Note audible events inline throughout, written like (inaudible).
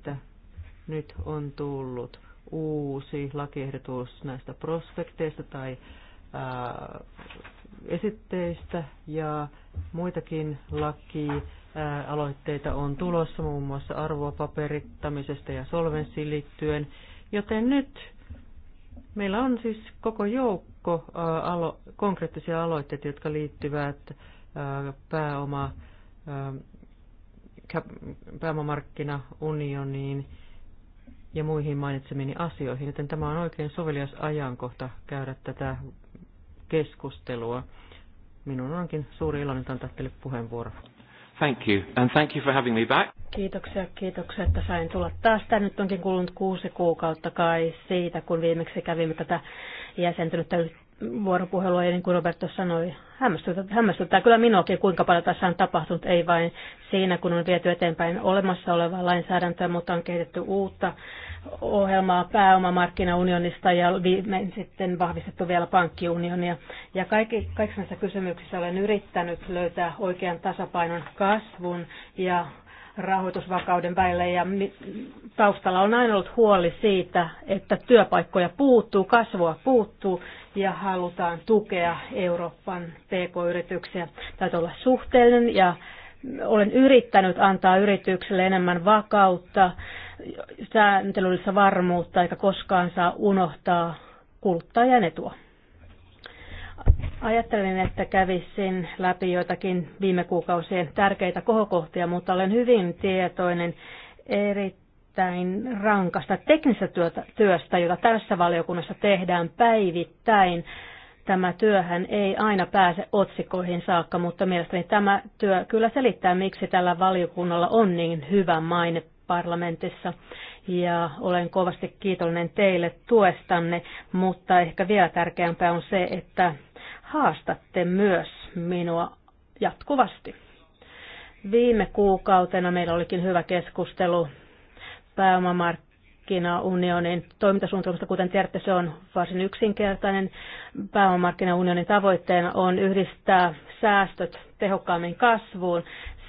että nyt on tullut uusi lakiehdotus näistä prospekteista tai ää, esitteistä ja muitakin lakialoitteita on tulossa muun muassa arvopaperittamisesta ja solvenssiin liittyen. Joten nyt meillä on siis koko joukko ää, alo- konkreettisia aloitteita, jotka liittyvät ää, pääoma ää, pääomamarkkinaunioniin ja muihin mainitsemiini asioihin, joten tämä on oikein sovelias ajankohta käydä tätä keskustelua. Minun onkin suuri ilo nyt antaa teille puheenvuoro. Thank you, and thank you for having me back. Kiitoksia, kiitoksia, että sain tulla taas. Tämä nyt onkin kulunut kuusi kuukautta kai siitä, kun viimeksi kävimme tätä jäsentynyttä vuoropuhelua, ja niin kuin Roberto sanoi, hämmästyttää, hämmästyttää kyllä minuakin, kuinka paljon tässä on tapahtunut, ei vain siinä, kun on viety eteenpäin olemassa olevaa lainsäädäntöä, mutta on kehitetty uutta ohjelmaa pääomamarkkinaunionista ja viime, sitten vahvistettu vielä pankkiunionia. Ja kaikki, kaikissa näissä kysymyksissä olen yrittänyt löytää oikean tasapainon kasvun ja rahoitusvakauden välillä ja taustalla on aina ollut huoli siitä, että työpaikkoja puuttuu, kasvua puuttuu ja halutaan tukea Euroopan pk-yrityksiä. Täytyy olla suhteellinen ja olen yrittänyt antaa yritykselle enemmän vakautta, sääntelyllistä varmuutta eikä koskaan saa unohtaa kuluttajan etua. Ajattelin, että kävisin läpi joitakin viime kuukausien tärkeitä kohokohtia, mutta olen hyvin tietoinen erittäin rankasta teknisestä työstä, jota tässä valiokunnassa tehdään päivittäin. Tämä työhän ei aina pääse otsikoihin saakka, mutta mielestäni tämä työ kyllä selittää, miksi tällä valiokunnalla on niin hyvä maine parlamentissa ja olen kovasti kiitollinen teille tuestanne, mutta ehkä vielä tärkeämpää on se, että haastatte myös minua jatkuvasti. Viime kuukautena meillä olikin hyvä keskustelu pääomamarkkinaunionin toimintasuunnitelmasta. Kuten tiedätte, se on varsin yksinkertainen. Pääomamarkkinaunionin tavoitteena on yhdistää säästöt tehokkaammin kasvuun.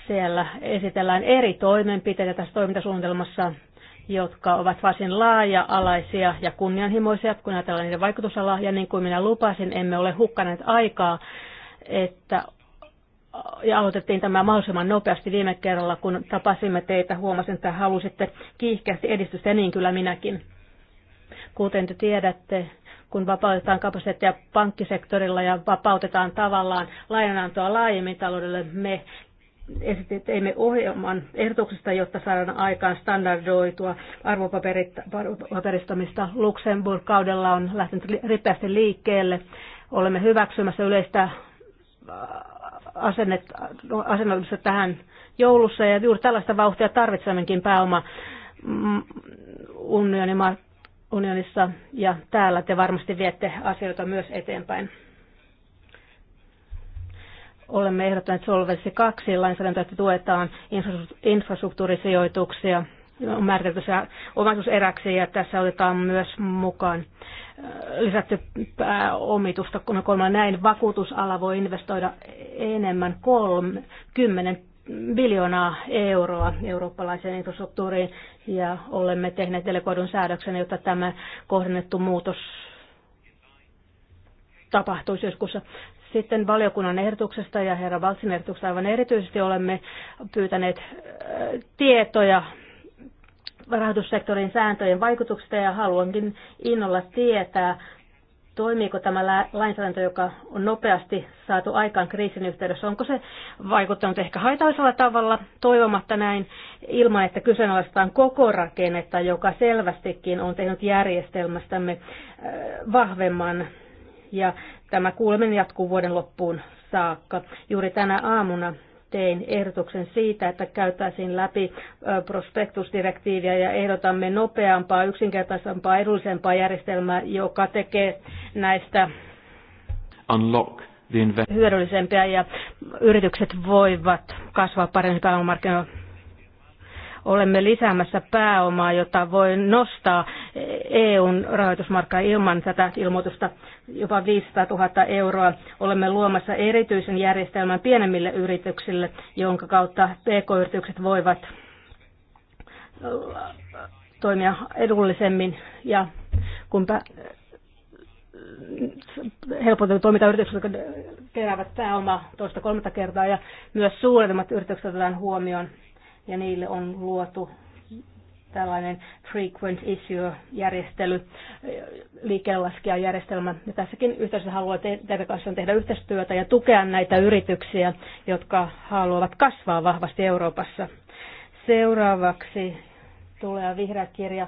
Siellä esitellään eri toimenpiteitä tässä toimintasuunnitelmassa jotka ovat varsin laaja-alaisia ja kunnianhimoisia, kun ajatellaan niiden vaikutusalaa. Ja niin kuin minä lupasin, emme ole hukkaneet aikaa, että ja aloitettiin tämä mahdollisimman nopeasti viime kerralla, kun tapasimme teitä. Huomasin, että halusitte kiihkeästi edistystä, ja niin kyllä minäkin. Kuten te tiedätte, kun vapautetaan kapasiteettia pankkisektorilla ja vapautetaan tavallaan lainanantoa laajemmin taloudelle, me teimme ohjelman ehdotuksesta, jotta saadaan aikaan standardoitua arvopaperistamista. Luxemburg kaudella on lähtenyt ripeästi liikkeelle. Olemme hyväksymässä yleistä äh, asennetta tähän joulussa ja juuri tällaista vauhtia tarvitsemmekin pääoma mm, unionissa ja täällä te varmasti viette asioita myös eteenpäin. Olemme ehdottaneet Solvency 2 lainsäädäntöä, että tuetaan infrastruktuurisijoituksia on määritelty se omaisuuseräksi ja tässä otetaan myös mukaan äh, lisätty pääomitusta, kun kolmella näin vakuutusala voi investoida enemmän kolme, kymmenen biljoonaa euroa eurooppalaiseen infrastruktuuriin ja olemme tehneet delegoidun säädöksen, jotta tämä kohdennettu muutos tapahtuisi joskus. Sitten valiokunnan ehdotuksesta ja herra Valtsin ehdotuksesta aivan erityisesti olemme pyytäneet tietoja rahoitussektorin sääntöjen vaikutuksista ja haluankin innolla tietää, toimiiko tämä lainsäädäntö, joka on nopeasti saatu aikaan kriisin yhteydessä, onko se vaikuttanut ehkä haitallisella tavalla, toivomatta näin, ilman että kyseenalaistetaan koko rakennetta, joka selvästikin on tehnyt järjestelmästämme vahvemman ja Tämä kuuleminen jatkuu vuoden loppuun saakka. Juuri tänä aamuna tein ehdotuksen siitä, että käytäisiin läpi prospektusdirektiiviä ja ehdotamme nopeampaa, yksinkertaisempaa, edullisempaa järjestelmää, joka tekee näistä Unlock hyödyllisempiä ja yritykset voivat kasvaa paremmin pääomamarkkinoilla olemme lisäämässä pääomaa, jota voi nostaa EUn rahoitusmarkkaa ilman tätä ilmoitusta jopa 500 000 euroa. Olemme luomassa erityisen järjestelmän pienemmille yrityksille, jonka kautta pk-yritykset voivat äh, toimia edullisemmin ja kun äh, helpotetut toimintayritykset jotka keräävät pääomaa toista kolmatta kertaa ja myös suuremmat yritykset otetaan huomioon ja niille on luotu tällainen frequent issue-järjestely, liikelaskijajärjestelmä. Ja tässäkin yhteisössä haluaa teidän kanssa tehdä yhteistyötä ja tukea näitä yrityksiä, jotka haluavat kasvaa vahvasti Euroopassa. Seuraavaksi tulee vihreä kirja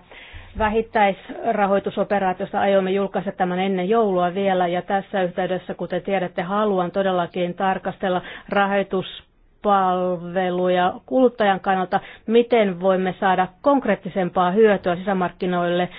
vähittäisrahoitusoperaatiosta aiomme julkaista tämän ennen joulua vielä ja tässä yhteydessä, kuten tiedätte, haluan todellakin tarkastella rahoitus palveluja kuluttajan kannalta, miten voimme saada konkreettisempaa hyötyä sisämarkkinoille.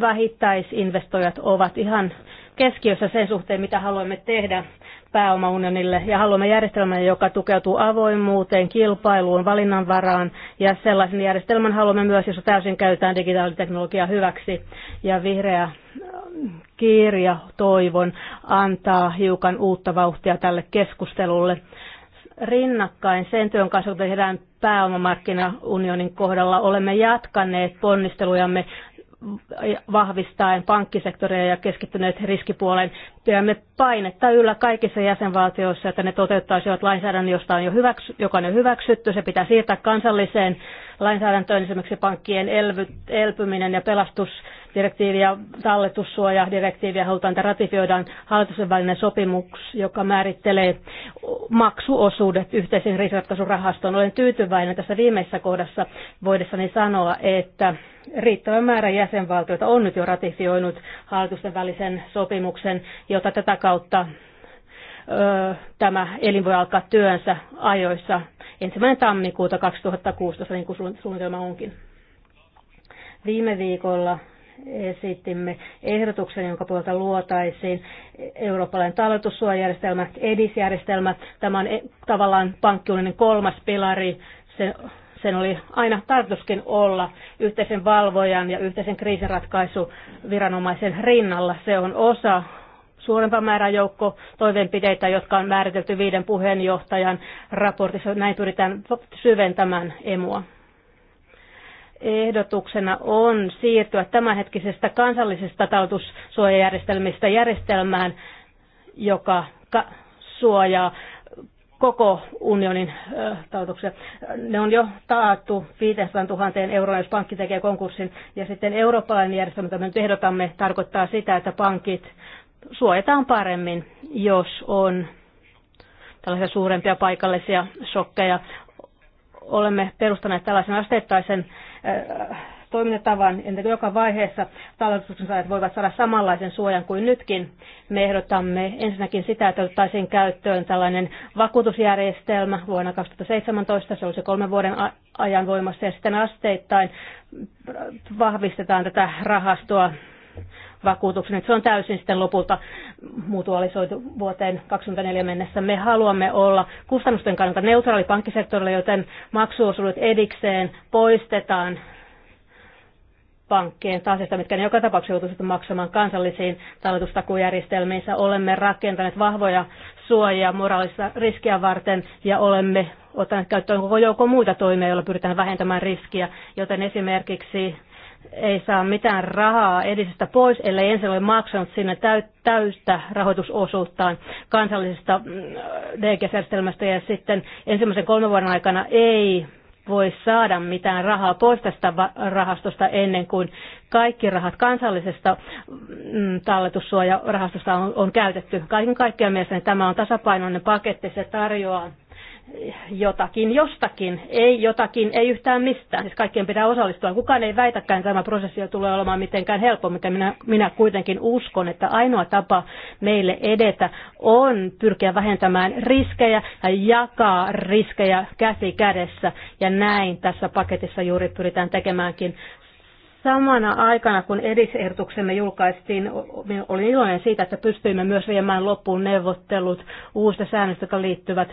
Vähittäisinvestoijat ovat ihan keskiössä sen suhteen, mitä haluamme tehdä pääomaunionille ja haluamme järjestelmän, joka tukeutuu avoimuuteen, kilpailuun, valinnanvaraan ja sellaisen järjestelmän haluamme myös, jossa täysin käytetään digitaaliteknologiaa hyväksi ja vihreä äh, kirja, toivon, antaa hiukan uutta vauhtia tälle keskustelulle rinnakkain sen työn kanssa, kun tehdään pääomamarkkinaunionin kohdalla, olemme jatkaneet ponnistelujamme vahvistaen pankkisektoria ja keskittyneet riskipuoleen. me painetta yllä kaikissa jäsenvaltioissa, että ne toteuttaisivat lainsäädännön, josta on jo hyväksy, joka on jo hyväksytty. Se pitää siirtää kansalliseen lainsäädäntöön, esimerkiksi pankkien elpyminen ja pelastus direktiiviä talletussuoja-direktiiviä halutaan, että ratifioidaan hallitusten välinen sopimus, joka määrittelee maksuosuudet yhteisen rahastoon. Olen tyytyväinen tässä viimeisessä kohdassa voidessani sanoa, että riittävä määrä jäsenvaltioita on nyt jo ratifioinut hallitusten välisen sopimuksen, jota tätä kautta ö, tämä elin voi alkaa työnsä ajoissa ensimmäinen tammikuuta 2016, niin kuin suunnitelma onkin. Viime viikolla esitimme ehdotuksen, jonka puolta luotaisiin eurooppalainen talletussuojajärjestelmä, edisjärjestelmä. Tämä on e- tavallaan pankkiunionin kolmas pilari. Se, sen oli aina tarkoituskin olla yhteisen valvojan ja yhteisen kriisiratkaisuviranomaisen rinnalla. Se on osa suurempaa määrää joukko toimenpiteitä, jotka on määritelty viiden puheenjohtajan raportissa. Näin pyritään syventämään emua ehdotuksena on siirtyä tämänhetkisestä kansallisesta talletussuojajärjestelmistä järjestelmään, joka suojaa koko unionin tautuksia. Ne on jo taattu 500 000 euroa, jos pankki tekee konkurssin. Ja sitten eurooppalainen järjestelmä, jota me nyt ehdotamme, tarkoittaa sitä, että pankit suojataan paremmin, jos on tällaisia suurempia paikallisia shokkeja olemme perustaneet tällaisen asteittaisen äh, toimintatavan, että joka vaiheessa talletuksen saajat voivat saada samanlaisen suojan kuin nytkin. Me ehdotamme ensinnäkin sitä, että otettaisiin käyttöön tällainen vakuutusjärjestelmä vuonna 2017, se olisi kolmen vuoden ajan voimassa, ja sitten asteittain vahvistetaan tätä rahastoa vakuutuksen, että se on täysin sitten lopulta mutualisoitu vuoteen 2024 mennessä. Me haluamme olla kustannusten kannalta neutraali pankkisektorille, joten maksuosuudet edikseen poistetaan pankkien Taasista, mitkä ne joka tapauksessa joutuisivat maksamaan kansallisiin talletustakujärjestelmiinsä. Olemme rakentaneet vahvoja suojia moraalista riskiä varten ja olemme ottaneet käyttöön koko joukko muita toimia, joilla pyritään vähentämään riskiä, joten esimerkiksi ei saa mitään rahaa edisestä pois, ellei ensin ole maksanut sinne täyttä rahoitusosuuttaan kansallisesta mm, DGS-järjestelmästä ja sitten ensimmäisen kolmen vuoden aikana ei voi saada mitään rahaa pois tästä rahastosta ennen kuin kaikki rahat kansallisesta mm, talletussuojarahastosta on, on käytetty. Kaiken kaikkiaan mielestäni tämä on tasapainoinen paketti, se tarjoaa jotakin jostakin, ei jotakin, ei yhtään mistään. Siis kaikkien pitää osallistua. Kukaan ei väitäkään, että tämä prosessi tulee olemaan mitenkään helppo, mutta minä, minä kuitenkin uskon, että ainoa tapa meille edetä on pyrkiä vähentämään riskejä ja jakaa riskejä käsi kädessä. Ja näin tässä paketissa juuri pyritään tekemäänkin. Samana aikana, kun edisehdotuksemme julkaistiin, olin iloinen siitä, että pystyimme myös viemään loppuun neuvottelut uusista säännöistä, jotka liittyvät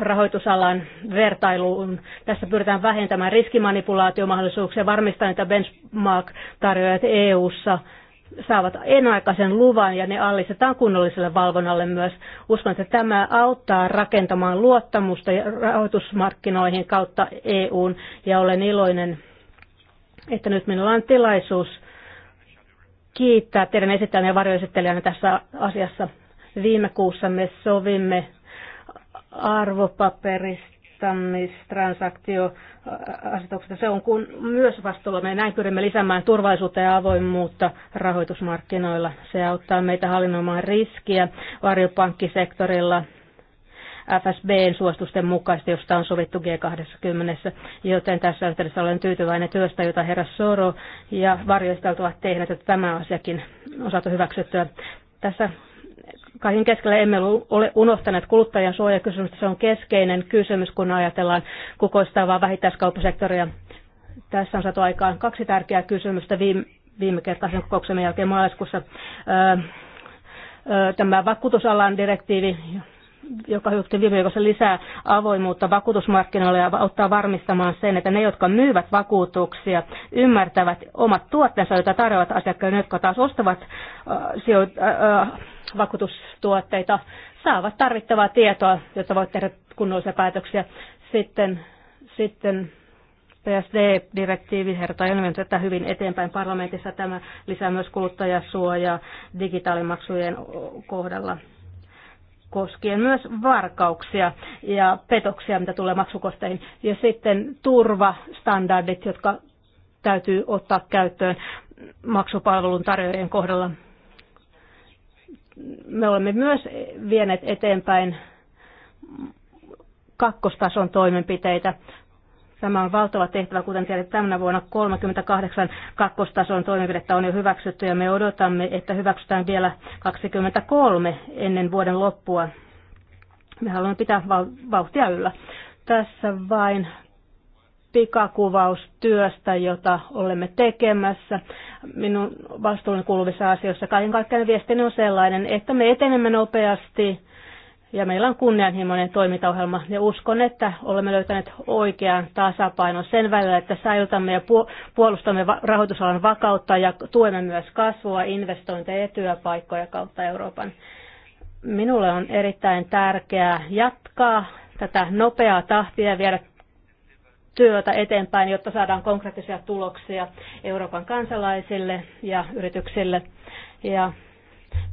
rahoitusalan vertailuun. Tässä pyritään vähentämään riskimanipulaatiomahdollisuuksia, varmistamaan, että benchmark-tarjoajat EU-ssa saavat enaikaisen luvan ja ne allistetaan kunnolliselle valvonnalle myös. Uskon, että tämä auttaa rakentamaan luottamusta rahoitusmarkkinoihin kautta EUn ja olen iloinen että nyt minulla on tilaisuus kiittää teidän esittäjänne ja varjoesittelijänne tässä asiassa. Viime kuussa me sovimme arvopaperistamistransaktioasetuksesta. Se on kun myös vastuulla. Me näin pyrimme lisäämään turvallisuutta ja avoimuutta rahoitusmarkkinoilla. Se auttaa meitä hallinnoimaan riskiä varjopankkisektorilla FSBn suositusten mukaisesti, josta on sovittu G20, joten tässä yhteydessä olen tyytyväinen työstä, jota herra Soro ja varjoisteltu ovat tehneet, että tämä asiakin on saatu hyväksyttyä. Tässä kaiken keskellä emme ole unohtaneet kuluttajan suojakysymystä. Se on keskeinen kysymys, kun ajatellaan kukoistavaa vähittäiskauppasektoria. Tässä on saatu aikaan kaksi tärkeää kysymystä viime, viime kertaisen kokouksen jälkeen maaliskuussa. Öö, öö, tämä vakuutusalan direktiivi, joka johti viime viikossa lisää avoimuutta vakuutusmarkkinoille ja auttaa varmistamaan sen, että ne, jotka myyvät vakuutuksia, ymmärtävät omat tuotteensa, joita tarjoavat asiakkaille, ne, jotka taas ostavat äh, äh, äh vakuutustuotteita, saavat tarvittavaa tietoa, jotta voit tehdä kunnollisia päätöksiä. Sitten, sitten PSD-direktiivi herta enemmän tätä hyvin eteenpäin parlamentissa. Tämä lisää myös kuluttajasuojaa digitaalimaksujen kohdalla koskien myös varkauksia ja petoksia, mitä tulee maksukosteihin. Ja sitten turvastandardit, jotka täytyy ottaa käyttöön maksupalvelun tarjoajien kohdalla. Me olemme myös vieneet eteenpäin kakkostason toimenpiteitä. Tämä on valtava tehtävä, kuten tiedät, tänä vuonna 38 kakkostason toimenpidettä on jo hyväksytty ja me odotamme, että hyväksytään vielä 23 ennen vuoden loppua. Me haluamme pitää vauhtia yllä. Tässä vain pikakuvaus työstä, jota olemme tekemässä. Minun vastuulleni kuuluvissa asioissa kaiken kaikkiaan viestini on sellainen, että me etenemme nopeasti ja meillä on kunnianhimoinen toimintaohjelma ja uskon, että olemme löytäneet oikean tasapainon sen välillä, että säilytämme ja puolustamme rahoitusalan vakautta ja tuemme myös kasvua, investointeja ja työpaikkoja kautta Euroopan. Minulle on erittäin tärkeää jatkaa tätä nopeaa tahtia ja viedä työtä eteenpäin, jotta saadaan konkreettisia tuloksia Euroopan kansalaisille ja yrityksille. Ja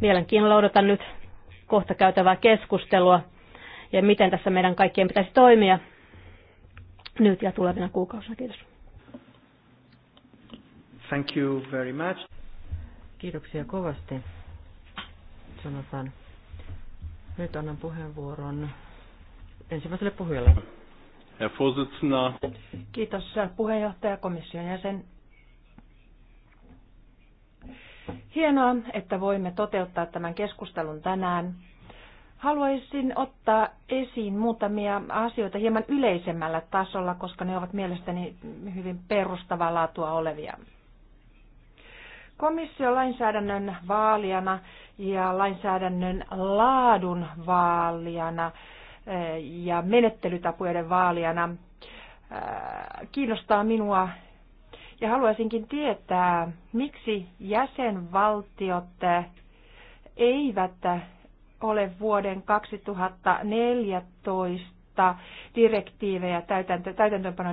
mielenkiinnolla odotan nyt kohta käytävää keskustelua ja miten tässä meidän kaikkien pitäisi toimia nyt ja tulevina kuukausina. Kiitos. Thank you very much. Kiitoksia kovasti, sanotaan. Nyt annan puheenvuoron ensimmäiselle puhujalle. Herr Kiitos äh, puheenjohtaja komission jäsen. Hienoa, että voimme toteuttaa tämän keskustelun tänään. Haluaisin ottaa esiin muutamia asioita hieman yleisemmällä tasolla, koska ne ovat mielestäni hyvin perustavaa laatua olevia. Komissio lainsäädännön vaalijana ja lainsäädännön laadun vaalijana eh, ja menettelytapujen vaalijana eh, kiinnostaa minua ja haluaisinkin tietää, miksi jäsenvaltiot eivät ole vuoden 2014 direktiivejä, täytäntö,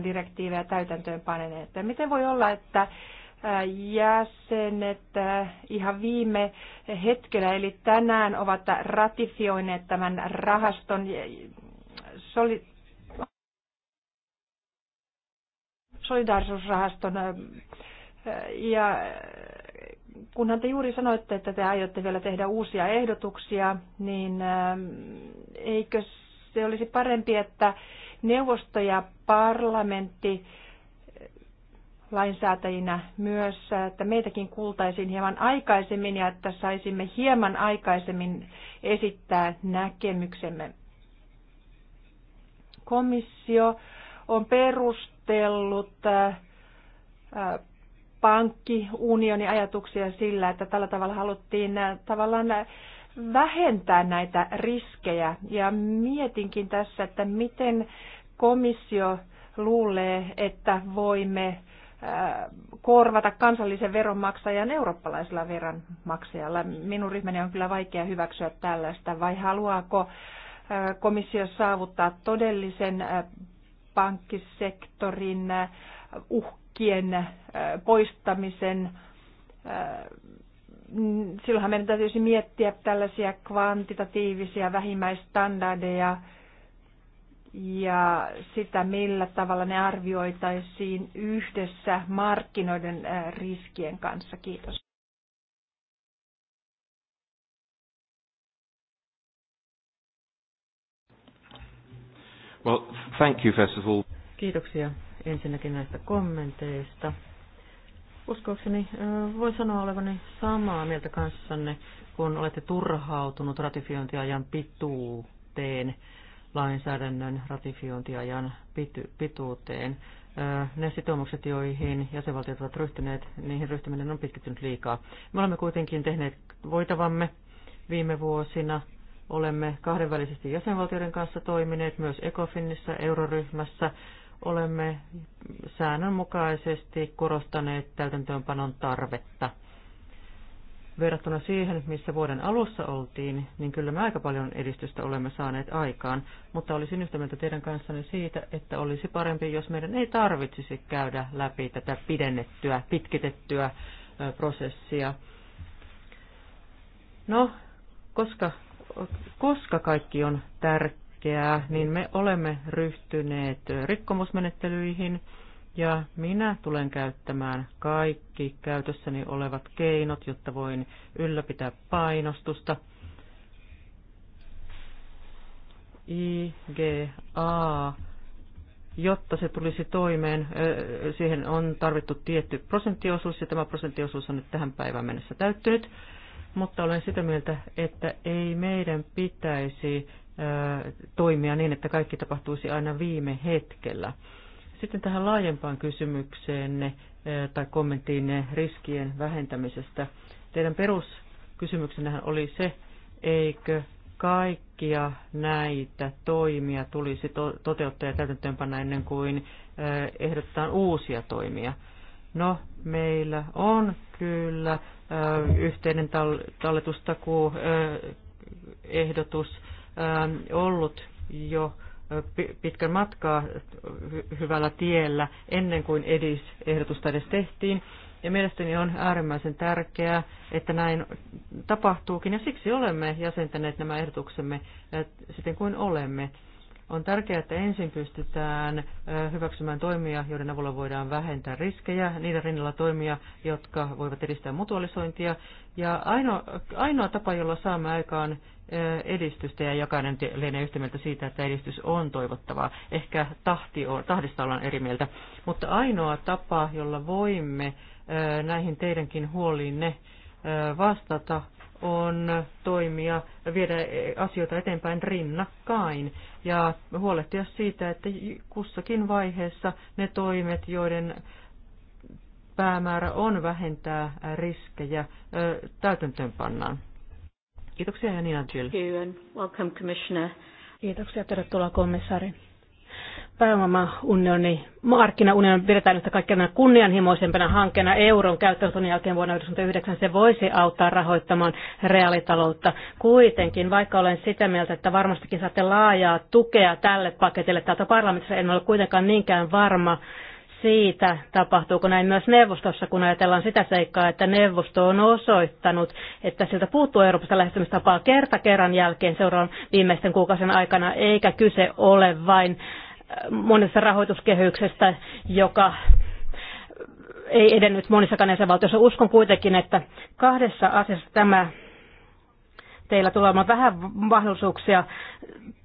direktiivejä täytäntöönpaneneet. Miten voi olla, että jäsenet ihan viime hetkellä, eli tänään ovat ratifioineet tämän rahaston soli, solidaarisuusrahaston ja kunhan te juuri sanoitte, että te aiotte vielä tehdä uusia ehdotuksia, niin eikö se olisi parempi, että neuvosto ja parlamentti lainsäätäjinä myös, että meitäkin kuultaisiin hieman aikaisemmin ja että saisimme hieman aikaisemmin esittää näkemyksemme. Komissio on perus perustellut äh, äh, pankkiunionin ajatuksia sillä, että tällä tavalla haluttiin äh, tavallaan vähentää näitä riskejä. Ja mietinkin tässä, että miten komissio luulee, että voimme korvata kansallisen veronmaksajan eurooppalaisella veronmaksajalla. Minun ryhmäni on kyllä vaikea hyväksyä tällaista, vai haluaako komissio saavuttaa todellisen pankkisektorin äh, uhkien äh, poistamisen. Äh, silloinhan meidän täytyisi miettiä tällaisia kvantitatiivisia vähimmäistandardeja ja sitä, millä tavalla ne arvioitaisiin yhdessä markkinoiden riskien kanssa. Kiitos. Well, thank you first of all. Kiitoksia ensinnäkin näistä kommenteista. Uskoakseni voi sanoa olevani samaa mieltä kanssanne, kun olette turhautunut ratifiointiajan pituuteen, lainsäädännön ratifiointiajan pitu- pituuteen. Ne sitoumukset, joihin jäsenvaltiot ovat ryhtyneet, niihin ryhtyminen on pitkittynyt liikaa. Me olemme kuitenkin tehneet voitavamme viime vuosina Olemme kahdenvälisesti jäsenvaltioiden kanssa toimineet myös ECOFINissa, euroryhmässä. Olemme säännönmukaisesti korostaneet täytäntöönpanon tarvetta. Verrattuna siihen, missä vuoden alussa oltiin, niin kyllä me aika paljon edistystä olemme saaneet aikaan, mutta olisin yhtä mieltä teidän kanssanne siitä, että olisi parempi, jos meidän ei tarvitsisi käydä läpi tätä pidennettyä, pitkitettyä prosessia. No, koska koska kaikki on tärkeää, niin me olemme ryhtyneet rikkomusmenettelyihin ja minä tulen käyttämään kaikki käytössäni olevat keinot, jotta voin ylläpitää painostusta. IGA, jotta se tulisi toimeen, siihen on tarvittu tietty prosenttiosuus ja tämä prosenttiosuus on nyt tähän päivään mennessä täyttynyt mutta olen sitä mieltä, että ei meidän pitäisi toimia niin, että kaikki tapahtuisi aina viime hetkellä. Sitten tähän laajempaan kysymykseenne tai kommenttiin riskien vähentämisestä. Teidän peruskysymyksenähän oli se, eikö kaikkia näitä toimia tulisi toteuttaa ja täytäntöönpanna ennen kuin ehdotetaan uusia toimia. No, meillä on kyllä yhteinen talletustakuu ehdotus ollut jo pitkän matkaa hyvällä tiellä ennen kuin edis-ehdotusta edes tehtiin. Ja mielestäni on äärimmäisen tärkeää, että näin tapahtuukin, ja siksi olemme jäsentäneet nämä ehdotuksemme siten kuin olemme. On tärkeää, että ensin pystytään hyväksymään toimia, joiden avulla voidaan vähentää riskejä, niiden rinnalla toimia, jotka voivat edistää mutualisointia. Ja ainoa, ainoa tapa, jolla saamme aikaan edistystä, ja jokainen lienee yhtä mieltä siitä, että edistys on toivottavaa. Ehkä tahti on, tahdista ollaan eri mieltä. Mutta ainoa tapa, jolla voimme näihin teidänkin huoliinne vastata, on toimia, viedä asioita eteenpäin rinnakkain ja huolehtia siitä, että kussakin vaiheessa ne toimet, joiden päämäärä on vähentää riskejä, täytäntöön pannaan. Kiitoksia Janina Jill. Kiitoksia, tervetuloa komissaari unioni, markkinaunion pidetään yhtä kaikkein kunnianhimoisempana hankkeena euron käyttöönoton jälkeen vuonna 1999. Se voisi auttaa rahoittamaan reaalitaloutta. Kuitenkin, vaikka olen sitä mieltä, että varmastikin saatte laajaa tukea tälle paketille täältä parlamentissa, en ole kuitenkaan niinkään varma, siitä, tapahtuuko näin myös neuvostossa, kun ajatellaan sitä seikkaa, että neuvosto on osoittanut, että siltä puuttuu Euroopasta lähestymistapaa kerta kerran jälkeen seuraavan viimeisten kuukausien aikana, eikä kyse ole vain monessa rahoituskehyksestä, joka ei edennyt monissakaan jäsenvaltioissa. Uskon kuitenkin, että kahdessa asiassa tämä teillä tulee olemaan vähän mahdollisuuksia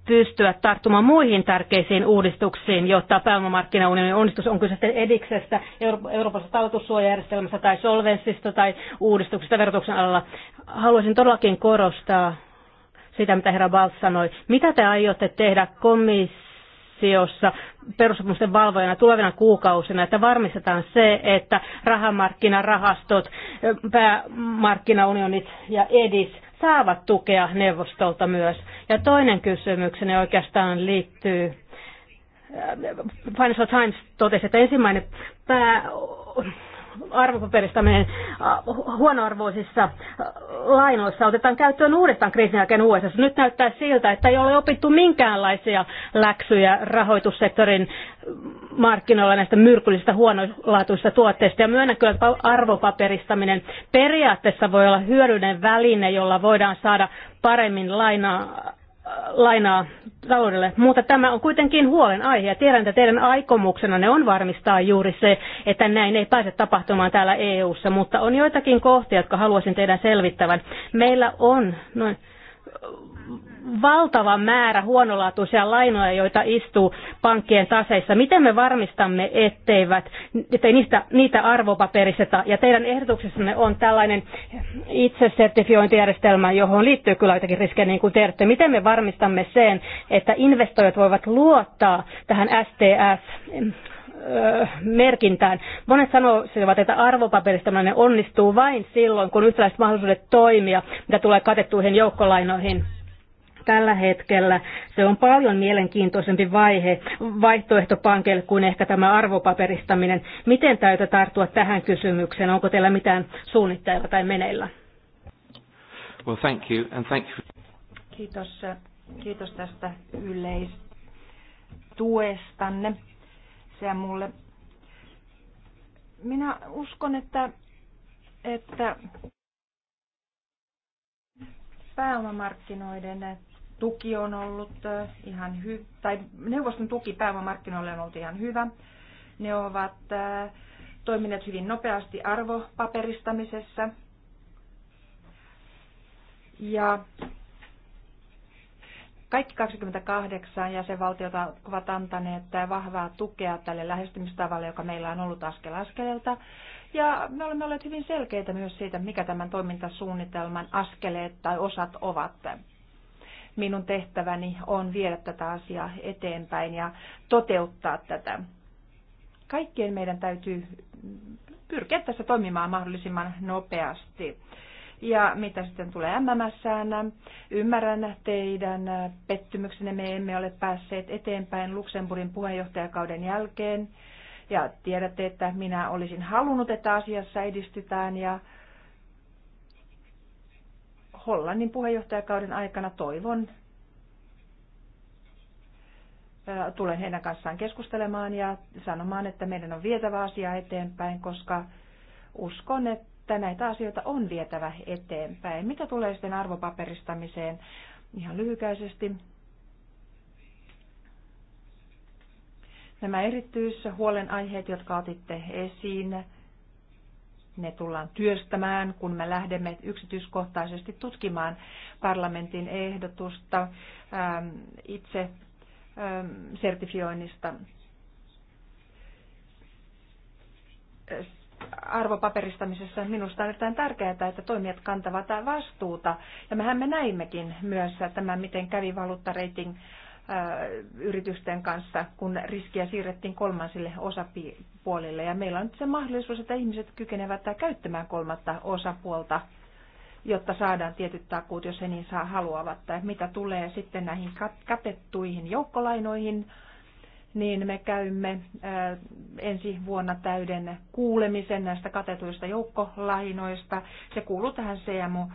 pystyä tarttumaan muihin tärkeisiin uudistuksiin, jotta pääomamarkkinaunionin onnistus on kyse sitten ediksestä, Euroopassa talletussuojajärjestelmästä tai solvenssista tai uudistuksista verotuksen alalla. Haluaisin todellakin korostaa sitä, mitä herra Balt sanoi. Mitä te aiotte tehdä komissio komissiossa perussopimusten valvojana tulevina kuukausina, että varmistetaan se, että rahamarkkinarahastot, päämarkkinaunionit ja EDIS saavat tukea neuvostolta myös. Ja toinen kysymykseni oikeastaan liittyy äh, Financial Times totesi, että ensimmäinen pää arvopaperistaminen äh, huonoarvoisissa äh, lainoissa otetaan käyttöön uudestaan kriisin jälkeen USA. Nyt näyttää siltä, että ei ole opittu minkäänlaisia läksyjä rahoitussektorin markkinoilla näistä myrkyllisistä huonolaatuisista tuotteista. Ja myönnän kyllä, että arvopaperistaminen periaatteessa voi olla hyödyllinen väline, jolla voidaan saada paremmin lainaa lainaa taloudelle, mutta tämä on kuitenkin huolen ja tiedän, että teidän aikomuksena ne on varmistaa juuri se, että näin ei pääse tapahtumaan täällä EU-ssa, mutta on joitakin kohtia, jotka haluaisin teidän selvittävän. Meillä on noin valtava määrä huonolaatuisia lainoja, joita istuu pankkien taseissa. Miten me varmistamme, etteivät, ettei niistä, niitä arvopaperisteta? Ja teidän ehdotuksessanne on tällainen itsesertifiointijärjestelmä, johon liittyy kyllä jotakin riskejä, niin kuin tiedätte. Miten me varmistamme sen, että investoijat voivat luottaa tähän STS merkintään. Monet sanoisivat, että arvopaperistaminen onnistuu vain silloin, kun yhtäläiset mahdollisuudet toimia, mitä tulee katettuihin joukkolainoihin tällä hetkellä se on paljon mielenkiintoisempi vaihe, vaihtoehto pankeille kuin ehkä tämä arvopaperistaminen. Miten täytä tarttua tähän kysymykseen? Onko teillä mitään suunnitteilla tai meneillä? Well, thank you, and thank you. Kiitos, kiitos tästä yleistuestanne. Se on mulle. Minä uskon, että, että pääomamarkkinoiden tuki on ollut ihan hyvä, tai neuvoston tuki pääomamarkkinoille on ollut ihan hyvä. Ne ovat toimineet hyvin nopeasti arvopaperistamisessa. Ja kaikki 28 jäsenvaltiota ovat antaneet vahvaa tukea tälle lähestymistavalle, joka meillä on ollut askel askeleelta. Ja me olemme olleet hyvin selkeitä myös siitä, mikä tämän toimintasuunnitelman askeleet tai osat ovat minun tehtäväni on viedä tätä asiaa eteenpäin ja toteuttaa tätä. Kaikkien meidän täytyy pyrkiä tässä toimimaan mahdollisimman nopeasti. Ja mitä sitten tulee MMSään, ymmärrän teidän pettymyksenne, me emme ole päässeet eteenpäin Luxemburgin puheenjohtajakauden jälkeen. Ja tiedätte, että minä olisin halunnut, että asiassa edistytään ja Hollannin puheenjohtajakauden aikana toivon, tulen heidän kanssaan keskustelemaan ja sanomaan, että meidän on vietävä asia eteenpäin, koska uskon, että näitä asioita on vietävä eteenpäin. Mitä tulee sitten arvopaperistamiseen ihan lyhykäisesti? Nämä erityishuolenaiheet, jotka otitte esiin, ne tullaan työstämään, kun me lähdemme yksityiskohtaisesti tutkimaan parlamentin ehdotusta ähm, itse ähm, sertifioinnista arvopaperistamisessa minusta on erittäin tärkeää, että toimijat kantavat vastuuta. Ja mehän me näimmekin myös tämän, miten kävi valuuttareiting Äh, yritysten kanssa, kun riskiä siirrettiin kolmansille osapuolille. Ja meillä on nyt se mahdollisuus, että ihmiset kykenevät käyttämään kolmatta osapuolta, jotta saadaan tietyt takuut, jos he niin saa haluavat. Tai mitä tulee sitten näihin katettuihin joukkolainoihin, niin me käymme äh, ensi vuonna täyden kuulemisen näistä katetuista joukkolainoista. Se kuuluu tähän CMU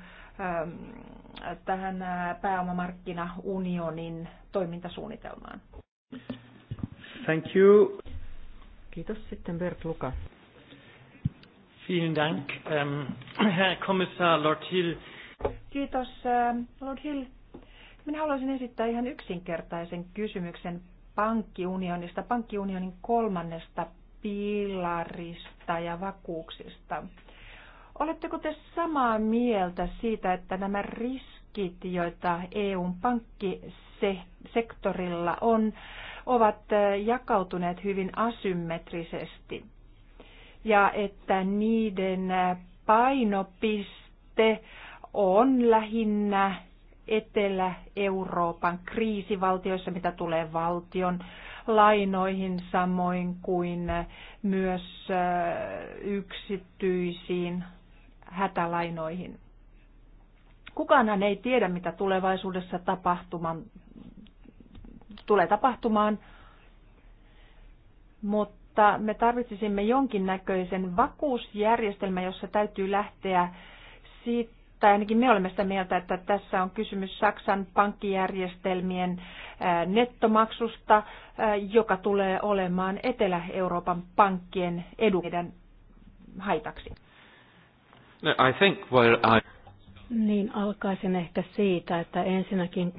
tähän pääomamarkkinaunionin toimintasuunnitelmaan. Thank you. Kiitos sitten Bert Luka. Vielen Dank, ähm, Herr Kommissar Lord Hill. Kiitos, Lord Hill. Minä haluaisin esittää ihan yksinkertaisen kysymyksen pankkiunionista, pankkiunionin kolmannesta pilarista ja vakuuksista. Oletteko te samaa mieltä siitä, että nämä riskit, joita EUn pankkisektorilla on, ovat jakautuneet hyvin asymmetrisesti ja että niiden painopiste on lähinnä Etelä-Euroopan kriisivaltioissa, mitä tulee valtion lainoihin, samoin kuin myös yksityisiin hätälainoihin. Kukaanhan ei tiedä, mitä tulevaisuudessa tapahtuman, tulee tapahtumaan, mutta me tarvitsisimme jonkinnäköisen vakuusjärjestelmän, jossa täytyy lähteä siitä, tai ainakin me olemme sitä mieltä, että tässä on kysymys Saksan pankkijärjestelmien nettomaksusta, joka tulee olemaan Etelä-Euroopan pankkien edun haitaksi. No, I think where I... Niin, alkaisin ehkä siitä, että ensinnäkin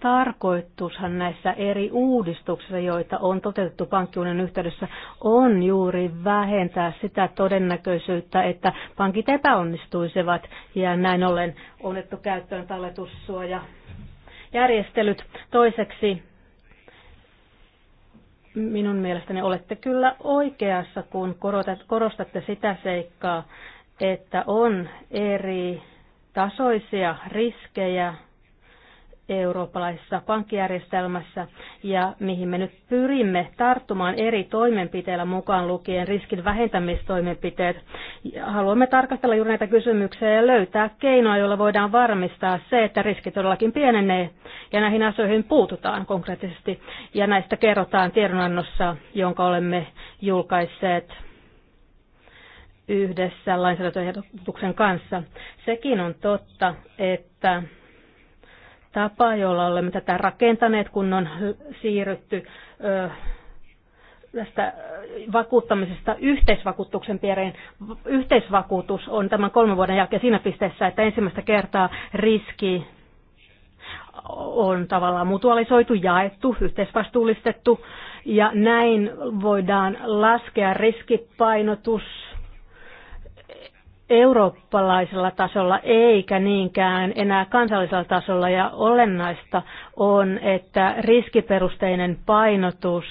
tarkoitushan näissä eri uudistuksissa, joita on toteutettu pankkiunin yhteydessä, on juuri vähentää sitä todennäköisyyttä, että pankit epäonnistuisivat ja näin ollen onnettu otettu käyttöön talletussuoja järjestelyt. Toiseksi minun mielestäni olette kyllä oikeassa, kun korostatte sitä seikkaa, että on eri tasoisia riskejä eurooppalaisessa pankkijärjestelmässä ja mihin me nyt pyrimme tarttumaan eri toimenpiteillä mukaan lukien riskin vähentämistoimenpiteet. Haluamme tarkastella juuri näitä kysymyksiä ja löytää keinoja, joilla voidaan varmistaa se, että riski todellakin pienenee ja näihin asioihin puututaan konkreettisesti. Ja näistä kerrotaan tiedonannossa, jonka olemme julkaisseet yhdessä lainsäädäntöehdotuksen kanssa. Sekin on totta, että tapa, jolla olemme tätä rakentaneet, kun on siirrytty ö, tästä vakuuttamisesta yhteisvakuutuksen piereen. Yhteisvakuutus on tämän kolmen vuoden jälkeen siinä pisteessä, että ensimmäistä kertaa riski on tavallaan mutualisoitu, jaettu, yhteisvastuullistettu ja näin voidaan laskea riskipainotus eurooppalaisella tasolla eikä niinkään enää kansallisella tasolla. Ja olennaista on, että riskiperusteinen painotus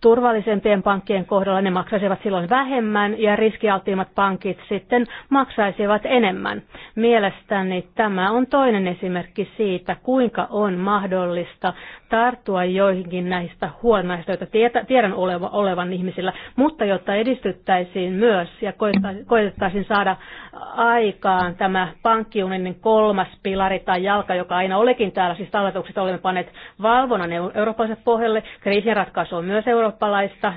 turvallisempien pankkien kohdalla ne maksaisivat silloin vähemmän ja riskialtiimmat pankit sitten maksaisivat enemmän. Mielestäni tämä on toinen esimerkki siitä, kuinka on mahdollista tarttua joihinkin näistä huonoista, joita tiedän oleva, olevan ihmisillä, mutta jotta edistyttäisiin myös ja koetettaisiin saada aikaan tämä pankkiunionin kolmas pilari tai jalka, joka aina olekin täällä, siis talletukset olemme paneet valvonnan eurooppalaiselle pohjalle, ratkaisu on myös Euroopan eurooppalaista.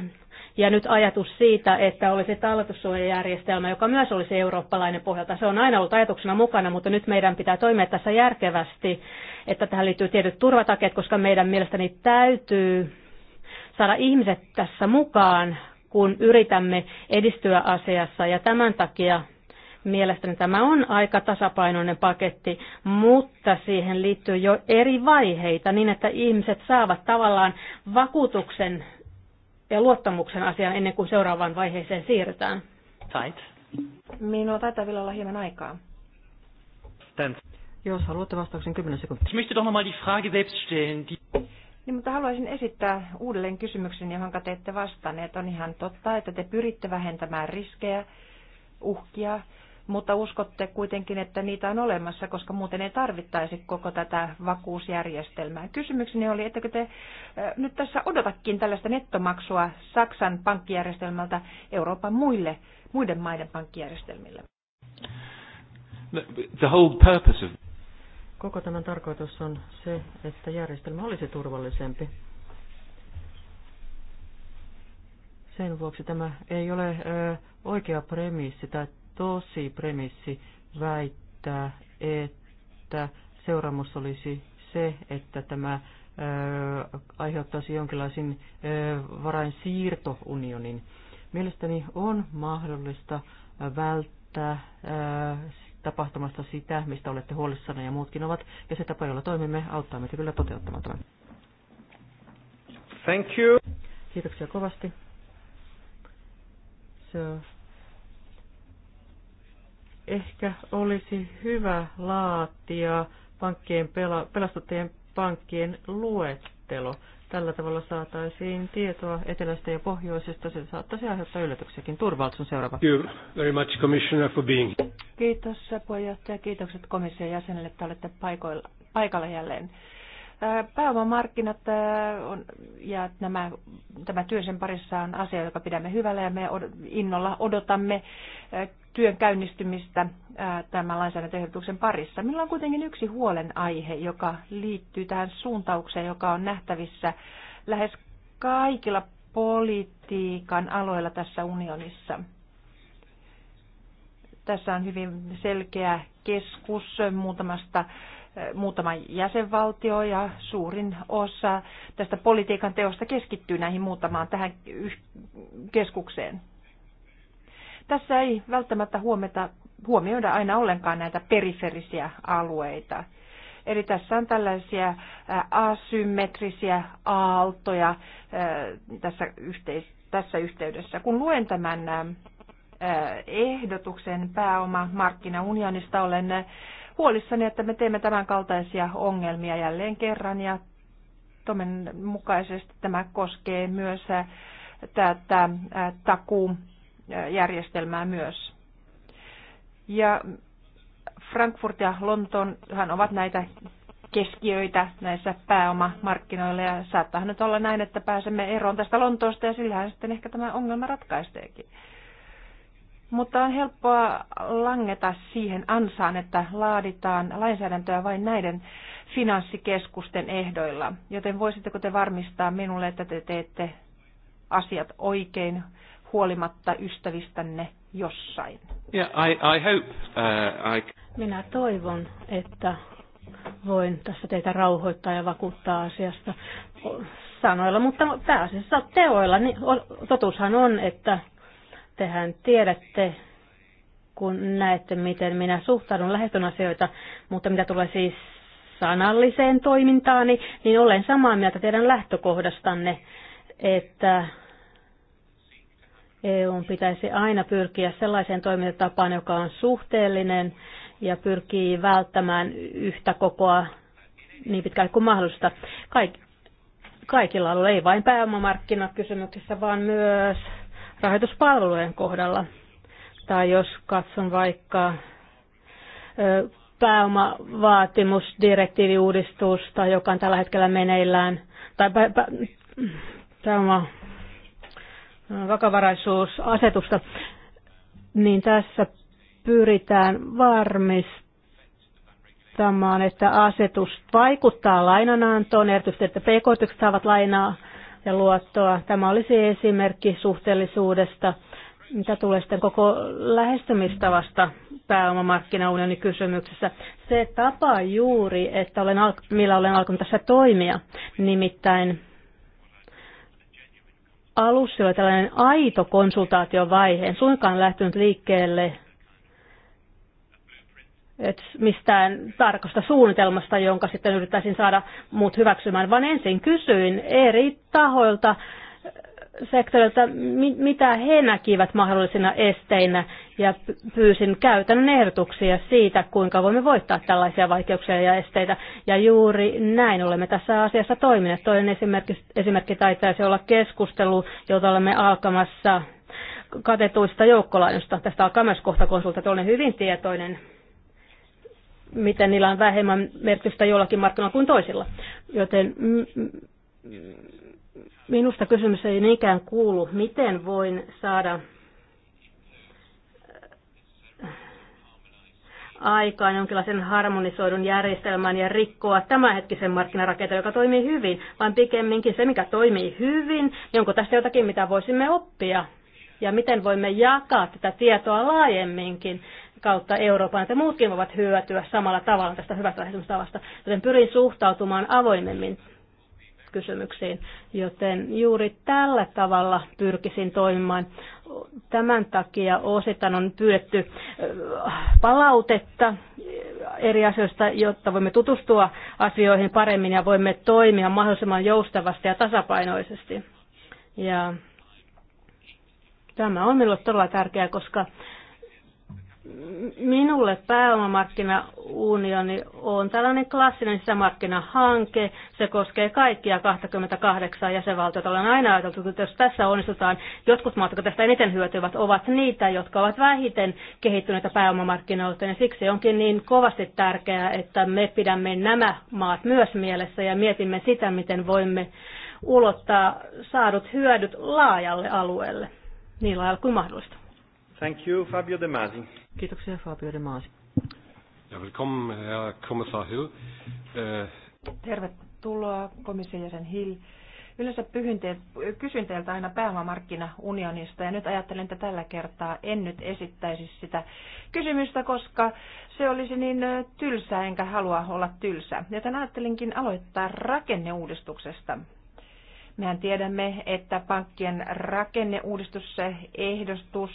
Ja nyt ajatus siitä, että olisi talletussuojajärjestelmä, joka myös olisi eurooppalainen pohjalta, se on aina ollut ajatuksena mukana, mutta nyt meidän pitää toimia tässä järkevästi, että tähän liittyy tietyt turvatakeet, koska meidän mielestäni täytyy saada ihmiset tässä mukaan, kun yritämme edistyä asiassa. Ja tämän takia mielestäni tämä on aika tasapainoinen paketti, mutta siihen liittyy jo eri vaiheita niin, että ihmiset saavat tavallaan vakuutuksen ja luottamuksen asian ennen kuin seuraavaan vaiheeseen siirrytään. Tait. Minulla taitaa vielä olla hieman aikaa. Tent. Jos haluatte vastauksen 10 sekuntia. Ich möchte doch nochmal die Frage selbst stellen. Die... Niin, mutta haluaisin esittää uudelleen kysymyksen, johon te ette vastanneet. On ihan totta, että te pyritte vähentämään riskejä, uhkia, mutta uskotte kuitenkin, että niitä on olemassa, koska muuten ei tarvittaisi koko tätä vakuusjärjestelmää. Kysymykseni oli, ettekö te nyt tässä odotakin tällaista nettomaksua Saksan pankkijärjestelmältä Euroopan muille, muiden maiden pankkijärjestelmille? No, the whole purpose of... Koko tämän tarkoitus on se, että järjestelmä olisi turvallisempi. Sen vuoksi tämä ei ole ö, oikea premissi tai tosi premissi väittää, että seuraamus olisi se, että tämä aiheuttaisi jonkinlaisen varainsiirtounionin. Mielestäni on mahdollista välttää tapahtumasta sitä, mistä olette huolissanne ja muutkin ovat, ja se tapa, jolla toimimme, auttaa meitä kyllä toteuttamaan tämän. Thank you. Kiitoksia kovasti. So. Ehkä olisi hyvä laatia pankkien pela, pelastuttajien pankkien luettelo. Tällä tavalla saataisiin tietoa etelästä ja pohjoisesta. Se saattaisi aiheuttaa yllätyksiäkin. Turvaltsun seuraava. Very much, Commissioner, for being. Kiitos puheenjohtaja. Kiitokset komission jäsenelle, että olette paikoilla, paikalla jälleen. Äh, pääomamarkkinat äh, on, ja nämä, tämä työ sen parissa on asia, joka pidämme hyvällä ja me innolla odotamme äh, työn käynnistymistä tämän lainsäädäntöehdotuksen parissa. Minulla on kuitenkin yksi huolenaihe, joka liittyy tähän suuntaukseen, joka on nähtävissä lähes kaikilla politiikan aloilla tässä unionissa. Tässä on hyvin selkeä keskus muutamasta muutama jäsenvaltio ja suurin osa tästä politiikan teosta keskittyy näihin muutamaan tähän keskukseen. Tässä ei välttämättä huomata, huomioida aina ollenkaan näitä periferisiä alueita. Eli tässä on tällaisia asymmetrisiä aaltoja tässä, yhteis- tässä yhteydessä. Kun luen tämän ehdotuksen pääoma markkinaunionista, olen huolissani, että me teemme tämän kaltaisia ongelmia jälleen kerran ja tomen mukaisesti tämä koskee myös tätä takuu järjestelmää myös. Ja Frankfurt ja Lontoonhan ovat näitä keskiöitä näissä pääomamarkkinoilla ja saattaa nyt olla näin, että pääsemme eroon tästä Lontoosta ja sillähän sitten ehkä tämä ongelma ratkaisteekin. Mutta on helppoa langeta siihen ansaan, että laaditaan lainsäädäntöä vain näiden finanssikeskusten ehdoilla. Joten voisitteko te varmistaa minulle, että te teette asiat oikein, huolimatta ystävistänne jossain. Yeah, I, I hope, uh, I... Minä toivon, että voin tässä teitä rauhoittaa ja vakuuttaa asiasta sanoilla, mutta pääasiassa teoilla. Niin totuushan on, että tehän tiedätte, kun näette, miten minä suhtaudun lähetön asioita, mutta mitä tulee siis sanalliseen toimintaani, niin olen samaa mieltä teidän lähtökohdastanne, että EUn pitäisi aina pyrkiä sellaiseen toimintatapaan, joka on suhteellinen ja pyrkii välttämään yhtä kokoa niin pitkään kuin mahdollista. Kaik- kaikilla alueilla, ei vain pääomamarkkinakysymyksissä, vaan myös rahoituspalvelujen kohdalla. Tai jos katson vaikka pääomavaatimusdirektiiviuudistusta, joka on tällä hetkellä meneillään, tai pääoma vakavaraisuusasetusta, niin tässä pyritään varmistamaan, että asetus vaikuttaa lainanantoon, erityisesti, että pk saavat lainaa ja luottoa. Tämä olisi esimerkki suhteellisuudesta, mitä tulee sitten koko lähestymistavasta pääomamarkkinaunionin kysymyksessä. Se tapa juuri, että olen, millä olen alkanut tässä toimia, nimittäin alussa oli tällainen aito konsultaatiovaihe. En suinkaan lähtenyt liikkeelle et mistään tarkasta suunnitelmasta, jonka sitten yrittäisin saada muut hyväksymään, vaan ensin kysyin eri tahoilta sektorilta, mitä he näkivät mahdollisina esteinä ja pyysin käytännön ehdotuksia siitä, kuinka voimme voittaa tällaisia vaikeuksia ja esteitä. Ja juuri näin olemme tässä asiassa toimineet. Toinen esimerkki, esimerkki taitaisi olla keskustelu, jota olemme alkamassa katetuista joukkolainoista. Tästä alkaa myös kohta konsultaatio. Olen hyvin tietoinen miten niillä on vähemmän merkitystä jollakin markkinoilla kuin toisilla. Joten Minusta kysymys ei niinkään kuulu, miten voin saada äh, aikaan jonkinlaisen harmonisoidun järjestelmän ja rikkoa tämänhetkisen markkinarakenteen, joka toimii hyvin, vaan pikemminkin se, mikä toimii hyvin, niin onko tästä jotakin, mitä voisimme oppia ja miten voimme jakaa tätä tietoa laajemminkin kautta Euroopan, että muutkin voivat hyötyä samalla tavalla tästä hyvästä lähestymistavasta, joten pyrin suhtautumaan avoimemmin kysymyksiin, joten juuri tällä tavalla pyrkisin toimimaan. Tämän takia osittain on pyydetty palautetta eri asioista, jotta voimme tutustua asioihin paremmin ja voimme toimia mahdollisimman joustavasti ja tasapainoisesti. Ja tämä on minulle todella tärkeää, koska Minulle pääomamarkkinaunioni on tällainen klassinen sisämarkkinahanke. Se koskee kaikkia 28 jäsenvaltiota. Olen aina ajatellut, että jos tässä onnistutaan, jotkut maat, jotka tästä eniten hyötyvät, ovat niitä, jotka ovat vähiten kehittyneitä pääomamarkkinoita. Ja siksi onkin niin kovasti tärkeää, että me pidämme nämä maat myös mielessä ja mietimme sitä, miten voimme ulottaa saadut hyödyt laajalle alueelle, niin laajalla kuin mahdollista. Thank you, Fabio De Masi. Kiitoksia Fabio de Maasi. Ja välkommen, herr Hill. Øh. Tervetuloa komission jäsen Hill. Yleensä kysyn teiltä aina pääomamarkkinaunionista ja nyt ajattelen, että tällä kertaa en nyt esittäisi sitä kysymystä, koska se olisi niin tylsä enkä halua olla tylsä. Joten ajattelinkin aloittaa rakenneuudistuksesta. Mehän tiedämme, että pankkien rakenneuudistusehdostus ehdotus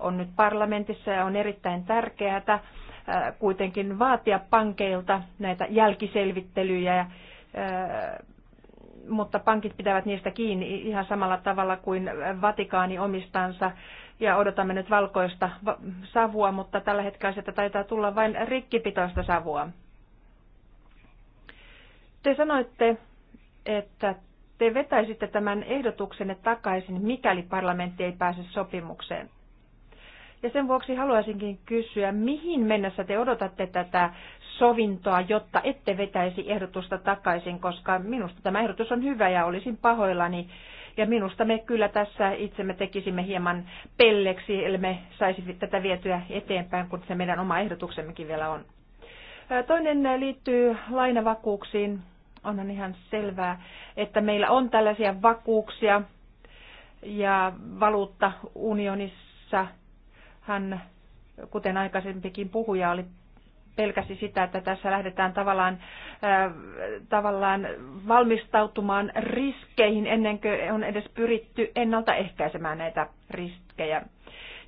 on nyt parlamentissa ja on erittäin tärkeää äh, kuitenkin vaatia pankeilta näitä jälkiselvittelyjä, äh, mutta pankit pitävät niistä kiinni ihan samalla tavalla kuin Vatikaani omistansa ja odotamme nyt valkoista savua, mutta tällä hetkellä sitä taitaa tulla vain rikkipitoista savua. Te sanoitte, että te vetäisitte tämän ehdotuksenne takaisin, mikäli parlamentti ei pääse sopimukseen. Ja sen vuoksi haluaisinkin kysyä, mihin mennessä te odotatte tätä sovintoa, jotta ette vetäisi ehdotusta takaisin, koska minusta tämä ehdotus on hyvä ja olisin pahoillani. Ja minusta me kyllä tässä itsemme tekisimme hieman pelleksi, eli me saisimme tätä vietyä eteenpäin, kun se meidän oma ehdotuksemmekin vielä on. Toinen liittyy lainavakuuksiin. Onhan ihan selvää, että meillä on tällaisia vakuuksia ja valuutta unionissa – hän, kuten aikaisempikin puhuja, oli pelkäsi sitä, että tässä lähdetään tavallaan, äh, tavallaan valmistautumaan riskeihin ennen kuin on edes pyritty ennaltaehkäisemään näitä riskejä.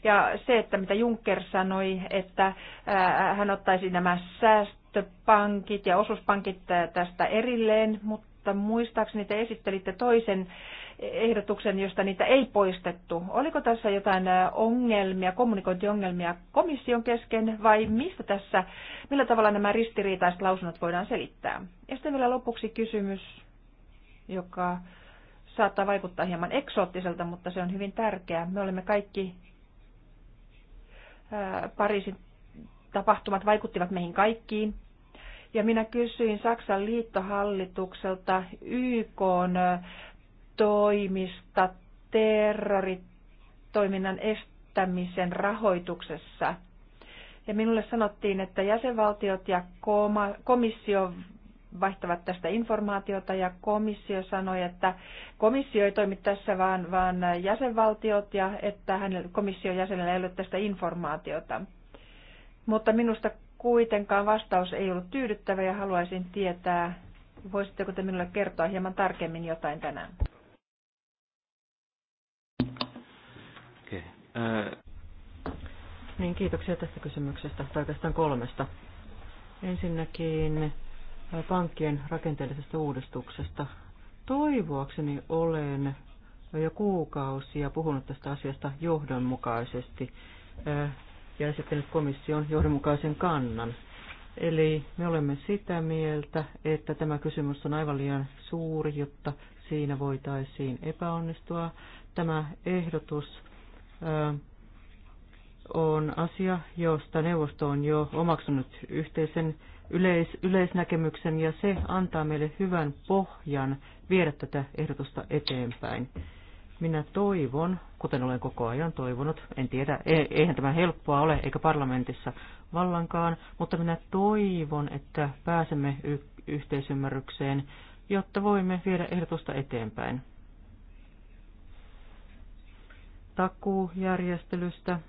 Ja se, että mitä Juncker sanoi, että äh, hän ottaisi nämä säästöpankit ja osuuspankit tästä erilleen, mutta muistaakseni te esittelitte toisen äh, ehdotuksen, josta niitä ei poistettu. Oliko tässä jotain ongelmia, kommunikointiongelmia komission kesken vai mistä tässä, millä tavalla nämä ristiriitaiset lausunnot voidaan selittää? Ja sitten vielä lopuksi kysymys, joka saattaa vaikuttaa hieman eksoottiselta, mutta se on hyvin tärkeää. Me olemme kaikki Pariisin tapahtumat vaikuttivat meihin kaikkiin. Ja minä kysyin Saksan liittohallitukselta YK toimista terroritoiminnan estämisen rahoituksessa. Ja minulle sanottiin, että jäsenvaltiot ja komissio vaihtavat tästä informaatiota ja komissio sanoi, että komissio ei toimi tässä vaan, vaan jäsenvaltiot ja että hänellä, komission jäsenellä ei ole tästä informaatiota. Mutta minusta kuitenkaan vastaus ei ollut tyydyttävä ja haluaisin tietää, voisitteko te minulle kertoa hieman tarkemmin jotain tänään? Niin, kiitoksia tästä kysymyksestä, tai oikeastaan kolmesta. Ensinnäkin pankkien rakenteellisesta uudistuksesta. Toivoakseni olen jo kuukausia puhunut tästä asiasta johdonmukaisesti ja esittänyt komission johdonmukaisen kannan. Eli me olemme sitä mieltä, että tämä kysymys on aivan liian suuri, jotta siinä voitaisiin epäonnistua. Tämä ehdotus on asia, josta neuvosto on jo omaksunut yhteisen yleis, yleisnäkemyksen ja se antaa meille hyvän pohjan viedä tätä ehdotusta eteenpäin. Minä toivon, kuten olen koko ajan toivonut, en tiedä, e-, eihän tämä helppoa ole eikä parlamentissa vallankaan, mutta minä toivon, että pääsemme y- yhteisymmärrykseen, jotta voimme viedä ehdotusta eteenpäin takuujärjestelystä,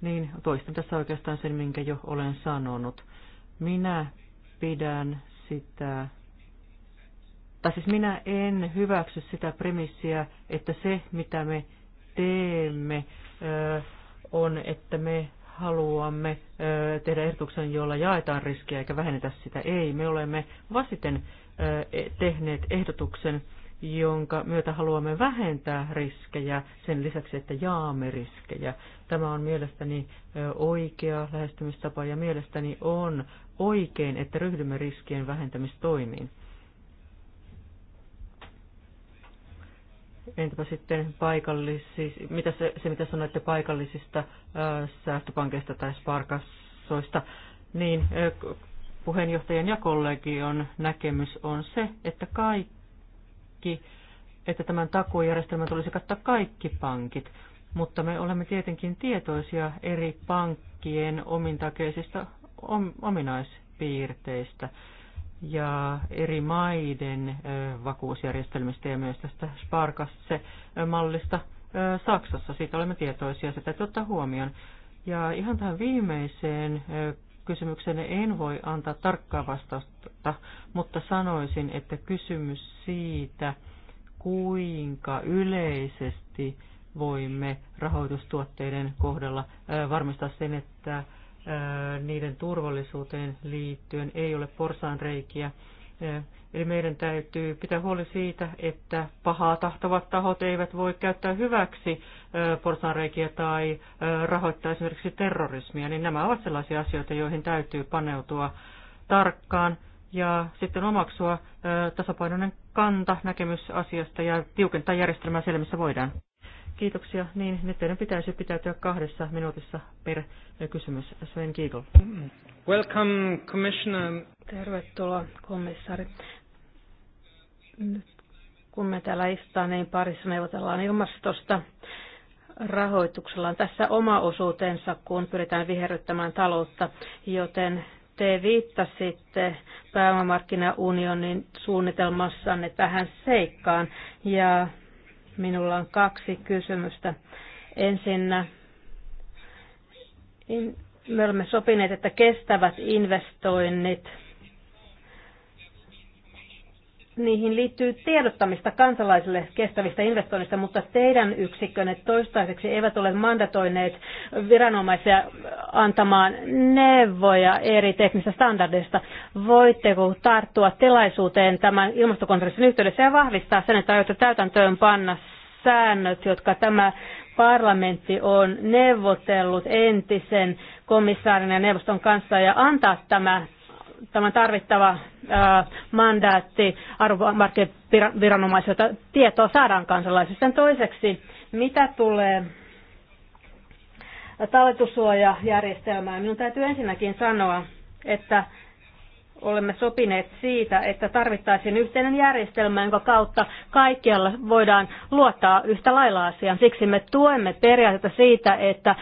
niin toistan tässä oikeastaan sen, minkä jo olen sanonut. Minä pidän sitä, tai siis minä en hyväksy sitä premissiä, että se mitä me teemme on, että me haluamme tehdä ehdotuksen, jolla jaetaan riskiä eikä vähennetä sitä. Ei, me olemme vasiten e, tehneet ehdotuksen, jonka myötä haluamme vähentää riskejä sen lisäksi, että jaamme riskejä. Tämä on mielestäni oikea lähestymistapa ja mielestäni on oikein, että ryhdymme riskien vähentämistoimiin. Entäpä sitten paikallisis, mitä se, se, mitä sanoitte paikallisista ää, säästöpankeista tai sparkassoista, niin ää, puheenjohtajan ja kollegion näkemys on se, että kaikki kaikki, että tämän takuujärjestelmän tulisi kattaa kaikki pankit, mutta me olemme tietenkin tietoisia eri pankkien omintakeisista om, ominaispiirteistä ja eri maiden ö, vakuusjärjestelmistä ja myös tästä Sparkasse-mallista ö, Saksassa. Siitä olemme tietoisia, se täytyy ottaa huomioon. Ja ihan tähän viimeiseen kysymykseen en voi antaa tarkkaa vastausta, mutta sanoisin, että kysymys siitä, kuinka yleisesti voimme rahoitustuotteiden kohdalla varmistaa sen, että niiden turvallisuuteen liittyen ei ole porsaanreikiä, reikiä Eli meidän täytyy pitää huoli siitä, että pahaa tahtavat tahot eivät voi käyttää hyväksi porsanreikiä tai rahoittaa esimerkiksi terrorismia, niin nämä ovat sellaisia asioita, joihin täytyy paneutua tarkkaan ja sitten omaksua tasapainoinen kanta, näkemys asiasta ja tiukentaa järjestelmää siellä, missä voidaan. Kiitoksia. Niin, nyt teidän pitäisi pitäytyä kahdessa minuutissa per kysymys. Sven Kiikol. Welcome, Commissioner. Tervetuloa, komissaari. Nyt kun me täällä istutaan, niin parissa neuvotellaan ilmastosta. Rahoituksella on tässä oma osuutensa, kun pyritään viherryttämään taloutta, joten te viittasitte pääomamarkkinaunionin suunnitelmassanne tähän seikkaan. Ja Minulla on kaksi kysymystä. Ensin me olemme sopineet, että kestävät investoinnit – niihin liittyy tiedottamista kansalaisille kestävistä investoinnista, mutta teidän yksikkönne toistaiseksi eivät ole mandatoineet viranomaisia antamaan neuvoja eri teknisistä standardeista. Voitteko tarttua tilaisuuteen tämän ilmastokonferenssin yhteydessä ja vahvistaa sen, että aiotte täytäntöön panna säännöt, jotka tämä parlamentti on neuvotellut entisen komissaarin ja neuvoston kanssa ja antaa tämä tämä tarvittava mandaatti arvomarkkinaviranomaisilta tietoa saadaan kansalaisista. Sen toiseksi, mitä tulee talletussuojajärjestelmään, minun täytyy ensinnäkin sanoa, että olemme sopineet siitä, että tarvittaisiin yhteinen järjestelmä, jonka kautta kaikkialla voidaan luottaa yhtä lailla asiaan. Siksi me tuemme periaatetta siitä, että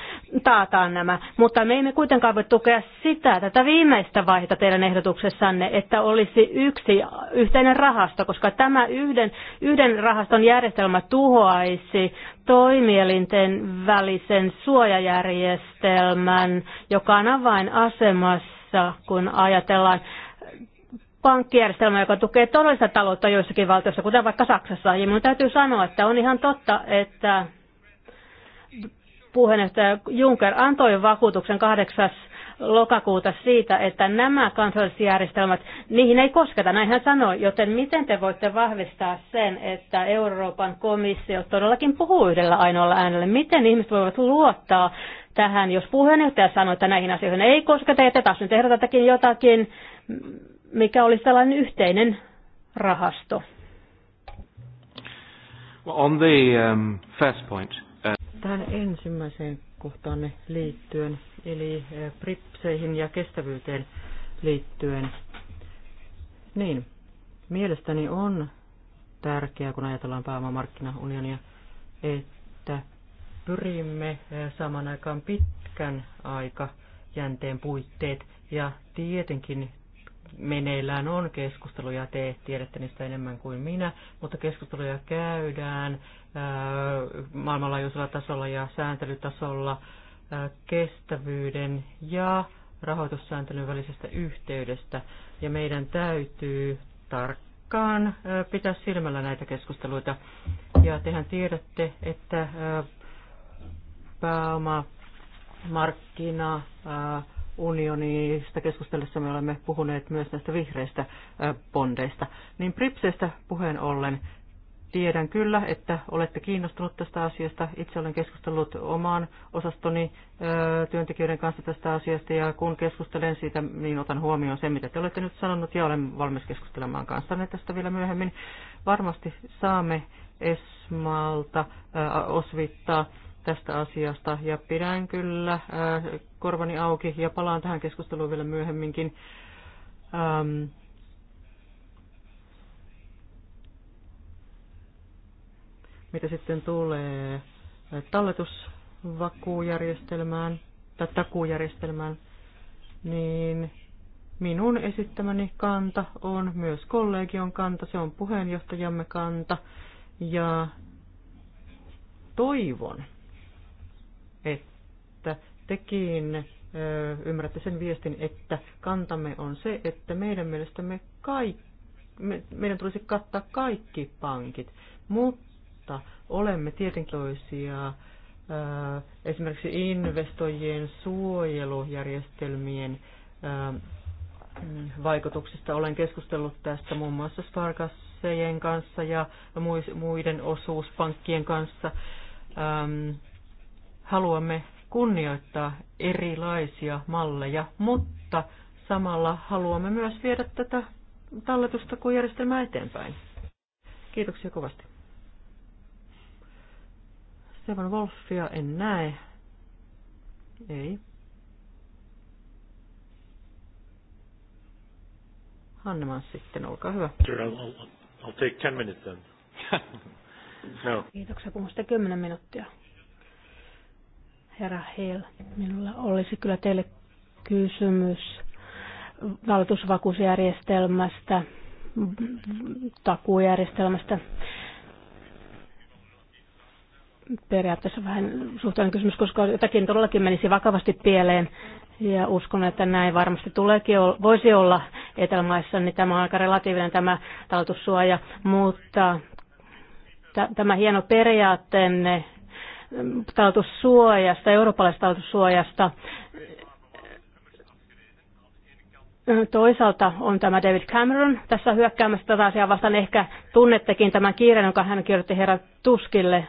taataan nämä. Mutta me emme kuitenkaan voi tukea sitä, tätä viimeistä vaihetta teidän ehdotuksessanne, että olisi yksi yhteinen rahasto, koska tämä yhden, yhden rahaston järjestelmä tuhoaisi toimielinten välisen suojajärjestelmän, joka on avainasemassa kun ajatellaan pankkijärjestelmä, joka tukee todellista taloutta joissakin valtioissa, kuten vaikka Saksassa. Ja minun täytyy sanoa, että on ihan totta, että puheenjohtaja Juncker antoi vakuutuksen 8 lokakuuta siitä, että nämä kansalliset järjestelmät, niihin ei kosketa, näin hän sanoi, joten miten te voitte vahvistaa sen, että Euroopan komissio todellakin puhuu yhdellä ainoalla äänellä? Miten ihmiset voivat luottaa tähän, jos puheenjohtaja sanoi, että näihin asioihin ei kosketa ja te taas nyt ehdotatakin jotakin, mikä olisi tällainen yhteinen rahasto. On the um, first point. Uh... Tähän ensimmäiseen kohtaan liittyen, eli uh, pripseihin ja kestävyyteen liittyen. Niin, mielestäni on tärkeää, kun ajatellaan pääomamarkkinaunionia, että pyrimme uh, saamaan aikaan pitkän aikajänteen puitteet ja tietenkin meneillään on keskusteluja, te tiedätte niistä enemmän kuin minä, mutta keskusteluja käydään maailmanlaajuisella tasolla ja sääntelytasolla kestävyyden ja rahoitussääntelyn välisestä yhteydestä. Ja meidän täytyy tarkkaan pitää silmällä näitä keskusteluita. Ja tehän tiedätte, että pääoma markkina, unionista keskustellessa me olemme puhuneet myös näistä vihreistä bondeista. Niin Pripsestä puheen ollen tiedän kyllä, että olette kiinnostunut tästä asiasta. Itse olen keskustellut omaan osastoni työntekijöiden kanssa tästä asiasta ja kun keskustelen siitä, niin otan huomioon sen, mitä te olette nyt sanonut ja olen valmis keskustelemaan kanssanne tästä vielä myöhemmin. Varmasti saamme Esmalta osvittaa tästä asiasta ja pidän kyllä äh, korvani auki ja palaan tähän keskusteluun vielä myöhemminkin. Ähm, mitä sitten tulee äh, talletusvakuujärjestelmään tai takuujärjestelmään, niin minun esittämäni kanta on myös kollegion kanta, se on puheenjohtajamme kanta ja toivon, että tekin ymmärrätte sen viestin, että kantamme on se, että meidän mielestämme kaikki, me, meidän tulisi kattaa kaikki pankit, mutta olemme tietenkin toisia esimerkiksi investoijien suojelujärjestelmien vaikutuksista. Olen keskustellut tästä muun muassa Sparkassejen kanssa ja muiden osuuspankkien kanssa. Haluamme kunnioittaa erilaisia malleja, mutta samalla haluamme myös viedä tätä talletusta kuin järjestelmää eteenpäin. Kiitoksia kovasti. Stefan Wolfia en näe. Ei. Hanneman sitten, olkaa hyvä. Sure, I'll, I'll, I'll take 10 minutes then. (laughs) no. Kiitoksia, puhun sitten 10 minuuttia. Herra Heil, minulla olisi kyllä teille kysymys valitusvakuusjärjestelmästä, takuujärjestelmästä. Periaatteessa vähän suhteellinen kysymys, koska jotakin todellakin menisi vakavasti pieleen. Ja uskon, että näin varmasti tuleekin, voisi olla etelmaissa, niin tämä on aika relatiivinen tämä taltussuoja. mutta tämä hieno periaatteenne talletussuojasta, eurooppalaisesta talletussuojasta. Toisaalta on tämä David Cameron tässä hyökkäämässä tätä asiaa vastaan. Ehkä tunnettekin tämän kiireen, jonka hän kirjoitti herra Tuskille.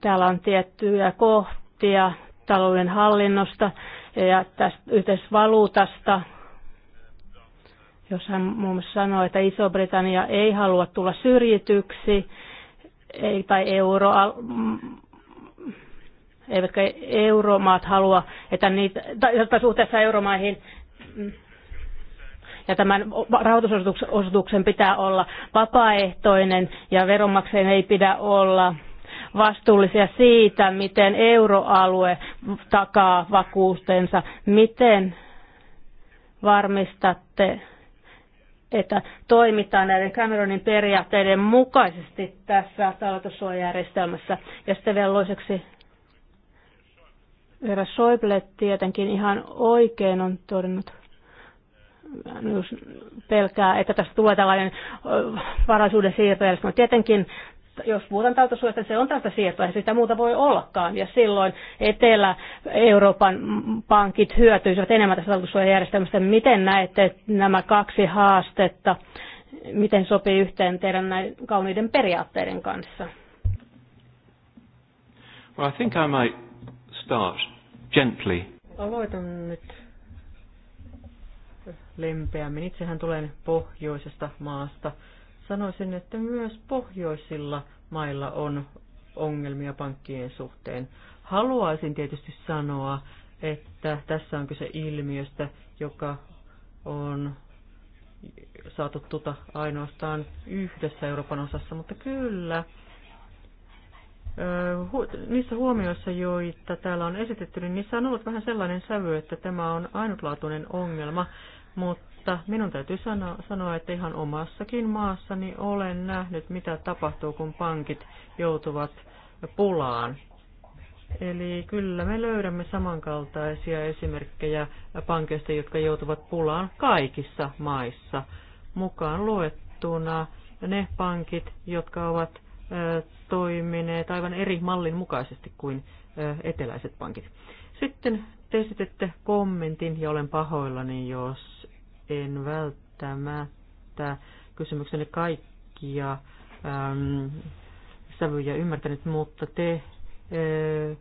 Täällä on tiettyjä kohtia talouden hallinnosta ja tästä yhteisvaluutasta, jos hän muun muassa sanoo, että Iso-Britannia ei halua tulla syrjityksi ei, tai euro, eivätkä euromaat halua, että niitä, tai suhteessa euromaihin mm, ja tämän rahoitusosituksen pitää olla vapaaehtoinen ja veronmaksajien ei pidä olla vastuullisia siitä, miten euroalue takaa vakuustensa. miten varmistatte että toimitaan näiden Cameronin periaatteiden mukaisesti tässä talletussuojajärjestelmässä. Ja sitten vielä loiseksi Vera Schäuble tietenkin ihan oikein on todennut pelkää, että tästä tulee tällainen varaisuuden siirtojärjestelmä. Tietenkin jos puhutaan tautosuojasta, se on tästä siirtoa, ei sitä muuta voi ollakaan. Ja silloin Etelä-Euroopan pankit hyötyisivät enemmän tästä tautosuojajärjestelmästä. Miten näette nämä kaksi haastetta, miten sopii yhteen teidän näin kauniiden periaatteiden kanssa? Well, I think I might start gently. Aloitan nyt lempeämmin. Itsehän tulen pohjoisesta maasta Sanoisin, että myös pohjoisilla mailla on ongelmia pankkien suhteen. Haluaisin tietysti sanoa, että tässä on kyse ilmiöstä, joka on saatu tuta ainoastaan yhdessä Euroopan osassa, mutta kyllä niissä huomioissa, joita täällä on esitetty, niin niissä on ollut vähän sellainen sävy, että tämä on ainutlaatuinen ongelma, mutta mutta minun täytyy sanoa, sanoa, että ihan omassakin maassani olen nähnyt, mitä tapahtuu, kun pankit joutuvat pulaan. Eli kyllä me löydämme samankaltaisia esimerkkejä pankeista, jotka joutuvat pulaan kaikissa maissa, mukaan luettuna ne pankit, jotka ovat toimineet aivan eri mallin mukaisesti kuin eteläiset pankit. Sitten te esitette kommentin ja olen pahoillani, jos en välttämättä kysymykseni kaikkia äm, sävyjä ymmärtänyt, mutta te ö, äh,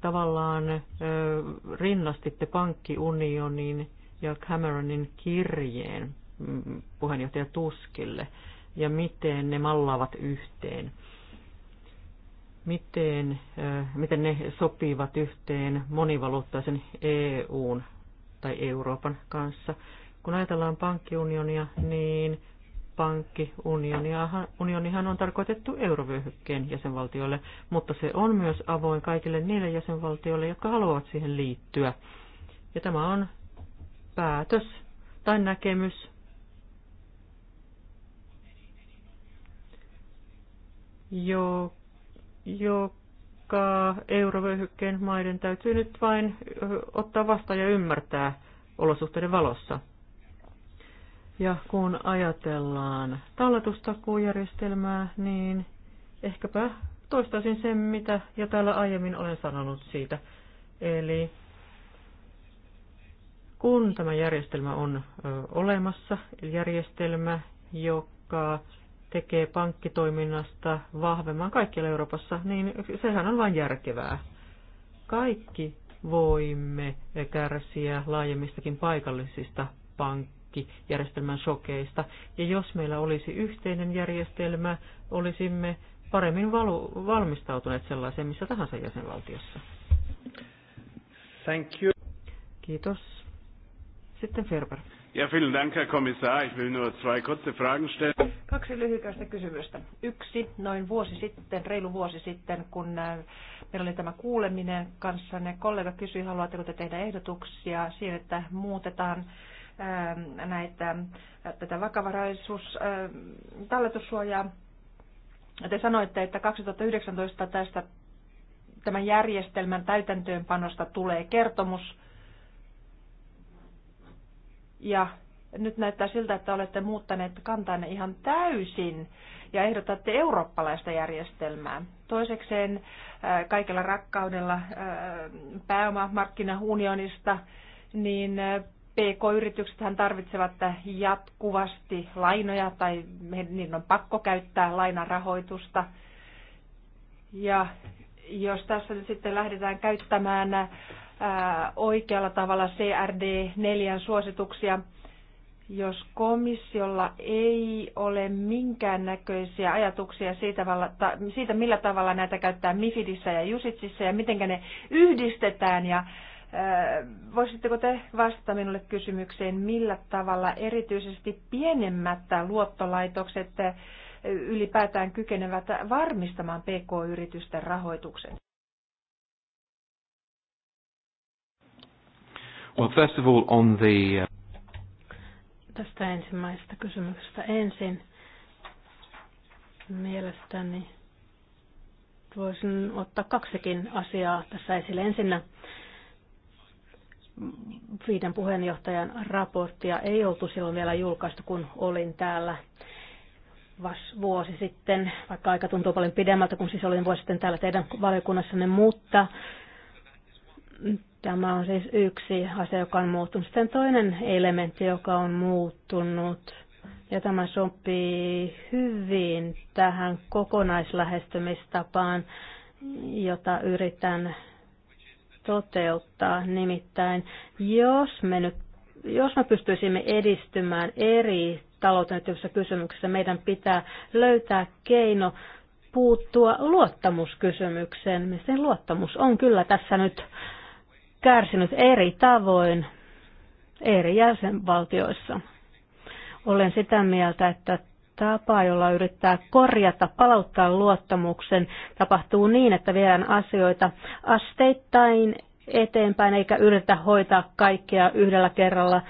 tavallaan ö, äh, rinnastitte pankkiunionin ja Cameronin kirjeen mm, puheenjohtaja Tuskille ja miten ne mallaavat yhteen. Miten, ö, äh, miten ne sopivat yhteen monivaluuttaisen EUn tai Euroopan kanssa. Kun ajatellaan pankkiunionia, niin pankkiunionihan on tarkoitettu eurovyöhykkeen jäsenvaltioille, mutta se on myös avoin kaikille niille jäsenvaltioille, jotka haluavat siihen liittyä. Ja tämä on päätös tai näkemys jo, joka eurovyöhykkeen maiden täytyy nyt vain ottaa vastaan ja ymmärtää olosuhteiden valossa. Ja kun ajatellaan talletustakuujärjestelmää, niin ehkäpä toistaisin sen, mitä ja täällä aiemmin olen sanonut siitä. Eli kun tämä järjestelmä on ö, olemassa, järjestelmä, joka tekee pankkitoiminnasta vahvemman kaikkialla Euroopassa, niin sehän on vain järkevää. Kaikki voimme kärsiä laajemmistakin paikallisista pank- pankkijärjestelmän sokeista. Ja jos meillä olisi yhteinen järjestelmä, olisimme paremmin valu- valmistautuneet sellaiseen missä tahansa jäsenvaltiossa. Thank you. Kiitos. Sitten Ferber. Ja vielen Dank, Herr Kommissar. Ich will nur zwei kurze Fragen stellen. Kaksi lyhykäistä kysymystä. Yksi, noin vuosi sitten, reilu vuosi sitten, kun äh, meillä oli tämä kuuleminen kanssa, ne kollega kysyi, haluatteko te tehdä ehdotuksia siihen, että muutetaan Ähm, näitä, äh, tätä vakavaraisuus, ähm, talletussuojaa. Te sanoitte, että 2019 tästä tämän järjestelmän täytäntöönpanosta tulee kertomus. Ja nyt näyttää siltä, että olette muuttaneet kantanne ihan täysin ja ehdotatte eurooppalaista järjestelmää. Toisekseen äh, kaikella rakkaudella äh, pääomamarkkinaunionista, niin pk yritykset tarvitsevat jatkuvasti lainoja tai niin on pakko käyttää lainarahoitusta. Ja jos tässä nyt sitten lähdetään käyttämään oikealla tavalla CRD4 suosituksia, jos komissiolla ei ole minkäännäköisiä ajatuksia siitä, siitä, millä tavalla näitä käyttää Mifidissä ja JUSITSissä ja miten ne yhdistetään ja Voisitteko te vastata minulle kysymykseen, millä tavalla erityisesti pienemmät luottolaitokset ylipäätään kykenevät varmistamaan PK-yritysten rahoituksen? Well, first of all, on the... Uh, Tästä ensimmäisestä kysymyksestä ensin. Mielestäni voisin ottaa kaksikin asiaa tässä esille. Ensinnä viiden puheenjohtajan raporttia ei oltu silloin vielä julkaistu, kun olin täällä vas vuosi sitten, vaikka aika tuntuu paljon pidemmältä, kun siis olin vuosi sitten täällä teidän valiokunnassanne, mutta tämä on siis yksi asia, joka on muuttunut. Sitten toinen elementti, joka on muuttunut, ja tämä sopii hyvin tähän kokonaislähestymistapaan, jota yritän toteuttaa. Nimittäin, jos me nyt jos me pystyisimme edistymään eri talouteen kysymyksissä, meidän pitää löytää keino puuttua luottamuskysymykseen. Sen luottamus on kyllä tässä nyt kärsinyt eri tavoin eri jäsenvaltioissa. Olen sitä mieltä, että tapa, jolla yrittää korjata, palauttaa luottamuksen, tapahtuu niin, että viedään asioita asteittain eteenpäin eikä yritä hoitaa kaikkea yhdellä kerralla,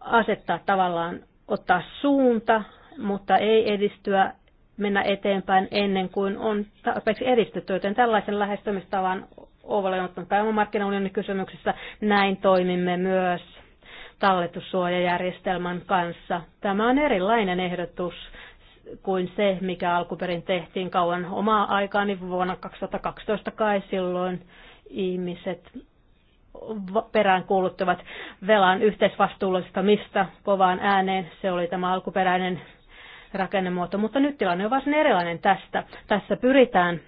asettaa tavallaan, ottaa suunta, mutta ei edistyä, mennä eteenpäin ennen kuin on tarpeeksi edistetty, joten tällaisen lähestymistavan on ottanut pääomamarkkinaunionin kysymyksissä. Näin toimimme myös talletussuojajärjestelmän kanssa. Tämä on erilainen ehdotus kuin se, mikä alkuperin tehtiin kauan omaa aikaani vuonna 2012 kai silloin ihmiset kuuluttavat velan mistä kovaan ääneen. Se oli tämä alkuperäinen rakennemuoto, mutta nyt tilanne on varsin erilainen tästä. Tässä pyritään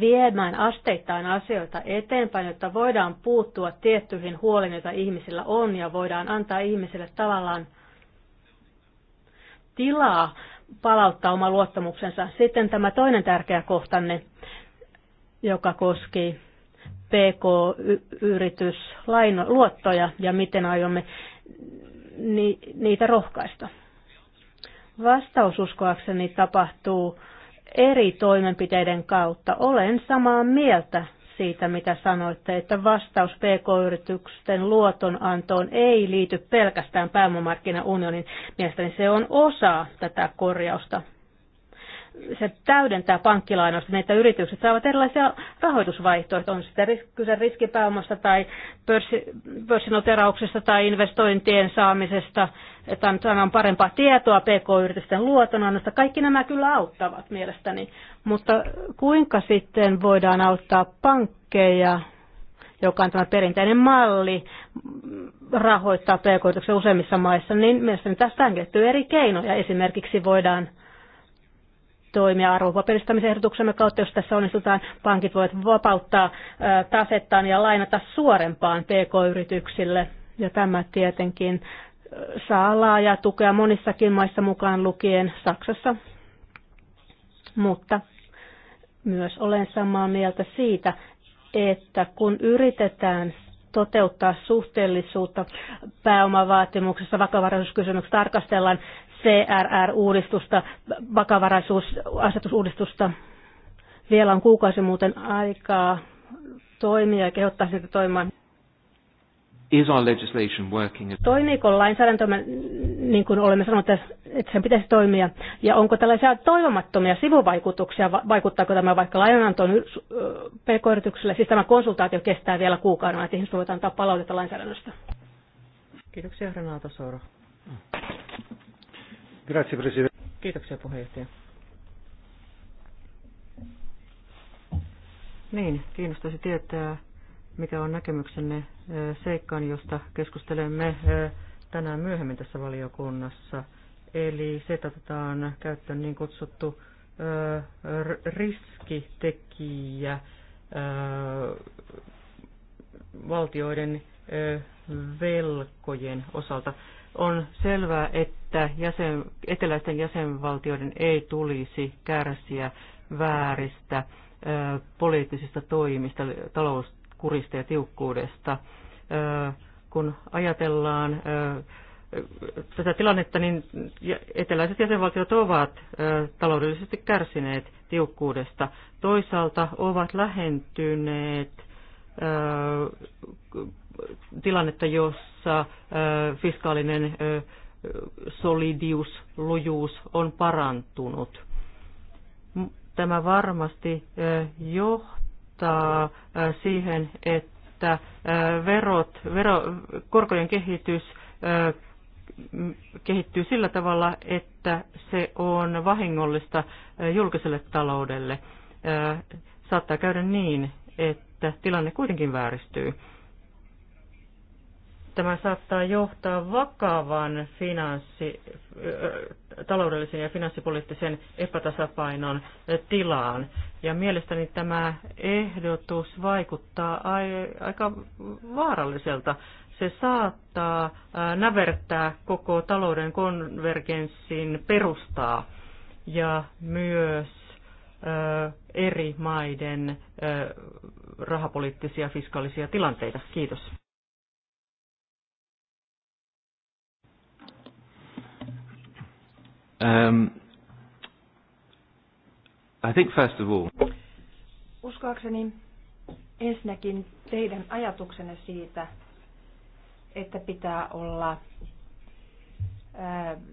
viemään asteittain asioita eteenpäin, jotta voidaan puuttua tiettyihin huoliin, joita ihmisillä on, ja voidaan antaa ihmisille tavallaan tilaa palauttaa oma luottamuksensa. Sitten tämä toinen tärkeä kohtanne, joka koski PK-yritysluottoja ja miten aiomme niitä rohkaista. Vastaus uskoakseni tapahtuu eri toimenpiteiden kautta. Olen samaa mieltä siitä, mitä sanoitte, että vastaus PK-yritysten luotonantoon ei liity pelkästään pääomamarkkinaunionin. Mielestäni se on osa tätä korjausta se täydentää pankkilainoista, niin että yritykset saavat erilaisia rahoitusvaihtoehtoja, on sitten kyse riskipääomasta tai pörssi, pörssinoterauksesta tai investointien saamisesta, että on parempaa tietoa pk-yritysten luotonannosta. Kaikki nämä kyllä auttavat mielestäni, mutta kuinka sitten voidaan auttaa pankkeja, joka on tämä perinteinen malli rahoittaa pk-yrityksen useimmissa maissa, niin mielestäni tästä on eri keinoja. Esimerkiksi voidaan toimia arvopaperistamisen ehdotuksemme kautta, jos tässä onnistutaan, pankit voivat vapauttaa tasettaan ja lainata suorempaan pk-yrityksille. Ja tämä tietenkin saa laajaa tukea monissakin maissa mukaan lukien Saksassa. Mutta myös olen samaa mieltä siitä, että kun yritetään toteuttaa suhteellisuutta pääomavaatimuksessa, vakavaraisuuskysymyksessä tarkastellaan CRR-uudistusta, vakavaraisuusasetusuudistusta. Vielä on kuukausi muuten aikaa toimia ja kehottaisin sitä toimimaan. Is our legislation working? Toimiiko lainsäädäntö, niin kuin olemme sanoneet, että sen pitäisi toimia? Ja onko tällaisia toivomattomia sivuvaikutuksia? Vaikuttaako tämä vaikka lainanantoon pk-yritykselle? Siis tämä konsultaatio kestää vielä kuukauden, että ihmiset voivat antaa palautetta lainsäädännöstä. Kiitoksia Renato Soro. Mm. Grazie, Presidente. Kiitoksia puheenjohtaja. Niin, kiinnostaisi tietää, mikä on näkemyksenne seikkaan, josta keskustelemme tänään myöhemmin tässä valiokunnassa. Eli se, että otetaan käyttöön niin kutsuttu riskitekijä valtioiden velkojen osalta. On selvää, että jäsen, eteläisten jäsenvaltioiden ei tulisi kärsiä vääristä ö, poliittisista toimista, talouskurista ja tiukkuudesta. Ö, kun ajatellaan ö, tätä tilannetta, niin eteläiset jäsenvaltiot ovat taloudellisesti kärsineet tiukkuudesta. Toisaalta ovat lähentyneet tilannetta, jossa jossa fiskaalinen solidius, lujuus on parantunut. Tämä varmasti johtaa siihen, että verot, vero, korkojen kehitys kehittyy sillä tavalla, että se on vahingollista julkiselle taloudelle. Saattaa käydä niin, että tilanne kuitenkin vääristyy tämä saattaa johtaa vakavan finanssi, taloudellisen ja finanssipoliittisen epätasapainon tilaan. Ja mielestäni tämä ehdotus vaikuttaa aika vaaralliselta. Se saattaa nävertää koko talouden konvergenssin perustaa ja myös eri maiden rahapoliittisia fiskaalisia tilanteita. Kiitos. Um, I think first of all. Uskoakseni ensinnäkin teidän ajatuksenne siitä, että pitää olla äh,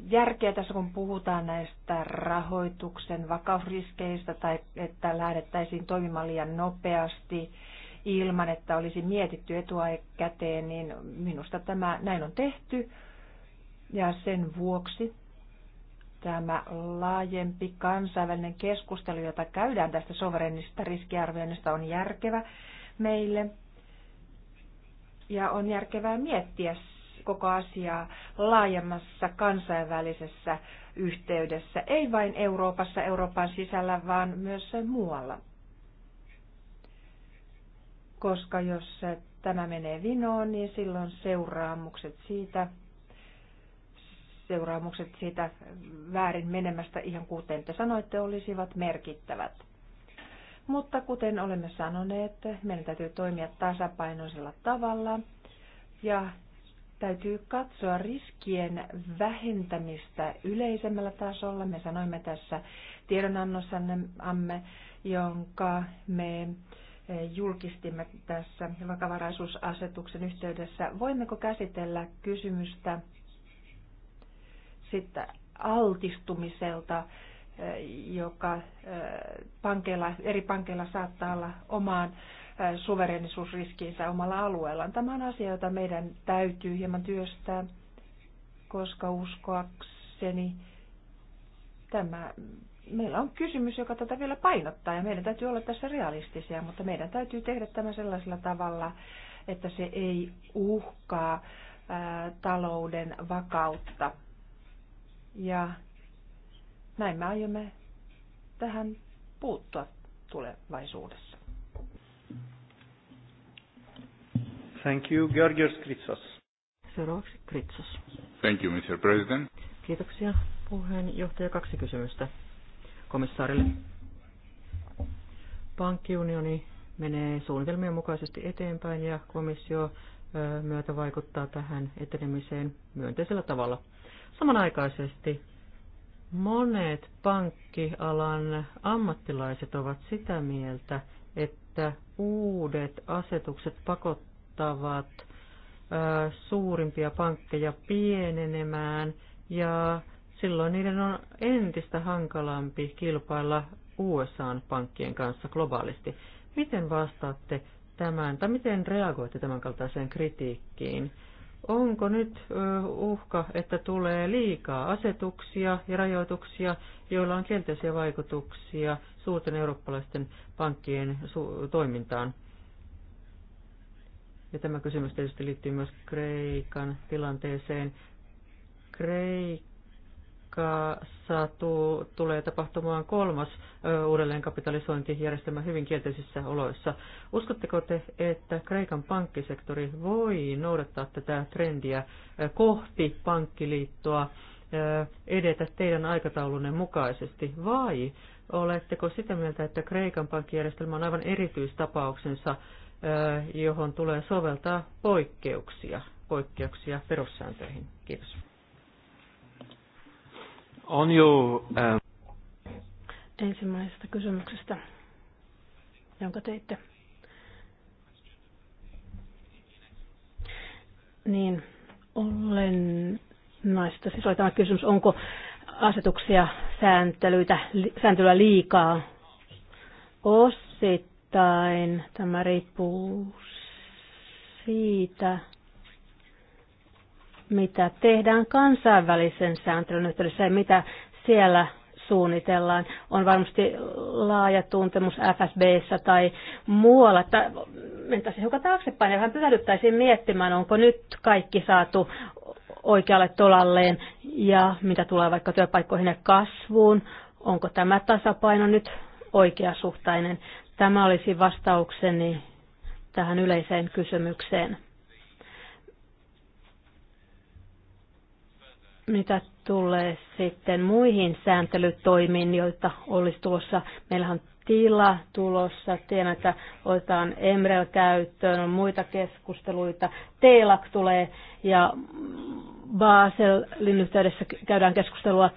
järkeä tässä, kun puhutaan näistä rahoituksen vakausriskeistä tai että lähdettäisiin toimimaan liian nopeasti ilman, että olisi mietitty etuaikäteen, niin minusta tämä näin on tehty ja sen vuoksi tämä laajempi kansainvälinen keskustelu, jota käydään tästä sovereignista riskiarvioinnista, on järkevä meille. Ja on järkevää miettiä koko asiaa laajemmassa kansainvälisessä yhteydessä, ei vain Euroopassa, Euroopan sisällä, vaan myös muualla. Koska jos tämä menee vinoon, niin silloin seuraamukset siitä seuraamukset siitä väärin menemästä ihan kuten te sanoitte olisivat merkittävät. Mutta kuten olemme sanoneet, meidän täytyy toimia tasapainoisella tavalla ja täytyy katsoa riskien vähentämistä yleisemmällä tasolla. Me sanoimme tässä tiedonannossamme, jonka me julkistimme tässä vakavaraisuusasetuksen yhteydessä. Voimmeko käsitellä kysymystä sitten altistumiselta, joka pankeilla, eri pankeilla saattaa olla omaan suverenisuusriskiinsä omalla alueellaan. Tämä on asia, jota meidän täytyy hieman työstää, koska uskoakseni tämä, meillä on kysymys, joka tätä vielä painottaa ja meidän täytyy olla tässä realistisia, mutta meidän täytyy tehdä tämä sellaisella tavalla, että se ei uhkaa ää, talouden vakautta ja näin me aiomme tähän puuttua tulevaisuudessa. Thank you, Georgios Kritsos. Seuraavaksi Kritsos. Thank you, Mr. President. Kiitoksia puheenjohtaja. Kaksi kysymystä komissaarille. Pankkiunioni menee suunnitelmien mukaisesti eteenpäin ja komissio myötä vaikuttaa tähän etenemiseen myönteisellä tavalla. Samanaikaisesti monet pankkialan ammattilaiset ovat sitä mieltä, että uudet asetukset pakottavat suurimpia pankkeja pienenemään ja silloin niiden on entistä hankalampi kilpailla usa pankkien kanssa globaalisti. Miten vastaatte tämän, tai miten reagoitte tämän kaltaiseen kritiikkiin? onko nyt uhka, että tulee liikaa asetuksia ja rajoituksia, joilla on kielteisiä vaikutuksia suurten eurooppalaisten pankkien toimintaan? Ja tämä kysymys tietysti liittyy myös Kreikan tilanteeseen. Kreikka saatu, tulee tapahtumaan kolmas uudelleenkapitalisointijärjestelmä hyvin kielteisissä oloissa. Uskotteko te, että Kreikan pankkisektori voi noudattaa tätä trendiä kohti pankkiliittoa, edetä teidän aikataulunne mukaisesti, vai oletteko sitä mieltä, että Kreikan pankkijärjestelmä on aivan erityistapauksensa, johon tulee soveltaa poikkeuksia, poikkeuksia perussääntöihin? Kiitos. On your, um... Ähm, Ensimmäisestä kysymyksestä, jonka teitte. Niin, olen naista. Siis oli tämä kysymys, onko asetuksia, sääntelyitä, sääntelyä liikaa? Osittain tämä riippuu siitä, mitä tehdään kansainvälisen sääntelyn yhteydessä ja mitä siellä suunnitellaan. On varmasti laaja tuntemus FSBssä tai muualla, että mentäisiin hiukan taaksepäin ja vähän pysähdyttäisiin miettimään, onko nyt kaikki saatu oikealle tolalleen ja mitä tulee vaikka työpaikkoihin ja kasvuun, onko tämä tasapaino nyt oikeasuhtainen. Tämä olisi vastaukseni tähän yleiseen kysymykseen. Mitä tulee sitten muihin sääntelytoimiin, joita olisi tulossa, meillähän on tila tulossa, tiedän, että otetaan Emrel käyttöön, on muita keskusteluita, TELAK tulee ja Baselin yhteydessä käydään keskustelua.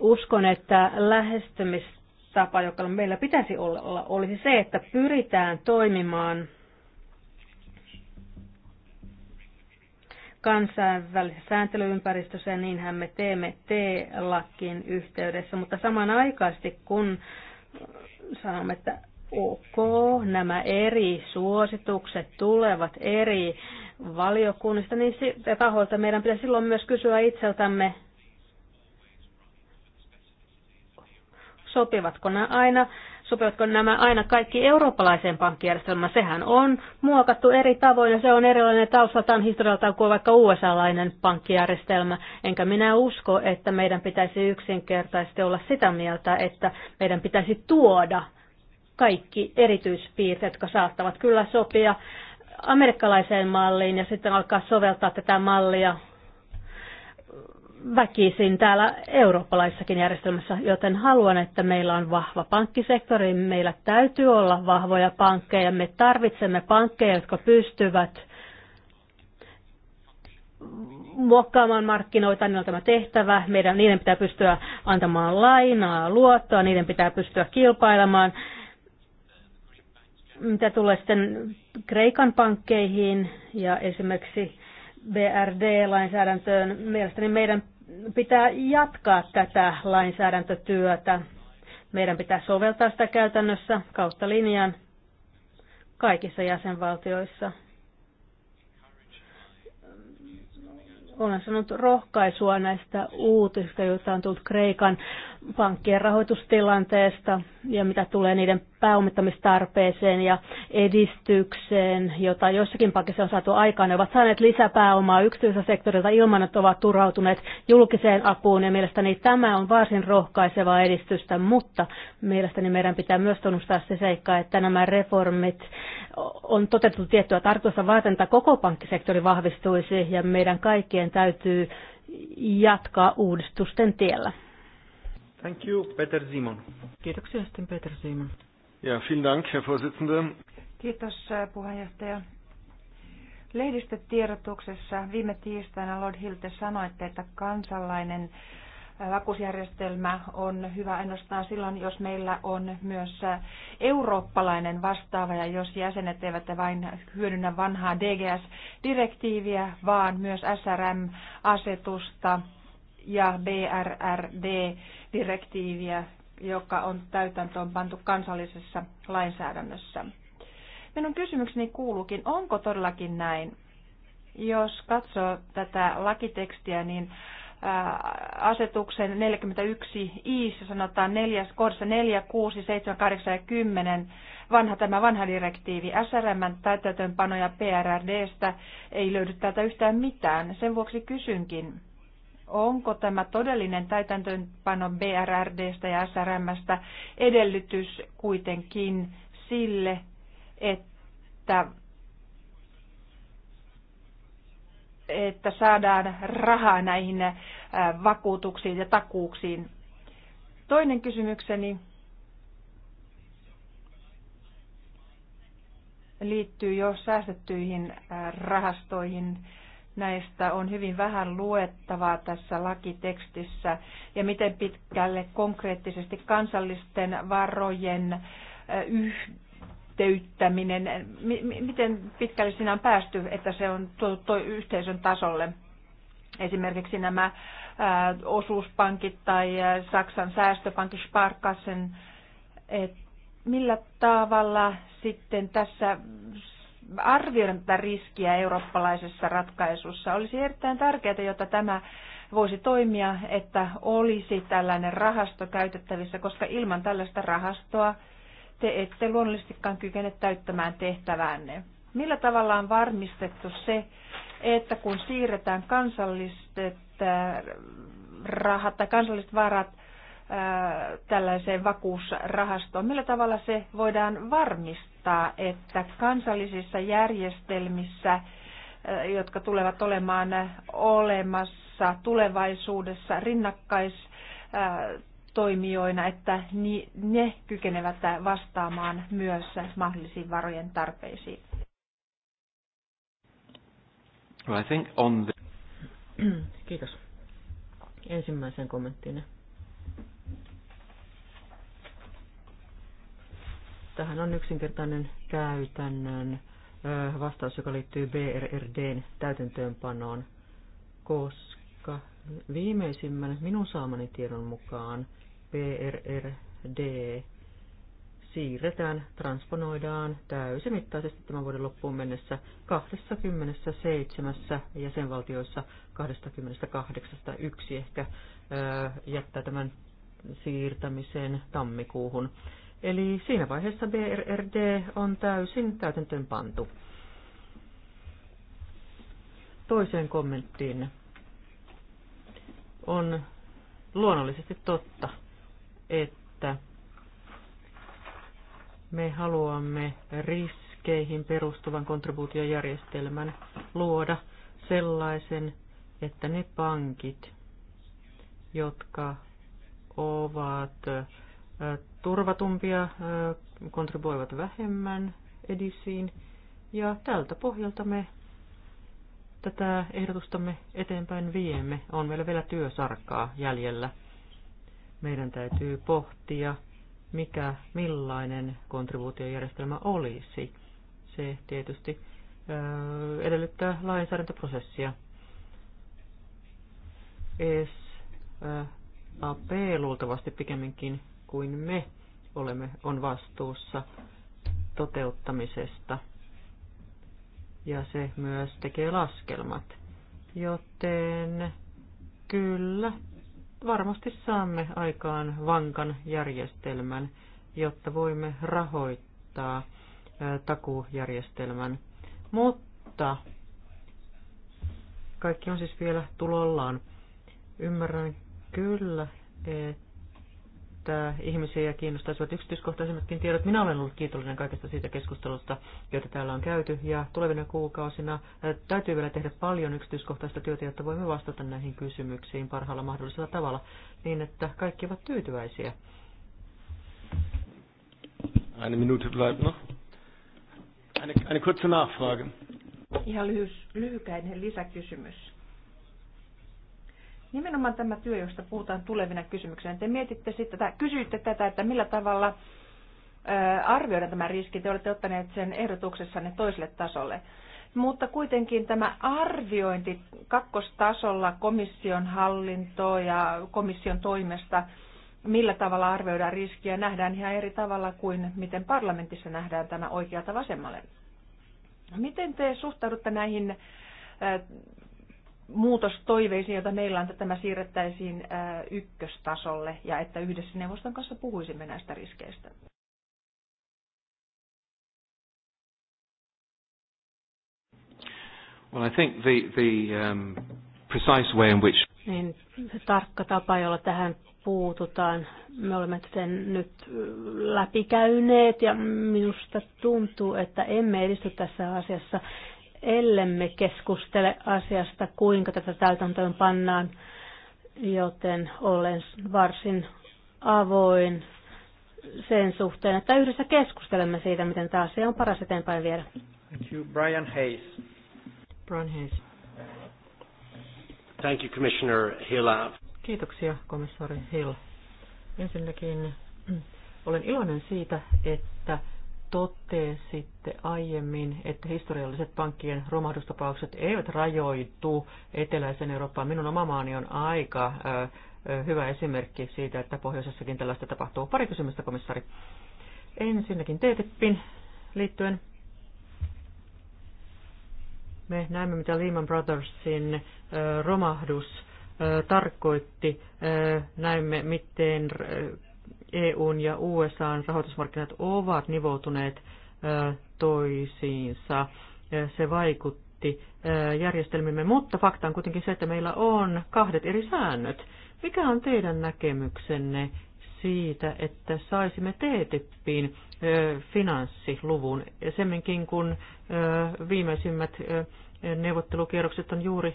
Uskon, että lähestymistapa, joka meillä pitäisi olla, olisi se, että pyritään toimimaan kansainvälisessä sääntelyympäristössä ja niinhän me teemme T-lakin yhteydessä, mutta samanaikaisesti kun sanomme, että ok, nämä eri suositukset tulevat eri valiokunnista niin ja tahoilta, meidän pitäisi silloin myös kysyä itseltämme, sopivatko nämä aina sopivatko nämä aina kaikki eurooppalaiseen pankkijärjestelmään? Sehän on muokattu eri tavoin ja se on erilainen taustaltaan historialtaan kuin vaikka USA-lainen pankkijärjestelmä. Enkä minä usko, että meidän pitäisi yksinkertaisesti olla sitä mieltä, että meidän pitäisi tuoda kaikki erityispiirteet, jotka saattavat kyllä sopia amerikkalaiseen malliin ja sitten alkaa soveltaa tätä mallia väkisin täällä eurooppalaisessakin järjestelmässä, joten haluan, että meillä on vahva pankkisektori. Meillä täytyy olla vahvoja pankkeja. Me tarvitsemme pankkeja, jotka pystyvät muokkaamaan markkinoita, niillä on tämä tehtävä, meidän, niiden pitää pystyä antamaan lainaa, luottoa, niiden pitää pystyä kilpailemaan. Mitä tulee sitten Kreikan pankkeihin ja esimerkiksi BRD-lainsäädäntöön, mielestäni meidän pitää jatkaa tätä lainsäädäntötyötä. Meidän pitää soveltaa sitä käytännössä kautta linjan kaikissa jäsenvaltioissa. Olen sanonut rohkaisua näistä uutista, joita on tullut Kreikan pankkien rahoitustilanteesta ja mitä tulee niiden pääomittamistarpeeseen ja edistykseen, jota jossakin pankissa on saatu aikaan. Ne ovat saaneet lisäpääomaa yksityisellä sektorilta ilman, että ovat turhautuneet julkiseen apuun ja mielestäni tämä on varsin rohkaisevaa edistystä, mutta mielestäni meidän pitää myös tunnustaa se seikka, että nämä reformit on toteutettu tiettyä tarkoitusta varten, että koko pankkisektori vahvistuisi ja meidän kaikkien täytyy jatkaa uudistusten tiellä. Thank you, Peter Simon. Kiitoksia sitten Peter Simon. Ja, vielen Dank, Herr Vorsitzender. Kiitos äh, puheenjohtaja. Lehdistötiedotuksessa viime tiistaina Lord Hilte sanoitte, että kansalainen vakuusjärjestelmä äh, on hyvä ainoastaan silloin, jos meillä on myös äh, eurooppalainen vastaava ja jos jäsenet eivät vain hyödynnä vanhaa DGS-direktiiviä, vaan myös SRM-asetusta ja BRRD-direktiiviä, joka on täytäntöön pantu kansallisessa lainsäädännössä. Minun kysymykseni kuuluukin, onko todellakin näin? Jos katsoo tätä lakitekstiä, niin äh, asetuksen 41 iissä sanotaan 4, kohdassa 4, 6, 7, 8 ja 10 vanha, tämä vanha direktiivi SRM täytäntöönpanoja PRRDstä ei löydy täältä yhtään mitään. Sen vuoksi kysynkin, onko tämä todellinen täytäntöönpano BRRDstä ja SRMstä edellytys kuitenkin sille, että, että saadaan rahaa näihin äh, vakuutuksiin ja takuuksiin. Toinen kysymykseni liittyy jo säästettyihin äh, rahastoihin näistä on hyvin vähän luettavaa tässä lakitekstissä ja miten pitkälle konkreettisesti kansallisten varojen yhteyttäminen, miten pitkälle siinä on päästy, että se on tuotu yhteisön tasolle. Esimerkiksi nämä osuuspankit tai Saksan säästöpankki Sparkassen, että millä tavalla sitten tässä arvioida tätä riskiä eurooppalaisessa ratkaisussa. Olisi erittäin tärkeää, jotta tämä voisi toimia, että olisi tällainen rahasto käytettävissä, koska ilman tällaista rahastoa te ette luonnollisestikaan kykene täyttämään tehtäväänne. Millä tavalla on varmistettu se, että kun siirretään kansalliset äh, rahat tai kansalliset varat – tällaiseen vakuusrahastoon. Millä tavalla se voidaan varmistaa, että kansallisissa järjestelmissä, jotka tulevat olemaan olemassa tulevaisuudessa rinnakkaistoimijoina, että ne kykenevät vastaamaan myös mahdollisiin varojen tarpeisiin? Well, I think on the... Kiitos. Ensimmäisen kommenttiin. Tähän on yksinkertainen käytännön vastaus, joka liittyy BRRDn täytäntöönpanoon, koska viimeisimmän minun saamani tiedon mukaan BRRD siirretään, transponoidaan täysimittaisesti tämän vuoden loppuun mennessä 27 jäsenvaltioissa 28. Yksi ehkä jättää tämän siirtämisen tammikuuhun. Eli siinä vaiheessa BRRD on täysin täytäntöön pantu. Toiseen kommenttiin on luonnollisesti totta, että me haluamme riskeihin perustuvan kontribuutiojärjestelmän luoda sellaisen, että ne pankit, jotka ovat turvatumpia, kontribuoivat vähemmän edisiin. Ja tältä pohjalta me tätä ehdotustamme eteenpäin viemme. On meillä vielä työsarkaa jäljellä. Meidän täytyy pohtia, mikä millainen kontribuutiojärjestelmä olisi. Se tietysti edellyttää lainsäädäntöprosessia. ESAP luultavasti pikemminkin kuin me olemme, on vastuussa toteuttamisesta. Ja se myös tekee laskelmat. Joten kyllä, varmasti saamme aikaan vankan järjestelmän, jotta voimme rahoittaa takuujärjestelmän. Mutta kaikki on siis vielä tulollaan. Ymmärrän kyllä, että ihmisiä ja kiinnostaisivat yksityiskohtaisemmatkin tiedot. Minä olen ollut kiitollinen kaikesta siitä keskustelusta, jota täällä on käyty, ja tulevina kuukausina täytyy vielä tehdä paljon yksityiskohtaista työtä, jotta voimme vastata näihin kysymyksiin parhaalla mahdollisella tavalla, niin että kaikki ovat tyytyväisiä. Eine Minute bleibt noch. Eine, eine kurze Nachfrage. Ihan lyhys, lyhykäinen lisäkysymys Nimenomaan tämä työ, josta puhutaan tulevina kysymyksinä. Te mietitte sitten, tai kysyitte tätä, että millä tavalla arvioida tämä riski. Te olette ottaneet sen ehdotuksessanne toiselle tasolle. Mutta kuitenkin tämä arviointi kakkostasolla komission hallintoa ja komission toimesta, millä tavalla arvioidaan riskiä, nähdään ihan eri tavalla kuin miten parlamentissa nähdään tämä oikealta vasemmalle. Miten te suhtaudutte näihin muutostoiveisiin, joita meillä on, että tämä siirrettäisiin ykköstasolle ja että yhdessä neuvoston kanssa puhuisimme näistä riskeistä. Well, I think the, the um, precise way in which... Niin, se tarkka tapa, jolla tähän puututaan. Me olemme sen nyt läpikäyneet ja minusta tuntuu, että emme edisty tässä asiassa ellemme keskustele asiasta, kuinka tätä täytäntöön pannaan, joten olen varsin avoin sen suhteen, että yhdessä keskustelemme siitä, miten tämä asia on paras eteenpäin viedä. Thank you, Brian Hayes. Brian Hayes. Thank you, Commissioner Hill. Kiitoksia, komissaari Hill. Ensinnäkin (clears throat) olen iloinen siitä, että totesitte aiemmin, että historialliset pankkien romahdustapaukset eivät rajoitu eteläisen Eurooppaan. Minun oma maani on aika hyvä esimerkki siitä, että pohjoisessakin tällaista tapahtuu. Pari kysymystä, komissari. Ensinnäkin TTIPin liittyen. Me näemme, mitä Lehman Brothersin romahdus tarkoitti. Näemme, miten EUn ja USAn rahoitusmarkkinat ovat nivoutuneet toisiinsa. Se vaikutti järjestelmimme, mutta fakta on kuitenkin se, että meillä on kahdet eri säännöt. Mikä on teidän näkemyksenne siitä, että saisimme TTIPin finanssiluvun, semminkin kun viimeisimmät neuvottelukierrokset on juuri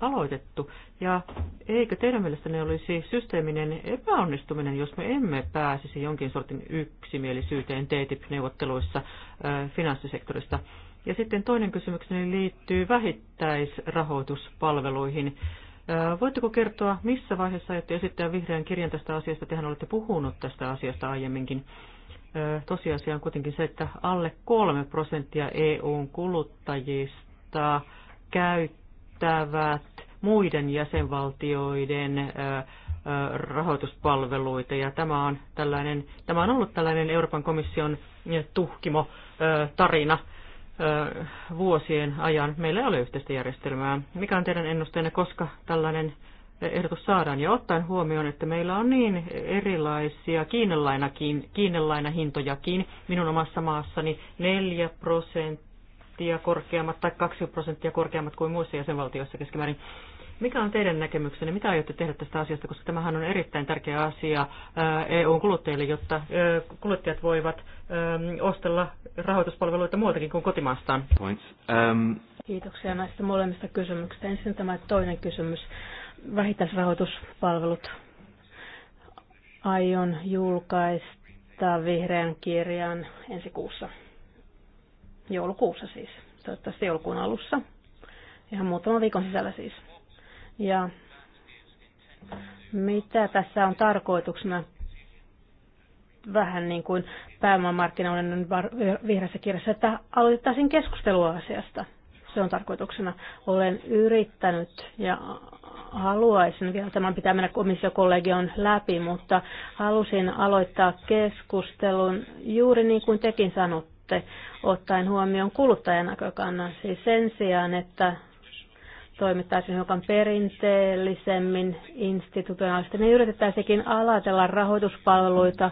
aloitettu. Ja eikö teidän mielestänne olisi systeeminen epäonnistuminen, jos me emme pääsisi jonkin sortin yksimielisyyteen TTIP-neuvotteluissa finanssisektorista? Ja sitten toinen kysymykseni liittyy vähittäisrahoituspalveluihin. Voitteko kertoa, missä vaiheessa aiotte esittää vihreän kirjan tästä asiasta? Tehän olette puhunut tästä asiasta aiemminkin. Tosiasia on kuitenkin se, että alle kolme prosenttia EUn kuluttajista valtaa käyttävät muiden jäsenvaltioiden rahoituspalveluita ja tämä on, tällainen, tämä on ollut tällainen Euroopan komission tuhkimo tarina vuosien ajan. Meillä ei ole yhteistä järjestelmää. Mikä on teidän ennusteenne, koska tällainen ehdotus saadaan? Ja ottaen huomioon, että meillä on niin erilaisia kiinelainakin, Minun omassa maassani 4 prosenttia prosenttia korkeammat tai 2 prosenttia korkeammat kuin muissa jäsenvaltioissa keskimäärin. Mikä on teidän näkemyksenne? Mitä aiotte tehdä tästä asiasta, koska tämähän on erittäin tärkeä asia eu kuluttajille, jotta kuluttajat voivat ostella rahoituspalveluita muutakin kuin kotimaastaan? Um... Kiitoksia näistä molemmista kysymyksistä. Ensin tämä toinen kysymys, vähittäisrahoituspalvelut. Aion julkaista vihreän kirjan ensi kuussa joulukuussa siis, toivottavasti joulukuun alussa, ihan muutaman viikon sisällä siis. Ja mitä tässä on tarkoituksena? Vähän niin kuin pääomamarkkinoiden vihreässä kirjassa, että aloitettaisiin keskustelua asiasta. Se on tarkoituksena. Olen yrittänyt ja haluaisin, vielä tämän pitää mennä komissiokollegion läpi, mutta halusin aloittaa keskustelun juuri niin kuin tekin sanot, sitten ottaen huomioon kuluttajan näkökannan. Siis sen sijaan, että toimittaisiin hiukan perinteellisemmin institutionaalisesti, niin yritettäisikin alatella rahoituspalveluita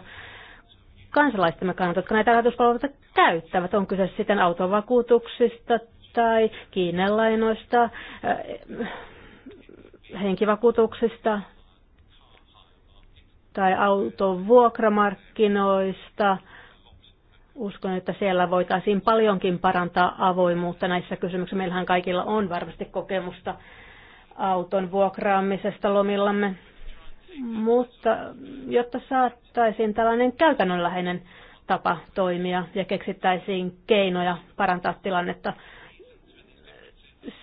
kansalaistemme kannalta, jotka näitä rahoituspalveluita käyttävät. On kyse sitten autovakuutuksista tai kiinelainoista, äh, henkivakuutuksista tai autovuokramarkkinoista – Uskon, että siellä voitaisiin paljonkin parantaa avoimuutta näissä kysymyksissä. Meillähän kaikilla on varmasti kokemusta auton vuokraamisesta lomillamme. Mutta jotta saattaisiin tällainen käytännönläheinen tapa toimia ja keksittäisiin keinoja parantaa tilannetta,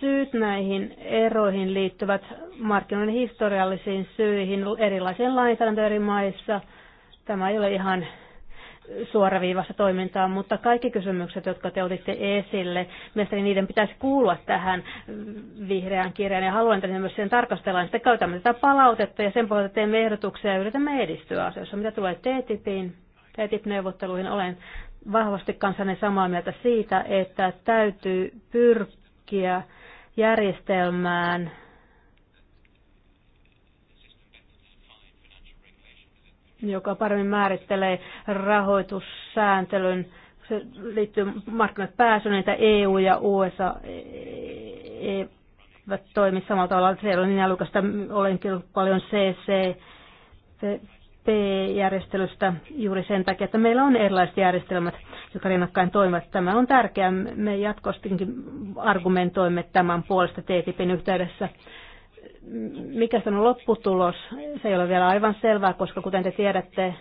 syyt näihin eroihin liittyvät markkinoiden historiallisiin syihin, erilaisiin lainsäädäntöön eri maissa. Tämä ei ole ihan suoraviivasta toimintaa, mutta kaikki kysymykset, jotka te otitte esille, mielestäni niiden pitäisi kuulua tähän vihreään kirjaan ja haluan, että myös sen tarkastellaan. Sitten käytämme tätä palautetta ja sen pohjalta teemme ehdotuksia ja yritämme edistyä asioissa. Mitä tulee TTIPiin, TTIP-neuvotteluihin, olen vahvasti kanssanne samaa mieltä siitä, että täytyy pyrkiä järjestelmään, joka paremmin määrittelee rahoitussääntelyn. Se liittyy markkinat pääsyyn, että EU ja USA e- e- eivät toimi samalla tavalla. Se ei niin älykästä, Olen kyllä paljon CC järjestelystä juuri sen takia, että meillä on erilaiset järjestelmät, jotka rinnakkain toimivat. Tämä on tärkeää. Me jatkostinkin argumentoimme tämän puolesta TTIPin yhteydessä mikä on lopputulos, se ei ole vielä aivan selvää, koska kuten te tiedätte,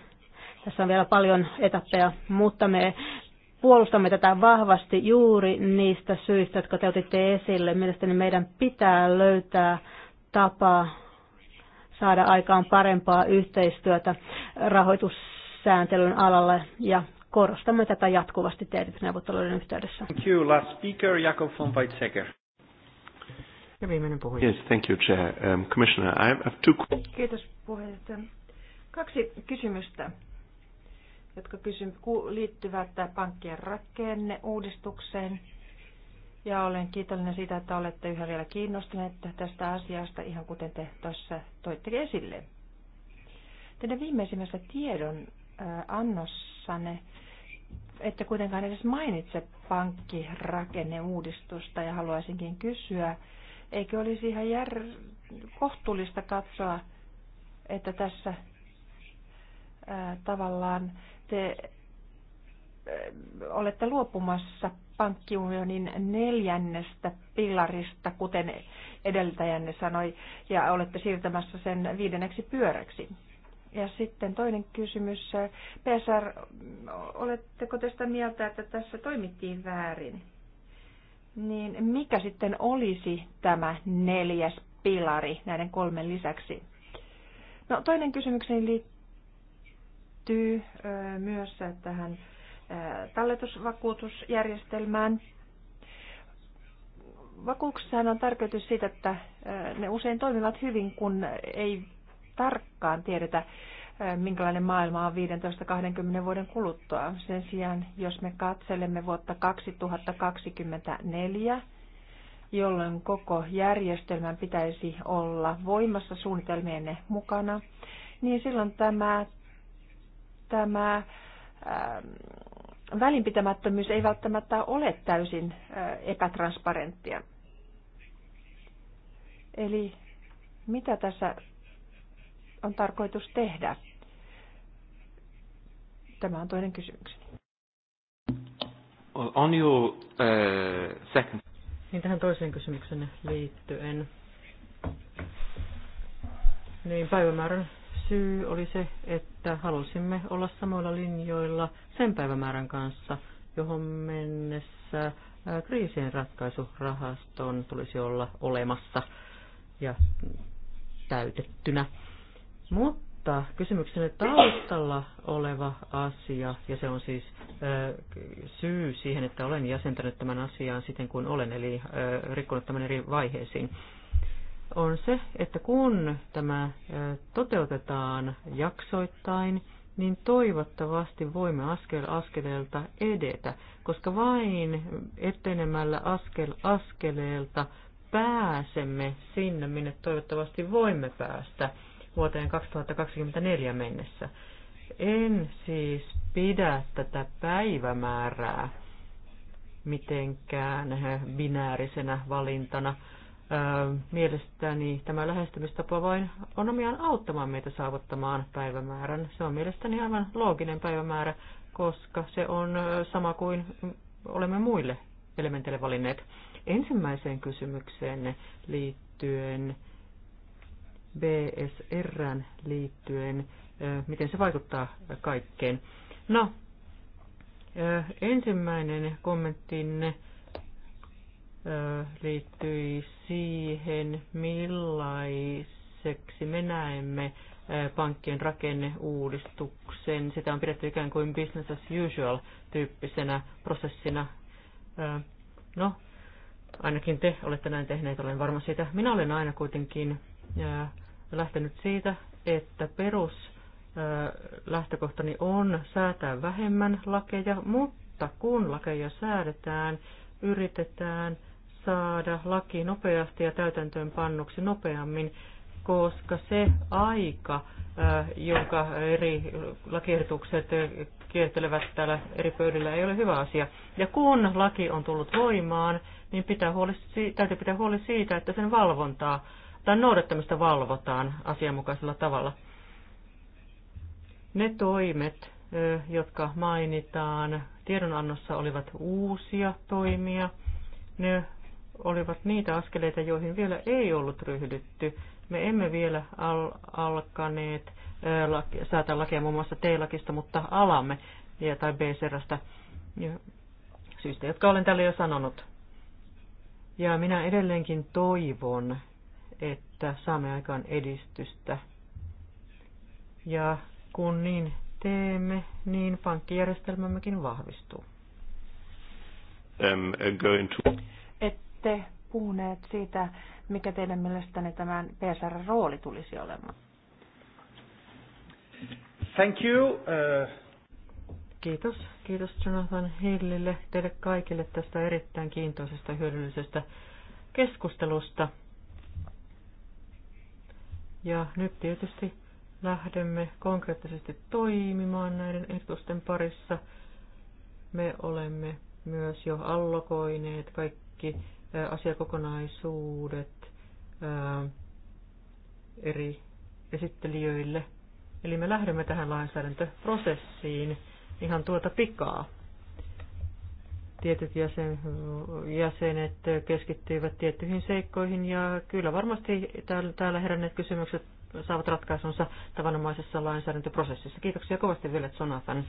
tässä on vielä paljon etappeja, mutta me puolustamme tätä vahvasti juuri niistä syistä, jotka te otitte esille. Mielestäni meidän pitää löytää tapa saada aikaan parempaa yhteistyötä rahoitussääntelyn alalle ja korostamme tätä jatkuvasti TTIP-neuvotteluiden yhteydessä. Thank you. Last speaker, Jakob von Weizsäcker. Ja viimeinen puhuja. Yes, thank you, Chair. Um, commissioner, I have two... Kiitos puheenjohtaja. Kaksi kysymystä, jotka kysyn, liittyvät pankkien rakenneuudistukseen. Ja olen kiitollinen siitä, että olette yhä vielä kiinnostuneet tästä asiasta, ihan kuten te tuossa toitte esille. Teidän viimeisimmässä tiedon annossanne että kuitenkaan edes mainitse pankkirakenneuudistusta ja haluaisinkin kysyä, Eikö olisi ihan jär... kohtuullista katsoa, että tässä ää, tavallaan te ää, olette luopumassa pankkiunionin neljännestä pilarista, kuten edeltäjänne sanoi, ja olette siirtämässä sen viidenneksi pyöräksi. Ja sitten toinen kysymys. PSR, oletteko tästä mieltä, että tässä toimittiin väärin? niin mikä sitten olisi tämä neljäs pilari näiden kolmen lisäksi? No toinen kysymykseni liittyy myös tähän talletusvakuutusjärjestelmään. Vakuuksissahan on tarkoitus siitä, että ne usein toimivat hyvin, kun ei tarkkaan tiedetä, minkälainen maailma on 15-20 vuoden kuluttua. Sen sijaan, jos me katselemme vuotta 2024, jolloin koko järjestelmän pitäisi olla voimassa suunnitelmienne mukana, niin silloin tämä, tämä ää, ähm, välinpitämättömyys ei välttämättä ole täysin ää, äh, epätransparenttia. Eli mitä tässä on tarkoitus tehdä? Tämä on toinen kysymys. On your uh, second. Niin tähän toiseen kysymykseen liittyen. Niin päivämäärän syy oli se, että halusimme olla samoilla linjoilla sen päivämäärän kanssa, johon mennessä äh, kriisien ratkaisurahaston tulisi olla olemassa ja täytettynä. Mutta kysymyksenne taustalla oleva asia, ja se on siis ö, syy siihen, että olen jäsentänyt tämän asian siten kuin olen, eli ö, rikkonut tämän eri vaiheisiin, on se, että kun tämä ö, toteutetaan jaksoittain, niin toivottavasti voimme askel askeleelta edetä, koska vain etenemällä askel askeleelta pääsemme sinne, minne toivottavasti voimme päästä vuoteen 2024 mennessä. En siis pidä tätä päivämäärää mitenkään binäärisenä valintana. Mielestäni tämä lähestymistapa vain on omiaan auttamaan meitä saavuttamaan päivämäärän. Se on mielestäni aivan looginen päivämäärä, koska se on sama kuin olemme muille elementeille valinneet. Ensimmäiseen kysymykseen liittyen BSR liittyen, miten se vaikuttaa kaikkeen. No, ensimmäinen kommenttinne liittyi siihen, millaiseksi me näemme pankkien rakenneuudistuksen. Sitä on pidetty ikään kuin business as usual tyyppisenä prosessina. No, ainakin te olette näin tehneet, olen varma siitä. Minä olen aina kuitenkin lähtenyt siitä, että perus lähtökohtani on säätää vähemmän lakeja, mutta kun lakeja säädetään, yritetään saada laki nopeasti ja täytäntöön pannuksi nopeammin, koska se aika, jonka eri lakiehdotukset kiertelevät täällä eri pöydillä, ei ole hyvä asia. Ja kun laki on tullut voimaan, niin pitää huoli, täytyy pitää huoli siitä, että sen valvontaa tai noudattamista valvotaan asianmukaisella tavalla. Ne toimet, jotka mainitaan tiedonannossa, olivat uusia toimia. Ne olivat niitä askeleita, joihin vielä ei ollut ryhdytty. Me emme vielä al- alkaneet laki, säätää lakia muun muassa T-lakista, mutta alamme, ja, tai B-serästä, syystä, jotka olen tälle jo sanonut. Ja minä edelleenkin toivon, että saamme aikaan edistystä. Ja kun niin teemme, niin pankkijärjestelmämmekin vahvistuu. Um, uh, Ette puhuneet siitä, mikä teidän mielestänne tämän PSR-rooli tulisi olemaan. Thank you. Uh... Kiitos. Kiitos Jonathan Hillille, teille kaikille tästä erittäin kiintoisesta hyödyllisestä keskustelusta. Ja nyt tietysti lähdemme konkreettisesti toimimaan näiden ehdotusten parissa. Me olemme myös jo allokoineet kaikki asiakokonaisuudet eri esittelijöille. Eli me lähdemme tähän lainsäädäntöprosessiin ihan tuota pikaa tietyt jäsen, jäsenet keskittyivät tiettyihin seikkoihin ja kyllä varmasti täällä heränneet kysymykset saavat ratkaisunsa tavanomaisessa lainsäädäntöprosessissa. Kiitoksia kovasti vielä, Sonatan.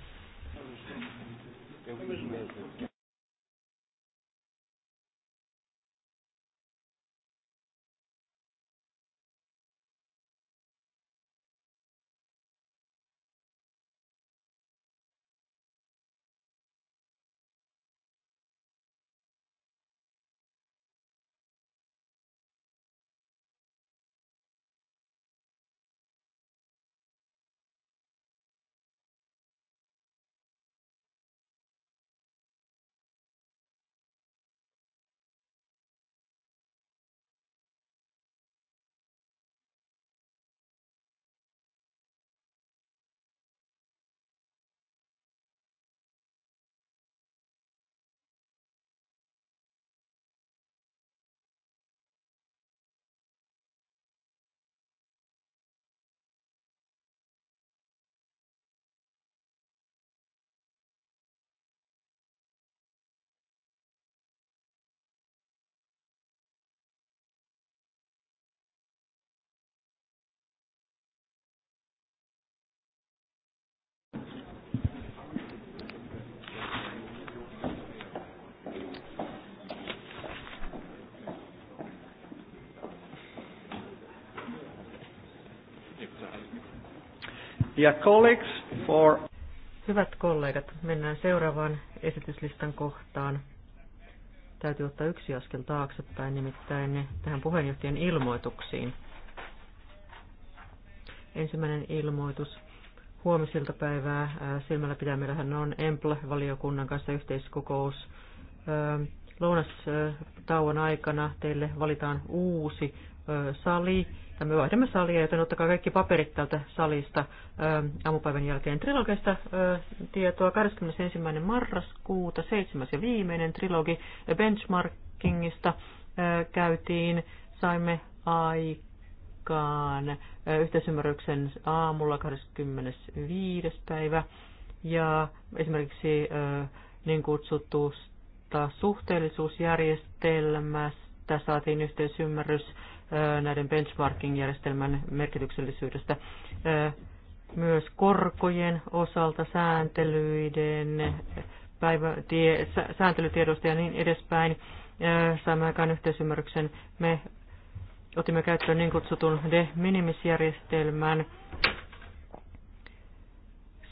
Hyvät kollegat, mennään seuraavaan esityslistan kohtaan. Täytyy ottaa yksi askel taaksepäin, nimittäin tähän puheenjohtajan ilmoituksiin. Ensimmäinen ilmoitus huomisilta päivää äh, silmällä pitää. Meillähän on EMPL-valiokunnan kanssa yhteiskokous. Ähm, Lounastauon äh, aikana teille valitaan uusi äh, sali me vaihdamme salia, joten ottakaa kaikki paperit tältä salista aamupäivän jälkeen trilogista tietoa. 21. marraskuuta, 7. ja viimeinen trilogi benchmarkingista käytiin. Saimme aikaan yhteisymmärryksen aamulla 25. päivä ja esimerkiksi niin kutsutusta suhteellisuusjärjestelmästä saatiin yhteisymmärrys näiden benchmarking-järjestelmän merkityksellisyydestä. Myös korkojen osalta sääntelyiden, päivä, tie, sääntelytiedosta ja niin edespäin saimme aikaan yhteisymmärryksen. Me otimme käyttöön niin kutsutun de minimisjärjestelmän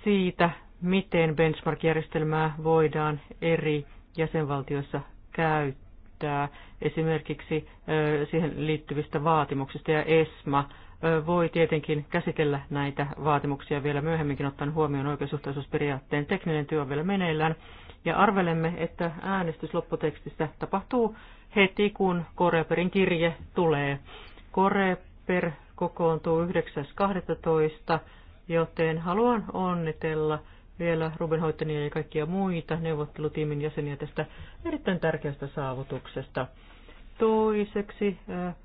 siitä, miten benchmark-järjestelmää voidaan eri jäsenvaltioissa käyttää päättää esimerkiksi siihen liittyvistä vaatimuksista ja ESMA voi tietenkin käsitellä näitä vaatimuksia vielä myöhemminkin ottaen huomioon oikeasuhtaisuusperiaatteen tekninen työ on vielä meneillään. Ja arvelemme, että äänestys lopputekstistä tapahtuu heti, kun Koreperin kirje tulee. Koreper kokoontuu 9.12., joten haluan onnitella vielä Ruben Hoittania ja kaikkia muita neuvottelutiimin jäseniä tästä erittäin tärkeästä saavutuksesta. Toiseksi äh,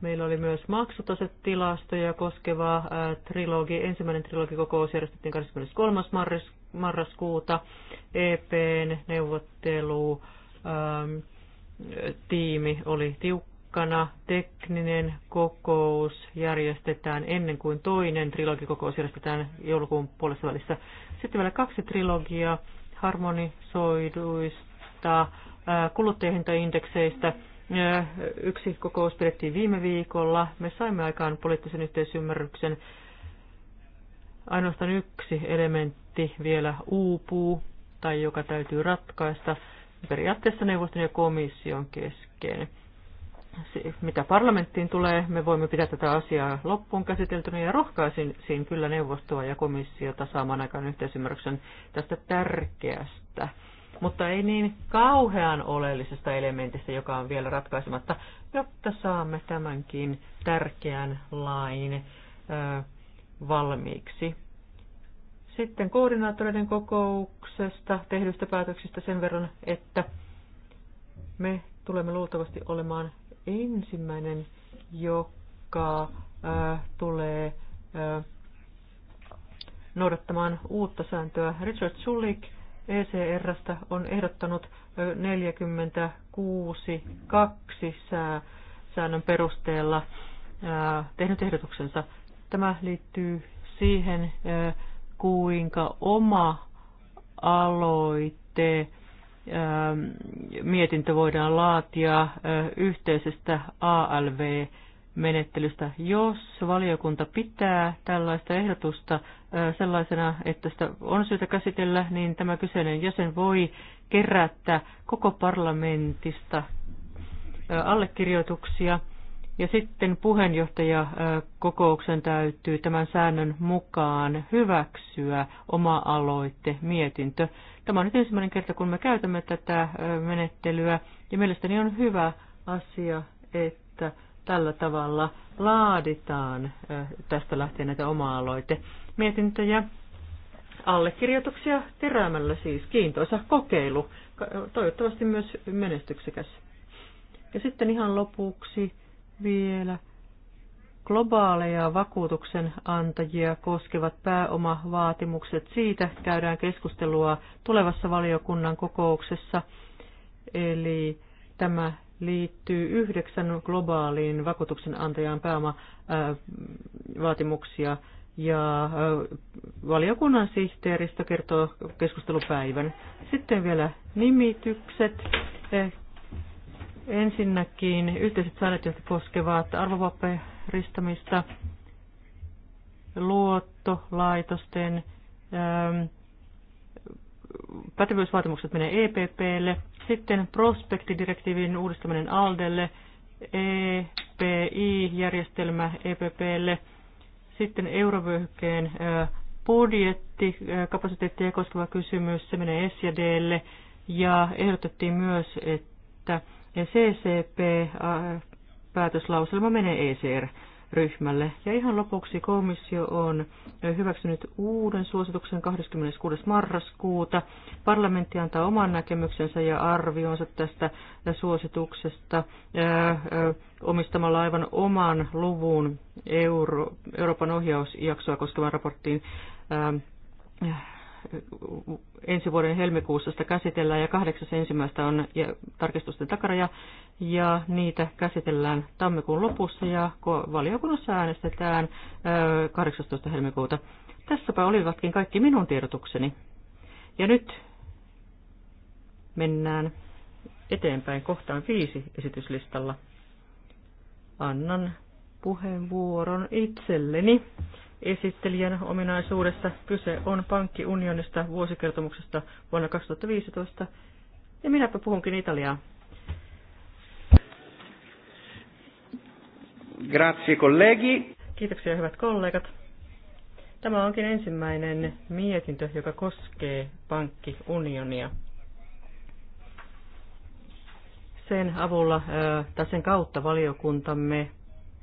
meillä oli myös maksutasetilastoja koskeva äh, trilogi. Ensimmäinen trilogikokous järjestettiin 23. Marras, marraskuuta EPn neuvottelu ähm, tiimi oli tiukkana. Tekninen kokous järjestetään ennen kuin toinen trilogikokous järjestetään joulukuun puolessa välissä. Sitten vielä kaksi trilogiaa harmonisoiduista kuluttajahintaindekseistä. Yksi kokous pidettiin viime viikolla. Me saimme aikaan poliittisen yhteisymmärryksen. Ainoastaan yksi elementti vielä uupuu tai joka täytyy ratkaista periaatteessa neuvoston ja komission kesken mitä parlamenttiin tulee, me voimme pitää tätä asiaa loppuun käsiteltynä ja rohkaisin siinä kyllä neuvostoa ja komissiota saamaan aikaan yhteisymmärryksen tästä tärkeästä, mutta ei niin kauhean oleellisesta elementistä, joka on vielä ratkaisematta, jotta saamme tämänkin tärkeän lain ö, valmiiksi. Sitten koordinaattoreiden kokouksesta tehdyistä päätöksistä sen verran, että me tulemme luultavasti olemaan ensimmäinen, joka äh, tulee äh, noudattamaan uutta sääntöä. Richard Sulik ECRstä on ehdottanut 46.2 sää, säännön perusteella äh, tehnyt ehdotuksensa. Tämä liittyy siihen, äh, kuinka oma aloite mietintö voidaan laatia yhteisestä ALV menettelystä, jos valiokunta pitää tällaista ehdotusta sellaisena, että sitä on syytä käsitellä, niin tämä kyseinen jäsen voi kerätä koko parlamentista allekirjoituksia – ja sitten puheenjohtaja kokouksen täytyy tämän säännön mukaan hyväksyä oma-aloitte mietintö. Tämä on nyt ensimmäinen kerta, kun me käytämme tätä menettelyä ja mielestäni on hyvä asia, että tällä tavalla laaditaan tästä lähtien näitä oma-aloite mietintöjä. Allekirjoituksia teräämällä siis kiintoisa kokeilu, toivottavasti myös menestyksekäs. Ja sitten ihan lopuksi vielä globaaleja vakuutuksen antajia koskevat pääomavaatimukset. Siitä käydään keskustelua tulevassa valiokunnan kokouksessa. Eli tämä liittyy yhdeksän globaaliin vakuutuksen antajan pääomavaatimuksia. Ja valiokunnan sihteeristö kertoo keskustelupäivän. Sitten vielä nimitykset. Eh, Ensinnäkin yhteiset säännöt, jotka koskevat arvopaperistamista, luottolaitosten ähm, pätevyysvaatimukset menee EPPlle, sitten prospektidirektiivin uudistaminen ALDElle, EPI-järjestelmä EPPlle, sitten eurovyöhykkeen äh, budjetti, äh, kapasiteettia koskeva kysymys, se menee SJDlle, ja ehdotettiin myös, että CCP-päätöslauselma äh, menee ECR-ryhmälle. Ja ihan lopuksi komissio on äh, hyväksynyt uuden suosituksen 26. marraskuuta. Parlamentti antaa oman näkemyksensä ja arvionsa tästä äh, suosituksesta omistamalla aivan oman luvun Euro- Euroopan ohjausjaksoa koskevan raporttiin ähm, ensi vuoden helmikuussa sitä käsitellään ja kahdeksas ensimmäistä on tarkistusten takaraja ja niitä käsitellään tammikuun lopussa ja valiokunnassa äänestetään 18. helmikuuta. Tässäpä olivatkin kaikki minun tiedotukseni. Ja nyt mennään eteenpäin kohtaan viisi esityslistalla. Annan puheenvuoron itselleni esittelijän ominaisuudessa. Kyse on pankkiunionista vuosikertomuksesta vuonna 2015. Ja minäpä puhunkin Italiaa. Grazie kollegi. Kiitoksia hyvät kollegat. Tämä onkin ensimmäinen mietintö, joka koskee pankkiunionia. Sen avulla tai sen kautta valiokuntamme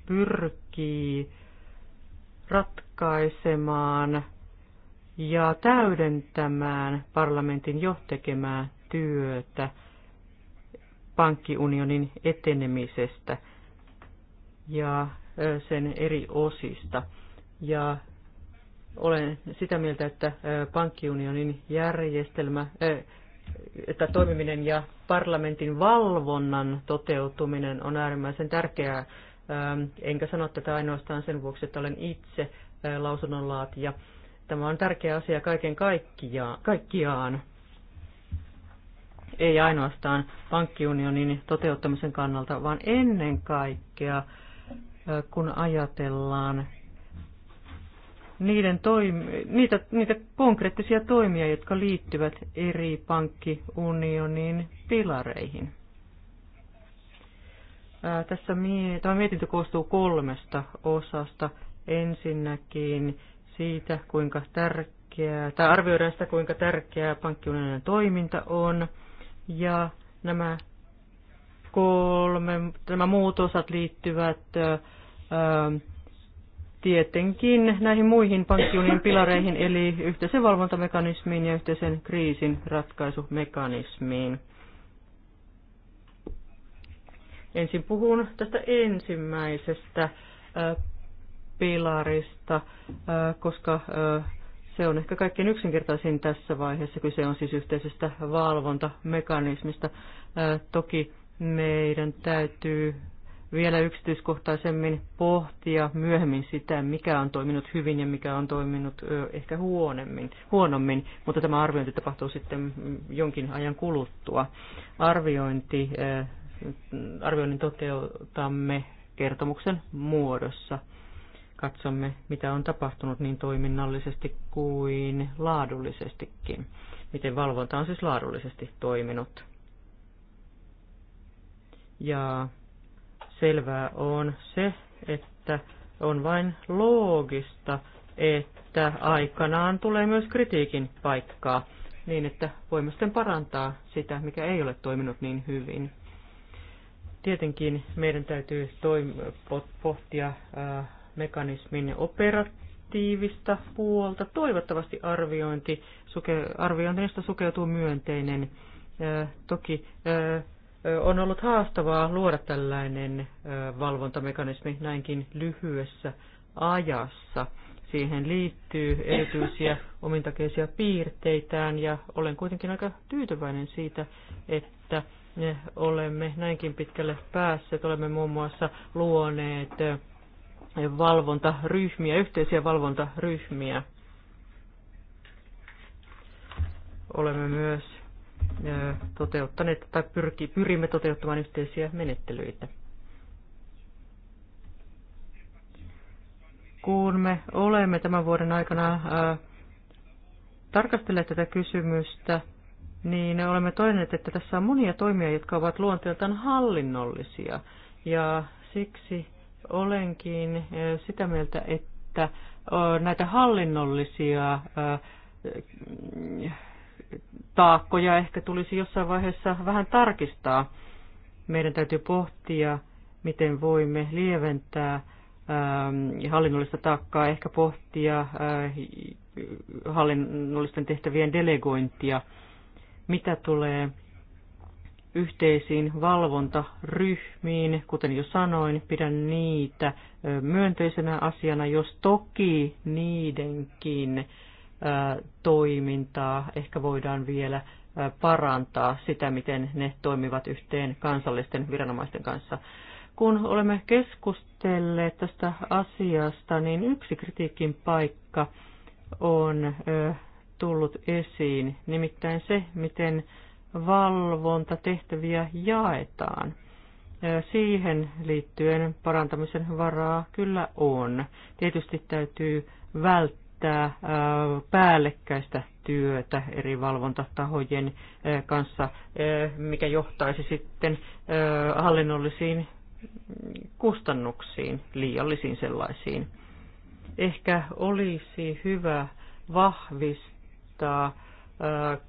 pyrkii ratkaisemaan ratkaisemaan ja täydentämään parlamentin johtekemää työtä pankkiunionin etenemisestä ja sen eri osista. Ja olen sitä mieltä, että pankkiunionin järjestelmä, että toimiminen ja parlamentin valvonnan toteutuminen on äärimmäisen tärkeää. Enkä sano tätä ainoastaan sen vuoksi, että olen itse lausunnonlaatija. Tämä on tärkeä asia kaiken kaikkiaan, ei ainoastaan pankkiunionin toteuttamisen kannalta, vaan ennen kaikkea, kun ajatellaan niiden toim- niitä, niitä konkreettisia toimia, jotka liittyvät eri pankkiunionin pilareihin. Ää, tässä mie- tämä mietintö koostuu kolmesta osasta. Ensinnäkin siitä, kuinka tärkeää, tai arvioidaan sitä, kuinka tärkeää pankkiunionin toiminta on, ja nämä kolme, nämä muut osat liittyvät ää, tietenkin näihin muihin pankkiunionin pilareihin, eli yhteisen valvontamekanismiin ja yhteisen kriisin ratkaisumekanismiin. Ensin puhun tästä ensimmäisestä pilarista, koska se on ehkä kaikkein yksinkertaisin tässä vaiheessa. Kyse on siis yhteisestä valvontamekanismista. Toki meidän täytyy vielä yksityiskohtaisemmin pohtia myöhemmin sitä, mikä on toiminut hyvin ja mikä on toiminut ehkä huonommin, huonommin mutta tämä arviointi tapahtuu sitten jonkin ajan kuluttua. Arviointi, arvioinnin toteutamme kertomuksen muodossa – katsomme, mitä on tapahtunut niin toiminnallisesti kuin laadullisestikin. Miten valvonta on siis laadullisesti toiminut. Ja selvää on se, että on vain loogista, että aikanaan tulee myös kritiikin paikkaa, niin että voimme sitten parantaa sitä, mikä ei ole toiminut niin hyvin. Tietenkin meidän täytyy toim- pohtia äh, mekanismin operatiivista puolta. Toivottavasti arviointi, suke, arvioinnista sukeutuu myönteinen. Toki on ollut haastavaa luoda tällainen valvontamekanismi näinkin lyhyessä ajassa. Siihen liittyy erityisiä omintakeisia piirteitään ja olen kuitenkin aika tyytyväinen siitä, että olemme näinkin pitkälle päässeet. Olemme muun muassa luoneet valvontaryhmiä, yhteisiä valvontaryhmiä. Olemme myös toteuttaneet tai pyrki, pyrimme toteuttamaan yhteisiä menettelyitä. Kun me olemme tämän vuoden aikana ää, tarkastelleet tätä kysymystä, niin olemme todenneet, että tässä on monia toimia, jotka ovat luonteeltaan hallinnollisia. Ja siksi Olenkin eh, sitä mieltä, että näitä hallinnollisia taakkoja ehkä tulisi jossain vaiheessa vähän tarkistaa. Meidän täytyy pohtia, miten voimme lieventää hallinnollista taakkaa, ehkä pohtia hallinnollisten tehtävien delegointia, mitä tulee yhteisiin valvontaryhmiin, kuten jo sanoin, pidän niitä myönteisenä asiana, jos toki niidenkin toimintaa ehkä voidaan vielä parantaa sitä, miten ne toimivat yhteen kansallisten viranomaisten kanssa. Kun olemme keskustelleet tästä asiasta, niin yksi kritiikin paikka on tullut esiin, nimittäin se, miten valvontatehtäviä jaetaan. Siihen liittyen parantamisen varaa kyllä on. Tietysti täytyy välttää päällekkäistä työtä eri valvontatahojen kanssa, mikä johtaisi sitten hallinnollisiin kustannuksiin, liiallisiin sellaisiin. Ehkä olisi hyvä vahvistaa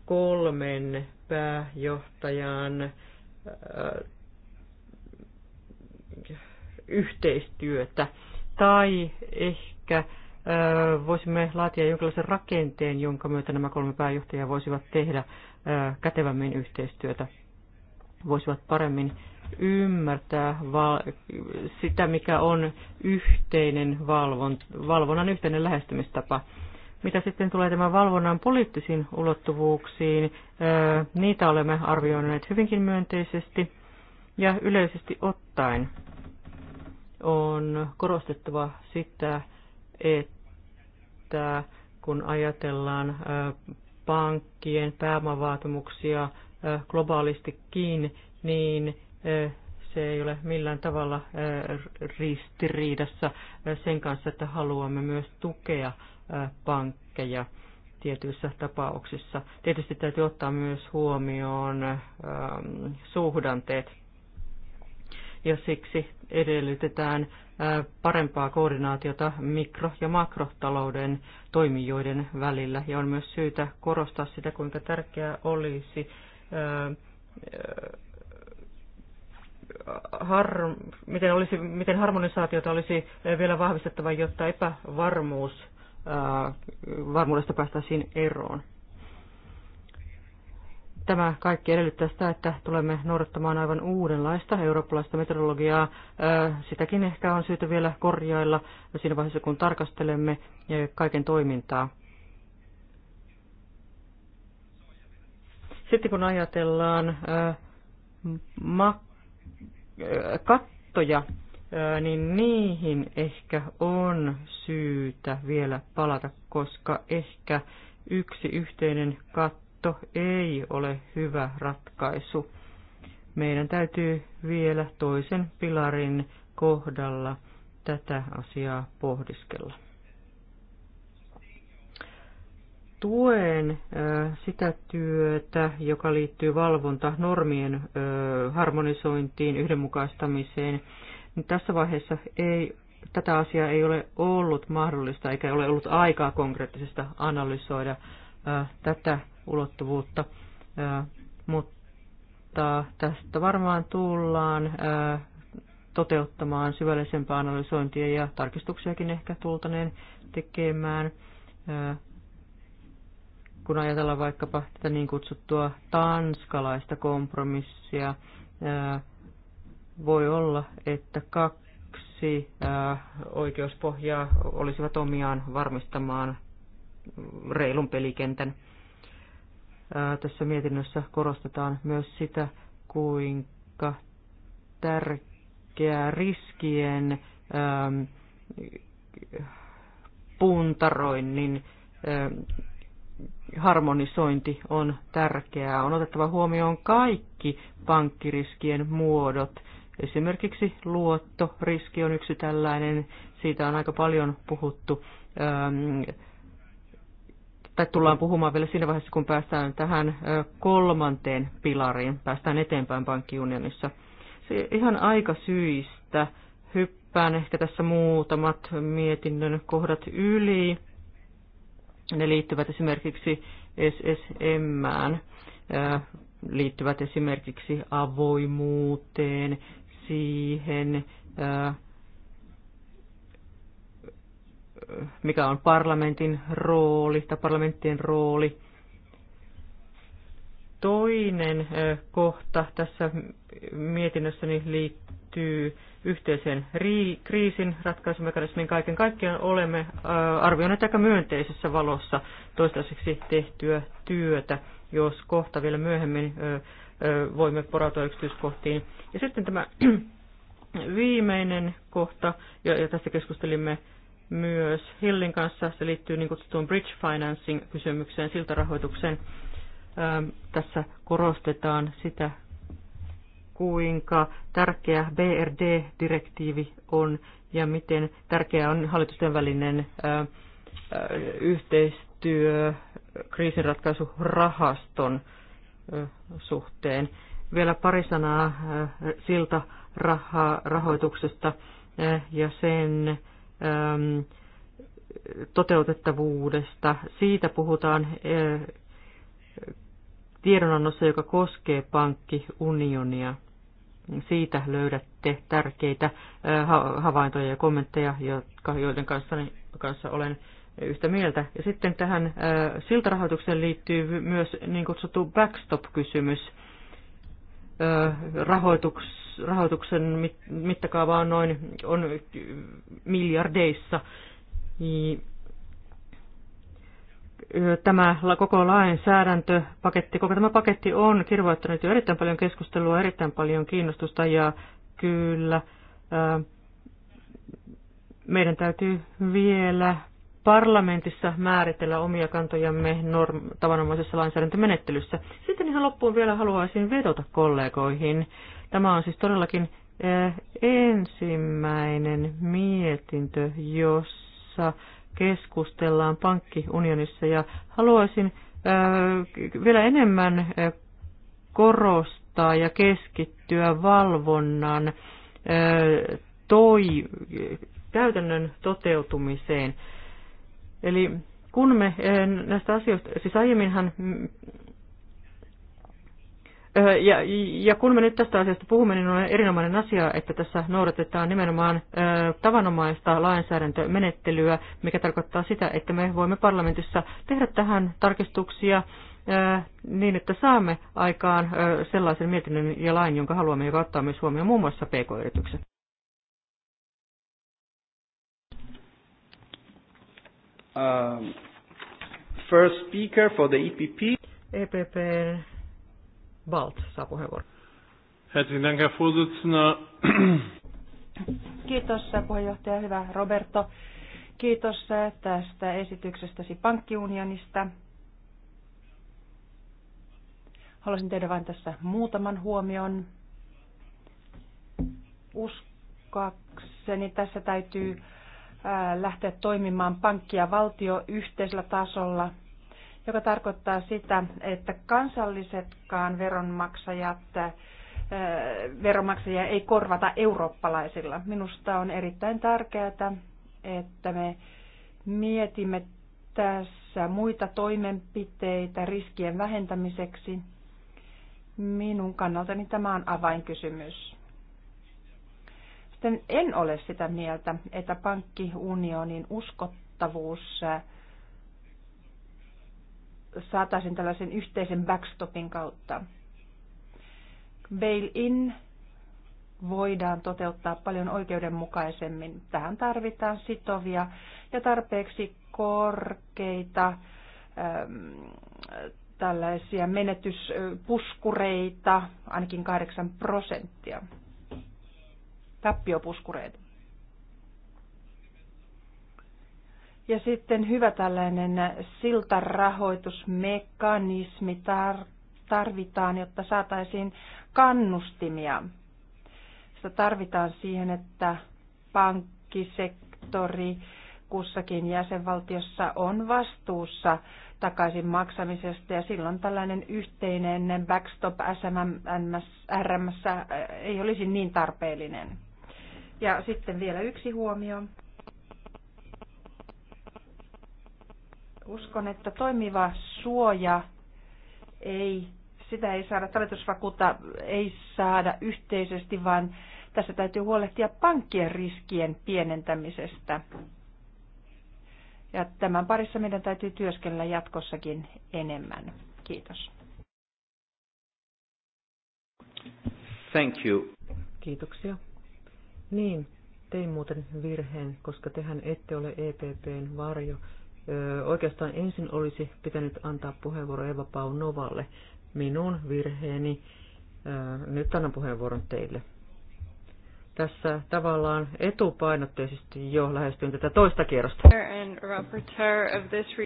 kolmen pääjohtajan äh, yhteistyötä tai ehkä äh, voisimme laatia jonkinlaisen rakenteen, jonka myötä nämä kolme pääjohtajaa voisivat tehdä äh, kätevämmin yhteistyötä, voisivat paremmin ymmärtää sitä, mikä on yhteinen valvon, valvonnan yhteinen lähestymistapa. Mitä sitten tulee tämän valvonnan poliittisiin ulottuvuuksiin, niitä olemme arvioineet hyvinkin myönteisesti ja yleisesti ottaen on korostettava sitä, että kun ajatellaan pankkien pääomavaatimuksia globaalistikin, niin se ei ole millään tavalla ristiriidassa sen kanssa, että haluamme myös tukea pankkeja tietyissä tapauksissa. Tietysti täytyy ottaa myös huomioon suhdanteet ja siksi edellytetään parempaa koordinaatiota mikro- ja makrotalouden toimijoiden välillä. Ja on myös syytä korostaa sitä, kuinka tärkeää olisi har, miten, olisi, miten harmonisaatiota olisi vielä vahvistettava, jotta epävarmuus Äh, varmuudesta päästäisiin eroon. Tämä kaikki edellyttää sitä, että tulemme noudattamaan aivan uudenlaista eurooppalaista metodologiaa. Äh, sitäkin ehkä on syytä vielä korjailla siinä vaiheessa, kun tarkastelemme äh, kaiken toimintaa. Sitten kun ajatellaan kattoja niin niihin ehkä on syytä vielä palata, koska ehkä yksi yhteinen katto ei ole hyvä ratkaisu. Meidän täytyy vielä toisen pilarin kohdalla tätä asiaa pohdiskella. Tuen sitä työtä, joka liittyy valvonta normien harmonisointiin, yhdenmukaistamiseen, niin tässä vaiheessa ei, tätä asiaa ei ole ollut mahdollista eikä ole ollut aikaa konkreettisesta analysoida ää, tätä ulottuvuutta, ää, mutta tästä varmaan tullaan ää, toteuttamaan syvällisempää analysointia ja tarkistuksiakin ehkä tultaneen tekemään. Ää, kun ajatellaan vaikkapa tätä niin kutsuttua tanskalaista kompromissia, voi olla, että kaksi äh, oikeuspohjaa olisivat omiaan varmistamaan reilun pelikentän. Äh, tässä mietinnössä korostetaan myös sitä, kuinka tärkeää riskien ähm, puntaroinnin äh, harmonisointi on tärkeää. On otettava huomioon kaikki pankkiriskien muodot Esimerkiksi luottoriski on yksi tällainen, siitä on aika paljon puhuttu, tai tullaan puhumaan vielä siinä vaiheessa, kun päästään tähän kolmanteen pilariin, päästään eteenpäin pankkiunionissa. Se ihan aika syistä hyppään ehkä tässä muutamat mietinnön kohdat yli. Ne liittyvät esimerkiksi SSM, liittyvät esimerkiksi avoimuuteen siihen, mikä on parlamentin rooli tai parlamenttien rooli. Toinen kohta tässä mietinnössäni liittyy yhteiseen kriisin ratkaisumekanismiin. Kaiken kaikkiaan olemme arvioineet aika myönteisessä valossa toistaiseksi tehtyä työtä. Jos kohta vielä myöhemmin voimme porautua yksityiskohtiin. Ja sitten tämä (clears throat) viimeinen kohta, ja, ja tästä keskustelimme myös Hillin kanssa, se liittyy niin kutsuttuun bridge financing-kysymykseen, siltarahoitukseen. Tässä korostetaan sitä, kuinka tärkeä BRD-direktiivi on ja miten tärkeä on hallitusten välinen yhteistyö kriisinratkaisurahaston suhteen. Vielä pari sanaa silta rahoituksesta ja sen toteutettavuudesta. Siitä puhutaan tiedonannossa, joka koskee pankkiunionia. Siitä löydätte tärkeitä havaintoja ja kommentteja, jotka, joiden kanssa, kanssa olen yhtä mieltä. Ja sitten tähän siltarahoitukseen liittyy myös niin kutsuttu backstop-kysymys. Rahoituks, rahoituksen mittakaava on noin on miljardeissa. Tämä koko lainsäädäntöpaketti, koko tämä paketti on kirvoittanut jo erittäin paljon keskustelua, erittäin paljon kiinnostusta ja kyllä meidän täytyy vielä parlamentissa määritellä omia kantojamme norm- tavanomaisessa lainsäädäntömenettelyssä. Sitten ihan loppuun vielä haluaisin vedota kollegoihin. Tämä on siis todellakin eh, ensimmäinen mietintö, jossa keskustellaan pankkiunionissa ja haluaisin eh, vielä enemmän eh, korostaa ja keskittyä valvonnan toi, käytännön toteutumiseen. Eli kun me eh, näistä asioista, siis aiemminhan, mm, eh, ja, ja kun me nyt tästä asiasta puhumme, niin on erinomainen asia, että tässä noudatetaan nimenomaan eh, tavanomaista lainsäädäntömenettelyä, mikä tarkoittaa sitä, että me voimme parlamentissa tehdä tähän tarkistuksia niin, että saamme aikaan sellaisen mietinnön ja lain, jonka haluamme, joka ottaa myös huomioon muun muassa pk-yritykset. um, first speaker for the EPP. EPP Balt saa puheenvuoron. Herzlichen Herr Kiitos puheenjohtaja, hyvä Roberto. Kiitos tästä esityksestäsi pankkiunionista. Haluaisin tehdä vain tässä muutaman huomion. Uskakseni tässä täytyy lähteä toimimaan pankki- ja valtioyhteisellä tasolla, joka tarkoittaa sitä, että kansallisetkaan veronmaksajat, veronmaksajia ei korvata eurooppalaisilla. Minusta on erittäin tärkeää, että me mietimme tässä muita toimenpiteitä riskien vähentämiseksi. Minun kannaltani tämä on avainkysymys sitten en ole sitä mieltä, että pankkiunionin uskottavuus äh, saataisiin tällaisen yhteisen backstopin kautta. Bail-in voidaan toteuttaa paljon oikeudenmukaisemmin. Tähän tarvitaan sitovia ja tarpeeksi korkeita ähm, tällaisia menetyspuskureita, ainakin 8 prosenttia tappiopuskureita. Ja sitten hyvä tällainen siltarahoitusmekanismi tarvitaan, jotta saataisiin kannustimia. Sitä tarvitaan siihen, että pankkisektori kussakin jäsenvaltiossa on vastuussa takaisin maksamisesta ja silloin tällainen yhteinen backstop SMMS RMS ei olisi niin tarpeellinen. Ja sitten vielä yksi huomio. Uskon, että toimiva suoja ei, sitä ei saada, talletusvakuutta ei saada yhteisesti, vaan tässä täytyy huolehtia pankkien riskien pienentämisestä. Ja tämän parissa meidän täytyy työskennellä jatkossakin enemmän. Kiitos. Thank you. Kiitoksia. Niin, tein muuten virheen, koska tehän ette ole EPPn varjo. Öö, oikeastaan ensin olisi pitänyt antaa puheenvuoro Eva Pau Novalle Minun virheeni. Öö, nyt annan puheenvuoron teille. Tässä tavallaan etupainotteisesti jo lähestyn tätä toista kierrosta.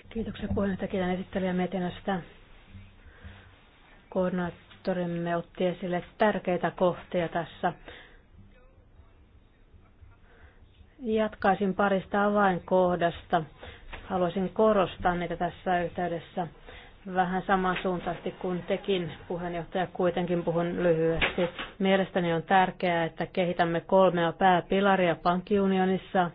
Kiitoksia puheenjohtaja kiitän esittelijä mietinnöstä. Koordinaattorimme otti esille tärkeitä kohtia tässä Jatkaisin parista avainkohdasta. Haluaisin korostaa niitä tässä yhteydessä vähän samansuuntaisesti kuin tekin puheenjohtaja, kuitenkin puhun lyhyesti. Mielestäni on tärkeää, että kehitämme kolmea pääpilaria pankkiunionissa.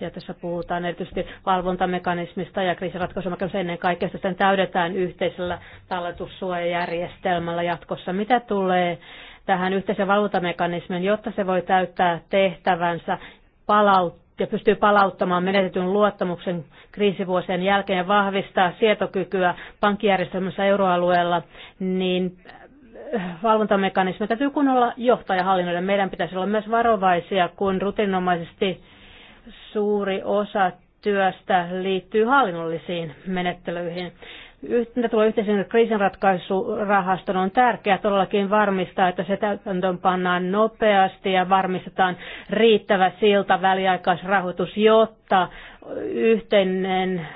Ja tässä puhutaan erityisesti valvontamekanismista ja kriisiratkaisumekanismista ennen kaikkea, sen täydetään yhteisellä talletussuojajärjestelmällä jatkossa. Mitä tulee tähän yhteisen valvontamekanismin, jotta se voi täyttää tehtävänsä Palaut ja pystyy palauttamaan menetetyn luottamuksen kriisivuosien jälkeen ja vahvistaa sietokykyä pankkijärjestelmässä euroalueella, niin äh, valvontamekanismi täytyy kunnolla johtaa Meidän pitäisi olla myös varovaisia, kun rutinomaisesti suuri osa työstä liittyy hallinnollisiin menettelyihin mitä tulee yhteisen kriisinratkaisurahaston, on tärkeää todellakin varmistaa, että se täytäntöön pannaan nopeasti ja varmistetaan riittävä silta väliaikaisrahoitus, jotta yhteinen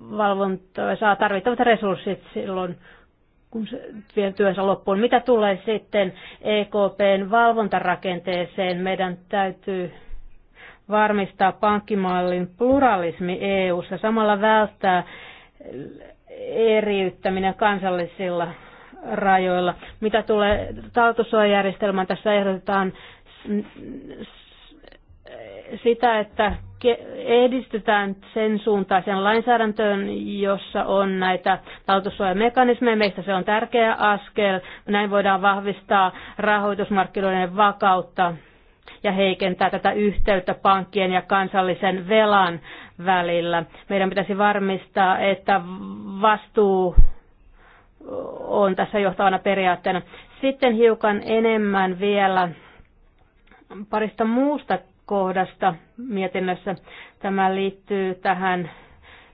valvonta saa tarvittavat resurssit silloin, kun se vie työnsä loppuun. Mitä tulee sitten EKPn valvontarakenteeseen, meidän täytyy varmistaa pankkimallin pluralismi EU:ssa samalla välttää eriyttäminen kansallisilla rajoilla. Mitä tulee talletussuojajärjestelmään, tässä ehdotetaan sitä, että edistetään sen suuntaisen lainsäädäntöön, jossa on näitä talletussuojamekanismeja. Meistä se on tärkeä askel. Näin voidaan vahvistaa rahoitusmarkkinoiden vakautta ja heikentää tätä yhteyttä pankkien ja kansallisen velan välillä. Meidän pitäisi varmistaa, että vastuu on tässä johtavana periaatteena. Sitten hiukan enemmän vielä parista muusta kohdasta mietinnössä. Tämä liittyy tähän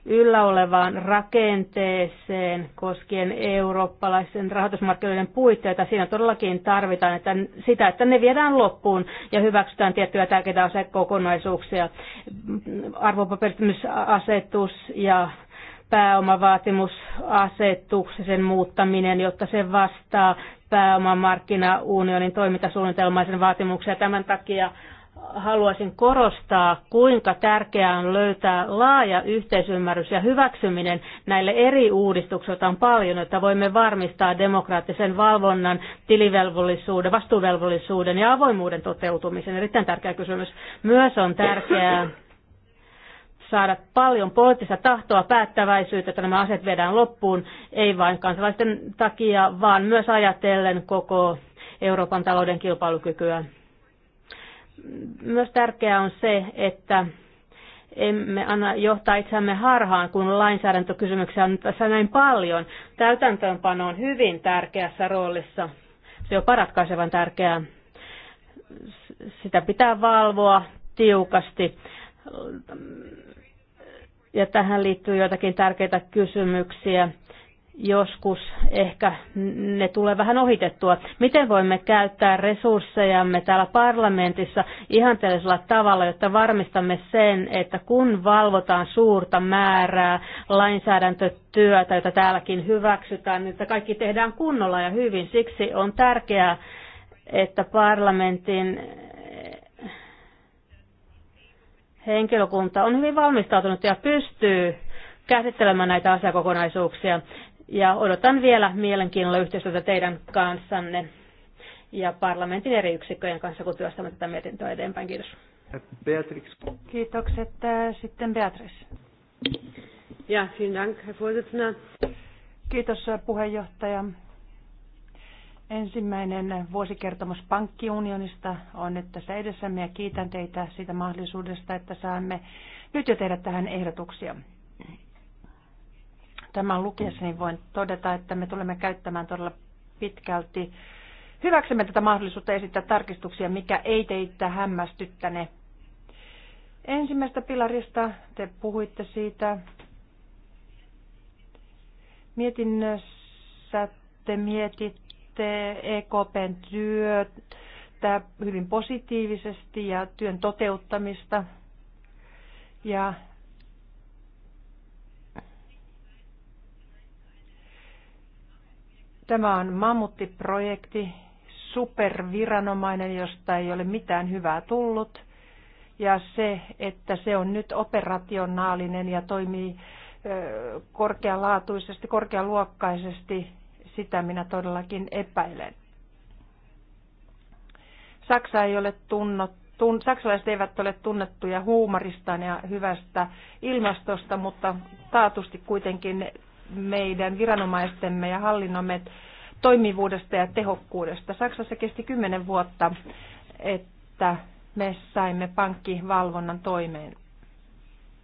yllä olevaan rakenteeseen koskien eurooppalaisen rahoitusmarkkinoiden puitteita. Siinä todellakin tarvitaan että sitä, että ne viedään loppuun ja hyväksytään tiettyjä tärkeitä asekokonaisuuksia. Arvopaperitymisasetus ja pääomavaatimusasetuksen muuttaminen, jotta se vastaa pääomamarkkinaunionin toimintasuunnitelmaisen vaatimuksia. Tämän takia haluaisin korostaa, kuinka tärkeää on löytää laaja yhteisymmärrys ja hyväksyminen näille eri uudistuksille, on paljon, että voimme varmistaa demokraattisen valvonnan, tilivelvollisuuden, vastuuvelvollisuuden ja avoimuuden toteutumisen. Erittäin tärkeä kysymys. Myös on tärkeää saada paljon poliittista tahtoa, päättäväisyyttä, että nämä aset viedään loppuun, ei vain kansalaisten takia, vaan myös ajatellen koko Euroopan talouden kilpailukykyä. Myös tärkeää on se, että emme anna johtaa itseämme harhaan, kun lainsäädäntökysymyksiä on tässä näin paljon. Täytäntöönpano on hyvin tärkeässä roolissa. Se on paratkaisevan tärkeää. Sitä pitää valvoa tiukasti. Ja tähän liittyy joitakin tärkeitä kysymyksiä joskus ehkä ne tulee vähän ohitettua. Miten voimme käyttää resurssejamme täällä parlamentissa ihanteellisella tavalla, jotta varmistamme sen, että kun valvotaan suurta määrää lainsäädäntötyötä, jota täälläkin hyväksytään, niin että kaikki tehdään kunnolla ja hyvin. Siksi on tärkeää, että parlamentin henkilökunta on hyvin valmistautunut ja pystyy käsittelemään näitä asiakokonaisuuksia. Ja odotan vielä mielenkiinnolla yhteistyötä teidän kanssanne ja parlamentin eri yksikköjen kanssa, kun työstämme tätä mietintöä eteenpäin. Kiitos. Beatrix. Kiitokset. Äh, sitten Beatrice. Ja, vielen Dank, Kiitos äh, puheenjohtaja. Ensimmäinen vuosikertomus pankkiunionista on nyt tässä edessämme ja kiitän teitä siitä mahdollisuudesta, että saamme nyt jo tehdä tähän ehdotuksia tämän lukiessa, niin voin todeta, että me tulemme käyttämään todella pitkälti hyväksymme tätä mahdollisuutta esittää tarkistuksia, mikä ei teitä hämmästyttäne. Ensimmäistä pilarista te puhuitte siitä. Mietinnössä te mietitte EKPn työtä hyvin positiivisesti ja työn toteuttamista. Ja Tämä on mammuttiprojekti, superviranomainen, josta ei ole mitään hyvää tullut. Ja se, että se on nyt operationaalinen ja toimii korkealaatuisesti, korkealuokkaisesti, sitä minä todellakin epäilen. Saksa ei ole tunnot, tun, saksalaiset eivät ole tunnettuja huumoristaan ja hyvästä ilmastosta, mutta taatusti kuitenkin meidän viranomaistemme ja hallinnomme toimivuudesta ja tehokkuudesta. Saksassa kesti kymmenen vuotta, että me saimme pankkivalvonnan toimeen.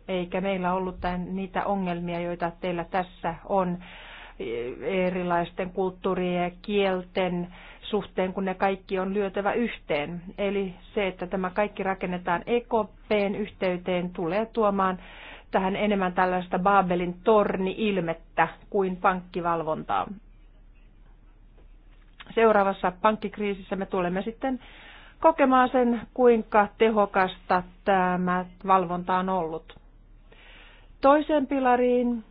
Eikä meillä ollut niitä ongelmia, joita teillä tässä on erilaisten kulttuurien ja kielten suhteen, kun ne kaikki on lyötävä yhteen. Eli se, että tämä kaikki rakennetaan EKPn yhteyteen, tulee tuomaan tähän enemmän tällaista Baabelin torni-ilmettä kuin pankkivalvontaa. Seuraavassa pankkikriisissä me tulemme sitten kokemaan sen, kuinka tehokasta tämä valvonta on ollut. Toiseen pilariin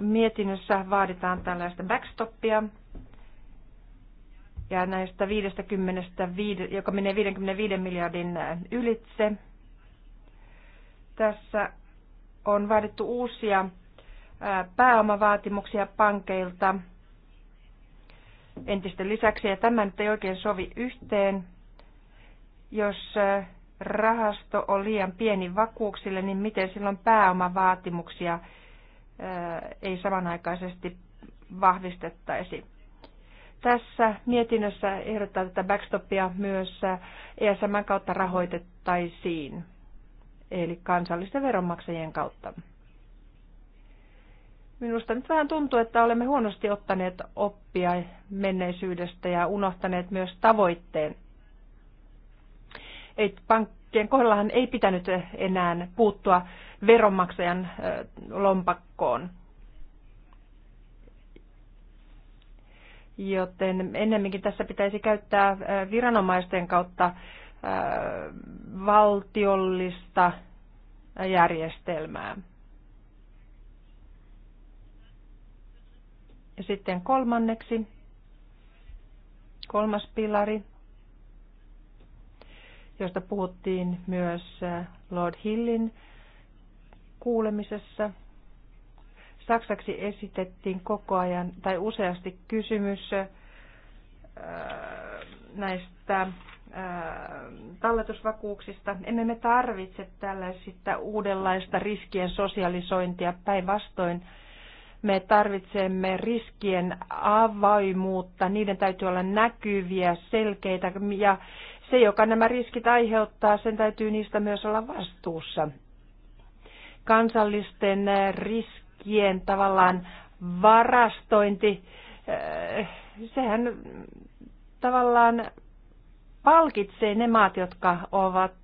mietinnössä vaaditaan tällaista backstoppia, ja näistä 50, joka menee 55 miljardin ylitse. Tässä on vaadittu uusia pääomavaatimuksia pankeilta entisten lisäksi, ja tämä nyt ei oikein sovi yhteen. Jos rahasto on liian pieni vakuuksille, niin miten silloin pääomavaatimuksia ei samanaikaisesti vahvistettaisi? Tässä mietinnössä ehdotetaan tätä backstopia myös ESM kautta rahoitettaisiin eli kansallisten veronmaksajien kautta. Minusta nyt vähän tuntuu, että olemme huonosti ottaneet oppia menneisyydestä ja unohtaneet myös tavoitteen. Ei, pankkien kohdallahan ei pitänyt enää puuttua veronmaksajan lompakkoon. Joten ennemminkin tässä pitäisi käyttää viranomaisten kautta valtiollista järjestelmää. Ja sitten kolmanneksi, kolmas pilari, josta puhuttiin myös Lord Hillin kuulemisessa. Saksaksi esitettiin koko ajan tai useasti kysymys näistä talletusvakuuksista. Emme me tarvitse tällaista uudenlaista riskien sosialisointia. Päinvastoin me tarvitsemme riskien avaimuutta. Niiden täytyy olla näkyviä, selkeitä ja se, joka nämä riskit aiheuttaa, sen täytyy niistä myös olla vastuussa. Kansallisten riskien tavallaan varastointi, sehän tavallaan palkitsee ne maat, jotka ovat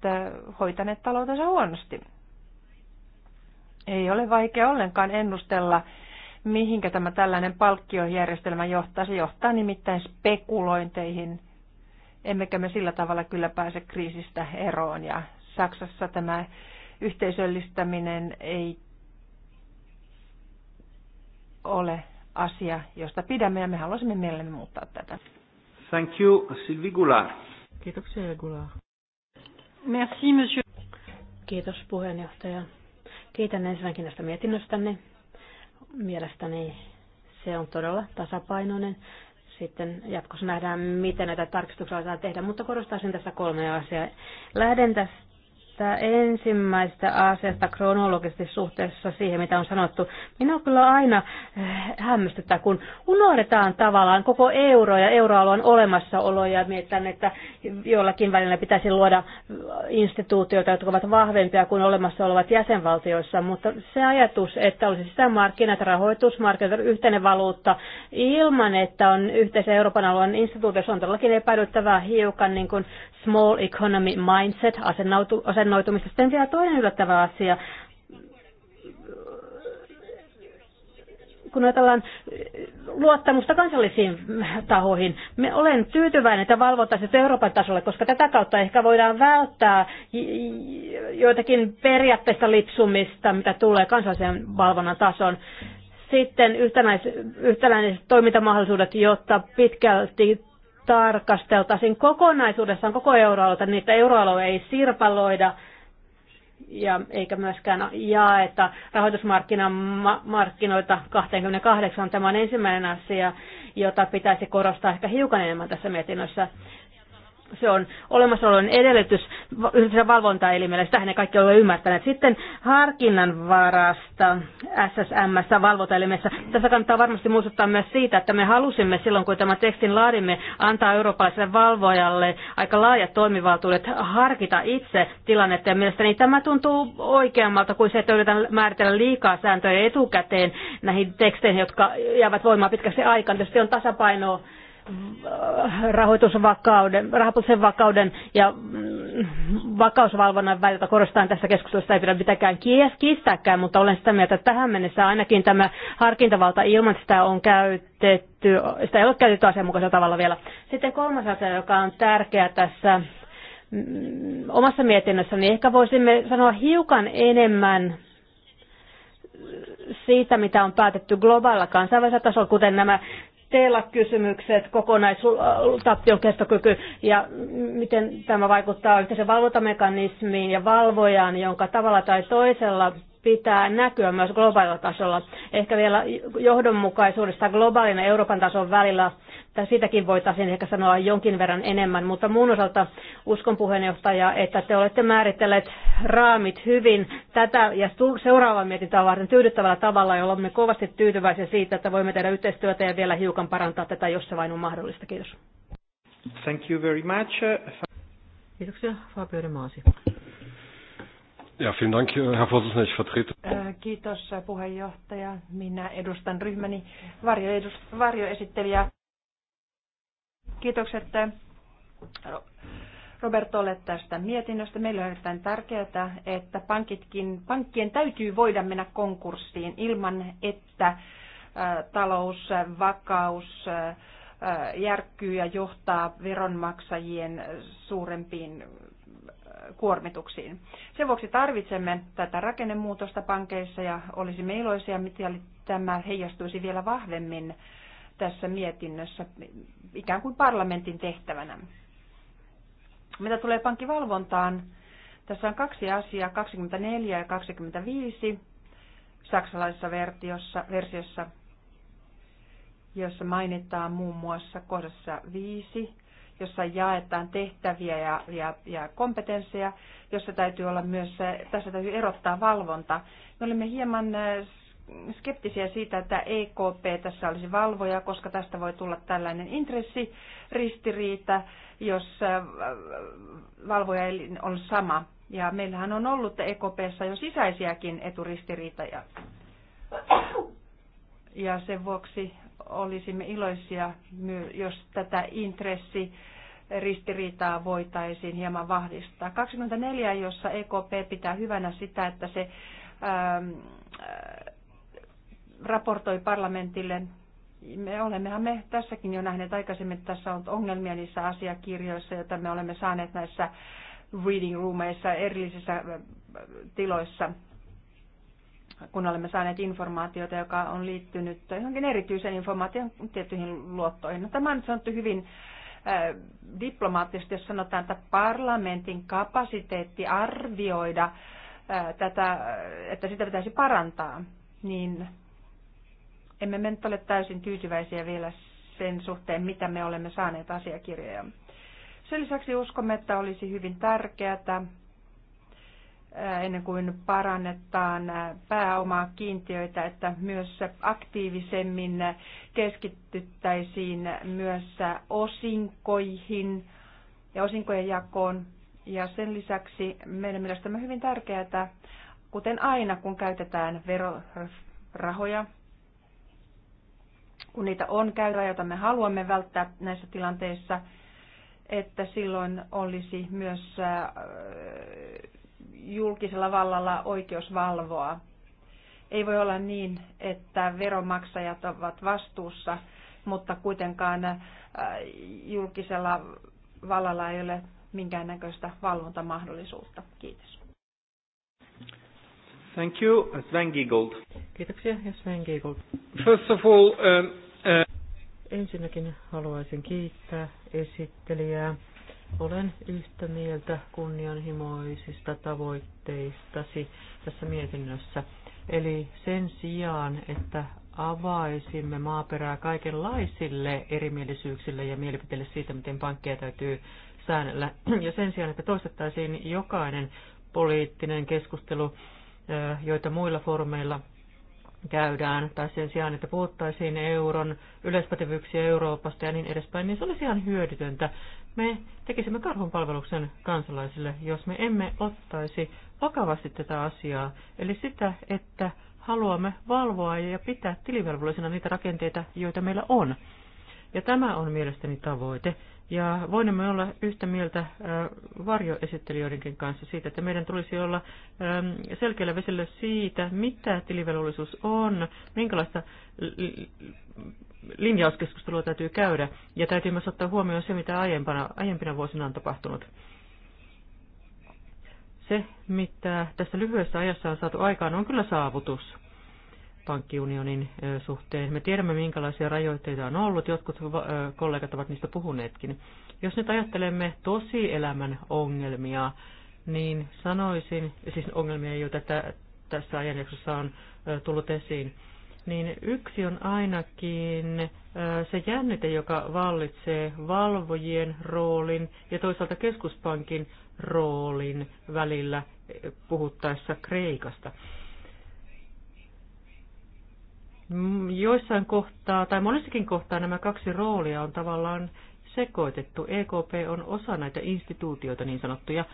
hoitaneet taloutensa huonosti. Ei ole vaikea ollenkaan ennustella, mihinkä tämä tällainen palkkiojärjestelmä johtaa. Se johtaa nimittäin spekulointeihin, emmekä me sillä tavalla kyllä pääse kriisistä eroon. Ja Saksassa tämä yhteisöllistäminen ei ole asia, josta pidämme ja me haluaisimme mielellämme muuttaa tätä. Thank you, Sylvie Goulart. Kiitoksia, Regula. Merci, monsieur. Kiitos puheenjohtaja. Kiitän ensinnäkin tästä mietinnöstänne. Mielestäni se on todella tasapainoinen. Sitten jatkossa nähdään, miten näitä tarkistuksia saa tehdä, mutta korostaisin tässä kolmea asiaa. Lähden tästä tästä ensimmäistä asiasta kronologisesti suhteessa siihen, mitä on sanottu. Minua kyllä aina eh, hämmästyttää, kun unohdetaan tavallaan koko euro ja euroalueen olemassaolo ja mietitään, että jollakin välillä pitäisi luoda eh, instituutioita, jotka ovat vahvempia kuin olemassa olevat jäsenvaltioissa, mutta se ajatus, että olisi sisämarkkinat, rahoitusmarkkinat, yhteinen valuutta ilman, että on yhteisen Euroopan alueen instituutioissa on todellakin epäilyttävää hiukan niin kuin small economy mindset, asennautu, asennautu asennoitumista. Sitten vielä toinen yllättävä asia. kun ajatellaan luottamusta kansallisiin tahoihin, me olen tyytyväinen, että valvotaan Euroopan tasolle, koska tätä kautta ehkä voidaan välttää joitakin periaatteista lipsumista, mitä tulee kansallisen valvonnan tason. Sitten yhtenäiset yhtäläiset toimintamahdollisuudet, jotta pitkälti tarkasteltaisiin kokonaisuudessaan koko euroalueita, niin että euroalue ei sirpaloida ja eikä myöskään jaeta rahoitusmarkkinoita 28. Tämä on ensimmäinen asia, jota pitäisi korostaa ehkä hiukan enemmän tässä mietinnössä se on olemassaolon edellytys yhdessä valvontaelimellä. Sitähän ne kaikki ole ymmärtäneet. Sitten harkinnan varasta SSMssä valvontaelimessä. Tässä kannattaa varmasti muistuttaa myös siitä, että me halusimme silloin, kun tämä tekstin laadimme, antaa eurooppalaiselle valvojalle aika laajat toimivaltuudet harkita itse tilannetta. Ja mielestäni tämä tuntuu oikeammalta kuin se, että yritetään määritellä liikaa sääntöjä etukäteen näihin teksteihin, jotka jäävät voimaan pitkäksi aikaan. Tietysti on tasapainoa Äh, rahoitusvakauden, rahoituksen vakauden ja mm, vakausvalvonnan väliltä. Korostan tässä keskustelussa ei pidä mitenkään kiistääkään, mutta olen sitä mieltä, että tähän mennessä ainakin tämä harkintavalta ilman sitä on käytetty, sitä ei ole käytetty asianmukaisella tavalla vielä. Sitten kolmas asia, joka on tärkeä tässä mm, omassa mietinnössäni, niin ehkä voisimme sanoa hiukan enemmän siitä, mitä on päätetty globaalilla kansainvälisellä tasolla, kuten nämä TELA-kysymykset, kokonaistappion kestokyky ja miten tämä vaikuttaa yhteisen valvontamekanismiin ja valvojaan, jonka tavalla tai toisella pitää näkyä myös globaalilla tasolla. Ehkä vielä johdonmukaisuudesta globaalin ja Euroopan tason välillä, tai siitäkin voitaisiin ehkä sanoa jonkin verran enemmän, mutta muun osalta uskon puheenjohtaja, että te olette määritelleet raamit hyvin tätä ja seuraavaa mietintää varten tyydyttävällä tavalla, jolloin olemme kovasti tyytyväisiä siitä, että voimme tehdä yhteistyötä ja vielä hiukan parantaa tätä, jos se vain on mahdollista. Kiitos. Thank you very much. Kiitoksia, Fabio Maasi. Ja, vielen Dank, äh, Herr Vorsitzender, ich vertrete. Äh, kiitos äh, puheenjohtaja. Minä edustan ryhmäni varjoesittelijä. Kiitokset Robertolle tästä mietinnöstä. Meillä on erittäin tärkeää, että pankitkin, pankkien täytyy voida mennä konkurssiin ilman, että talousvakaus järkkyy ja johtaa veronmaksajien suurempiin kuormituksiin. Sen vuoksi tarvitsemme tätä rakennemuutosta pankeissa ja olisimme iloisia, mikäli tämä heijastuisi vielä vahvemmin tässä mietinnössä ikään kuin parlamentin tehtävänä. Mitä tulee pankkivalvontaan, tässä on kaksi asiaa, 24 ja 25 saksalaisessa versiossa, jossa mainitaan muun muassa kohdassa 5 jossa jaetaan tehtäviä ja, ja, ja kompetensseja, jossa täytyy olla myös, tässä täytyy erottaa valvonta. Me olimme hieman äh, skeptisiä siitä, että EKP tässä olisi valvoja, koska tästä voi tulla tällainen intressiristiriita, jos äh, valvoja on sama. Ja meillähän on ollut EKP:ssa jo sisäisiäkin eturistiriitoja. Ja sen vuoksi olisimme iloisia, jos tätä intressi ristiriitaa voitaisiin hieman vahvistaa. 24, jossa EKP pitää hyvänä sitä, että se ähm, äh, raportoi parlamentille. Me olemmehan me tässäkin jo nähneet aikaisemmin, että tässä on ongelmia niissä asiakirjoissa, joita me olemme saaneet näissä reading roomeissa, erillisissä äh, tiloissa kun olemme saaneet informaatiota, joka on liittynyt johonkin erityisen informaation tiettyihin luottoihin. No, tämä on nyt sanottu hyvin diplomaattisesti, jos sanotaan, että parlamentin kapasiteetti arvioida tätä, että sitä pitäisi parantaa, niin emme me nyt ole täysin tyytyväisiä vielä sen suhteen, mitä me olemme saaneet asiakirjoja. Sen lisäksi uskomme, että olisi hyvin tärkeää, ennen kuin parannetaan pääomaa kiintiöitä, että myös aktiivisemmin keskityttäisiin myös osinkoihin ja osinkojen jakoon. Ja sen lisäksi meidän mielestämme hyvin tärkeää, kuten aina kun käytetään verorahoja, kun niitä on käydä, jota me haluamme välttää näissä tilanteissa, että silloin olisi myös julkisella vallalla oikeus valvoa. Ei voi olla niin, että veronmaksajat ovat vastuussa, mutta kuitenkaan äh, julkisella vallalla ei ole minkäännäköistä valvontamahdollisuutta. Kiitos. Thank you, Sven Giegold. Kiitoksia, ja Sven Giegold. First of all, um, uh... Ensinnäkin haluaisin kiittää esittelijää olen yhtä mieltä kunnianhimoisista tavoitteistasi tässä mietinnössä. Eli sen sijaan, että avaisimme maaperää kaikenlaisille erimielisyyksille ja mielipiteille siitä, miten pankkeja täytyy säännellä. Ja sen sijaan, että toistettaisiin jokainen poliittinen keskustelu, joita muilla foorumeilla käydään, tai sen sijaan, että puhuttaisiin euron yleispätevyyksiä Euroopasta ja niin edespäin, niin se olisi ihan hyödytöntä. Me tekisimme karhunpalveluksen kansalaisille, jos me emme ottaisi vakavasti tätä asiaa, eli sitä, että haluamme valvoa ja pitää tilivelvollisena niitä rakenteita, joita meillä on. Ja tämä on mielestäni tavoite, ja voinemme olla yhtä mieltä varjoesittelijöidenkin kanssa siitä, että meidän tulisi olla selkeällä vesillä siitä, mitä tilivelvollisuus on, minkälaista linjauskeskustelua täytyy käydä, ja täytyy myös ottaa huomioon se, mitä aiempana, aiempina vuosina on tapahtunut. Se, mitä tässä lyhyessä ajassa on saatu aikaan, on kyllä saavutus pankkiunionin suhteen. Me tiedämme, minkälaisia rajoitteita on ollut. Jotkut kollegat ovat niistä puhuneetkin. Jos nyt ajattelemme tosielämän ongelmia, niin sanoisin, siis ongelmia, joita tässä ajanjaksossa on tullut esiin, niin yksi on ainakin se jännite, joka vallitsee valvojien roolin ja toisaalta keskuspankin roolin välillä puhuttaessa Kreikasta. Mm, joissain kohtaa, tai monessakin kohtaa nämä kaksi roolia on tavallaan sekoitettu. EKP on osa näitä instituutioita niin sanottuja,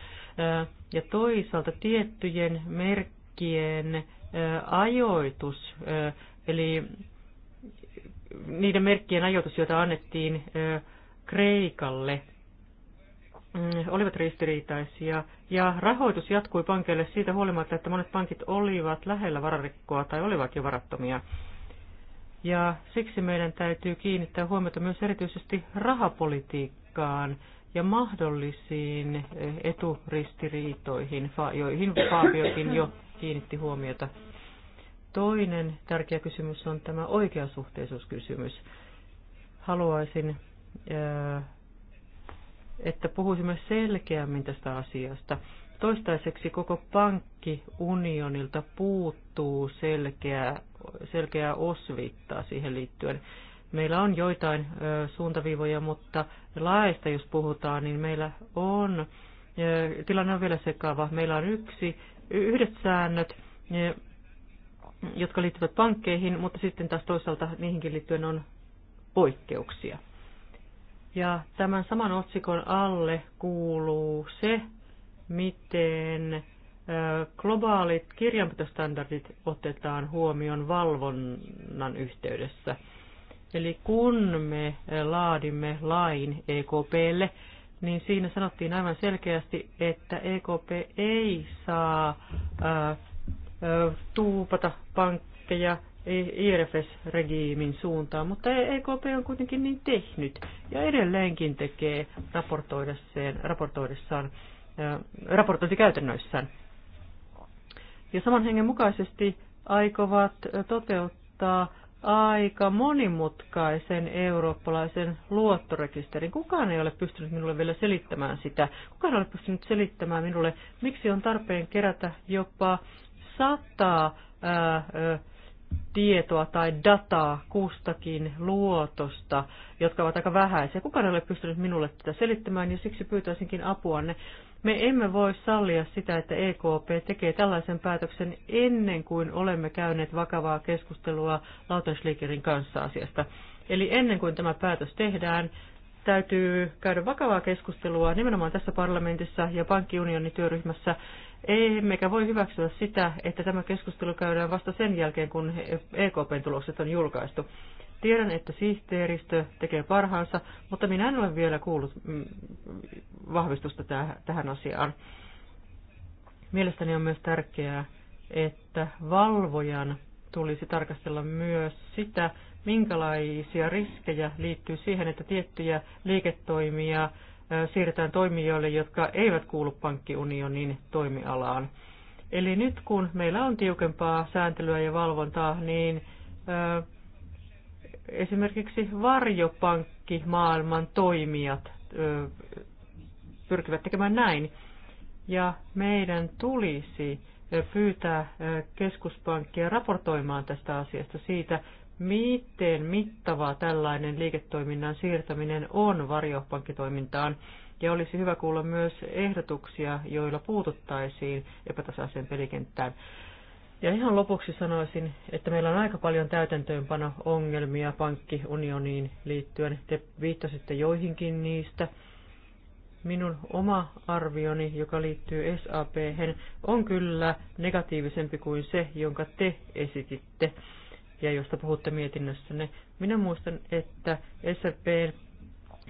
ja toisaalta tiettyjen merkkien ajoitus, eli niiden merkkien ajoitus, joita annettiin Kreikalle, mm, olivat ristiriitaisia, ja rahoitus jatkui pankeille siitä huolimatta, että monet pankit olivat lähellä vararikkoa tai olivat jo varattomia. Ja siksi meidän täytyy kiinnittää huomiota myös erityisesti rahapolitiikkaan ja mahdollisiin eh, eturistiriitoihin, joihin Fabiokin jo kiinnitti huomiota. Toinen tärkeä kysymys on tämä oikeasuhteisuuskysymys. Haluaisin, eh, että puhuisimme selkeämmin tästä asiasta. Toistaiseksi koko pankkiunionilta puuttuu selkeä selkeää osvittaa siihen liittyen. Meillä on joitain suuntaviivoja, mutta laista jos puhutaan, niin meillä on, tilanne on vielä sekava. Meillä on yksi, yhdet säännöt, jotka liittyvät pankkeihin, mutta sitten taas toisaalta niihinkin liittyen on poikkeuksia. Ja tämän saman otsikon alle kuuluu se, miten globaalit kirjanpitostandardit otetaan huomioon valvonnan yhteydessä. Eli kun me laadimme lain EKPlle, niin siinä sanottiin aivan selkeästi, että EKP ei saa ää, tuupata pankkeja IRFS-regiimin suuntaan, mutta EKP on kuitenkin niin tehnyt ja edelleenkin tekee raportoidessaan, raportoidessaan raportointikäytännöissään ja saman hengen mukaisesti aikovat toteuttaa aika monimutkaisen eurooppalaisen luottorekisterin. Kukaan ei ole pystynyt minulle vielä selittämään sitä. Kukaan ei ole pystynyt selittämään minulle, miksi on tarpeen kerätä jopa sata ää, ää, tietoa tai dataa kustakin luotosta, jotka ovat aika vähäisiä. Kukaan ei ole pystynyt minulle tätä selittämään ja siksi pyytäisinkin apuanne. Me emme voi sallia sitä, että EKP tekee tällaisen päätöksen ennen kuin olemme käyneet vakavaa keskustelua Lautenschlägerin kanssa asiasta. Eli ennen kuin tämä päätös tehdään, täytyy käydä vakavaa keskustelua nimenomaan tässä parlamentissa ja pankkiunionin työryhmässä. Emmekä voi hyväksyä sitä, että tämä keskustelu käydään vasta sen jälkeen, kun EKPn tulokset on julkaistu. Tiedän, että sihteeristö tekee parhaansa, mutta minä en ole vielä kuullut mm, vahvistusta tähän asiaan. Mielestäni on myös tärkeää, että valvojan tulisi tarkastella myös sitä, minkälaisia riskejä liittyy siihen, että tiettyjä liiketoimia siirretään toimijoille, jotka eivät kuulu pankkiunionin toimialaan. Eli nyt kun meillä on tiukempaa sääntelyä ja valvontaa, niin esimerkiksi varjopankki maailman toimijat pyrkivät tekemään näin. Ja meidän tulisi pyytää keskuspankkia raportoimaan tästä asiasta siitä, miten mittava tällainen liiketoiminnan siirtäminen on varjopankkitoimintaan. Ja olisi hyvä kuulla myös ehdotuksia, joilla puututtaisiin epätasaiseen pelikenttään. Ja ihan lopuksi sanoisin, että meillä on aika paljon täytäntöönpano-ongelmia pankkiunioniin liittyen. Te viittasitte joihinkin niistä. Minun oma arvioni, joka liittyy sap on kyllä negatiivisempi kuin se, jonka te esititte ja josta puhutte mietinnössänne. Minä muistan, että SAP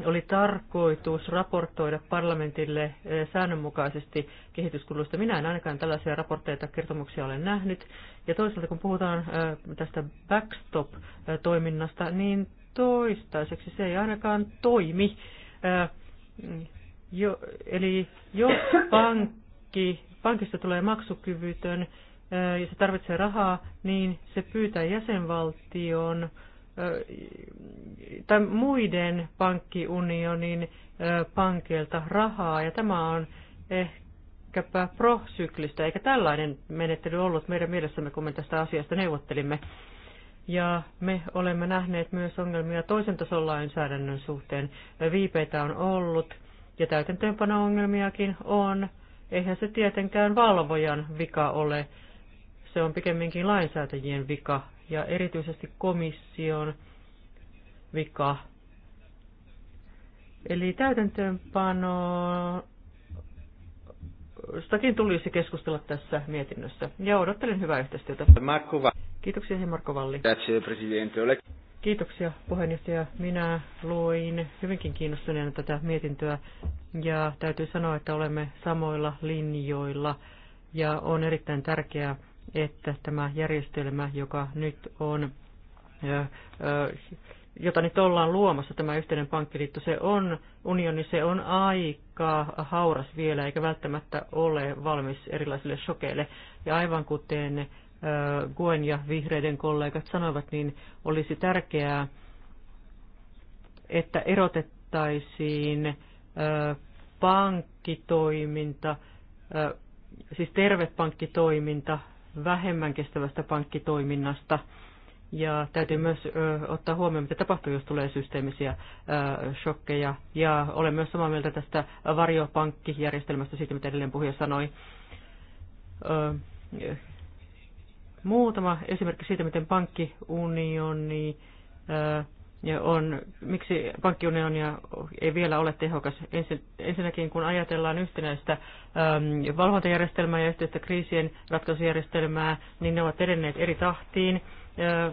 oli tarkoitus raportoida parlamentille eh, säännönmukaisesti kehityskuluista. Minä en ainakaan tällaisia raportteita kertomuksia ole nähnyt. Ja toisaalta kun puhutaan eh, tästä backstop-toiminnasta, niin toistaiseksi se ei ainakaan toimi. Eh, jo, eli jos (coughs) pankki, pankista tulee maksukyvytön ja se tarvitsee rahaa, niin se pyytää jäsenvaltion tai muiden pankkiunionin pankeilta rahaa, ja tämä on ehkäpä prosyklistä, eikä tällainen menettely ollut meidän mielessämme, kun me tästä asiasta neuvottelimme. Ja me olemme nähneet myös ongelmia toisen tason lainsäädännön suhteen. Viipeitä on ollut ja täytäntöönpano-ongelmiakin on. Eihän se tietenkään valvojan vika ole. Se on pikemminkin lainsäätäjien vika, ja erityisesti komission vika. Eli täytäntöönpano Stakin tulisi keskustella tässä mietinnössä. Ja odottelen hyvää yhteistyötä. Marko Va- Kiitoksia, hei Marko Valli. Kiitoksia, puheenjohtaja. Minä luin hyvinkin kiinnostuneena tätä mietintöä ja täytyy sanoa, että olemme samoilla linjoilla ja on erittäin tärkeää, että tämä järjestelmä, joka nyt on, jota nyt ollaan luomassa, tämä yhteinen pankkiliitto, se on unioni, se on aika hauras vielä, eikä välttämättä ole valmis erilaisille shokeille. Ja aivan kuten Guen ja vihreiden kollegat sanoivat, niin olisi tärkeää, että erotettaisiin pankkitoiminta, siis terve pankkitoiminta vähemmän kestävästä pankkitoiminnasta. Ja täytyy myös ö, ottaa huomioon, mitä tapahtuu, jos tulee systeemisiä ö, shokkeja. Ja olen myös samaa mieltä tästä varjopankkijärjestelmästä, siitä mitä edellinen puhuja sanoi. Ö, muutama esimerkki siitä, miten pankkiunioni ö, ja on, miksi pankkiunionia ei vielä ole tehokas. ensin Ensinnäkin kun ajatellaan yhtenäistä äm, valvontajärjestelmää ja yhteistä kriisien ratkaisujärjestelmää, niin ne ovat edenneet eri tahtiin. Ää,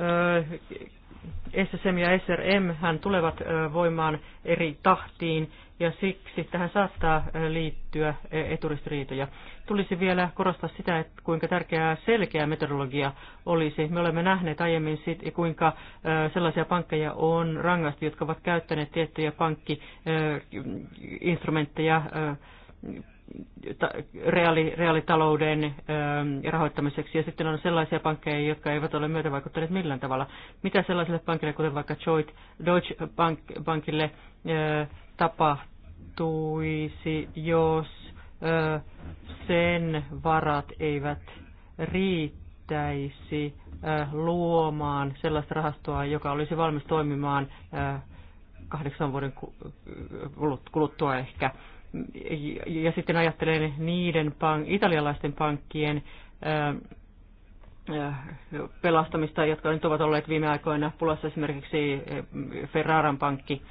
äh, äh, SSM ja SRM hän tulevat voimaan eri tahtiin ja siksi tähän saattaa liittyä eturistiriitoja. Tulisi vielä korostaa sitä, että kuinka tärkeää selkeä metodologia olisi. Me olemme nähneet aiemmin, sit, kuinka sellaisia pankkeja on rangaistu, jotka ovat käyttäneet tiettyjä pankkiinstrumentteja reaali, reaalitalouden ähm, rahoittamiseksi. Ja sitten on sellaisia pankkeja, jotka eivät ole myötävaikuttaneet millään tavalla. Mitä sellaisille pankille, kuten vaikka Deutsche Bank, Bankille, äh, tapahtuisi, jos äh, sen varat eivät riittäisi äh, luomaan sellaista rahastoa, joka olisi valmis toimimaan kahdeksan vuoden kuluttua ehkä ja sitten ajattelen niiden pank- italialaisten pankkien pelastamista, jotka nyt ovat olleet viime aikoina pulassa esimerkiksi Ferraran pankki.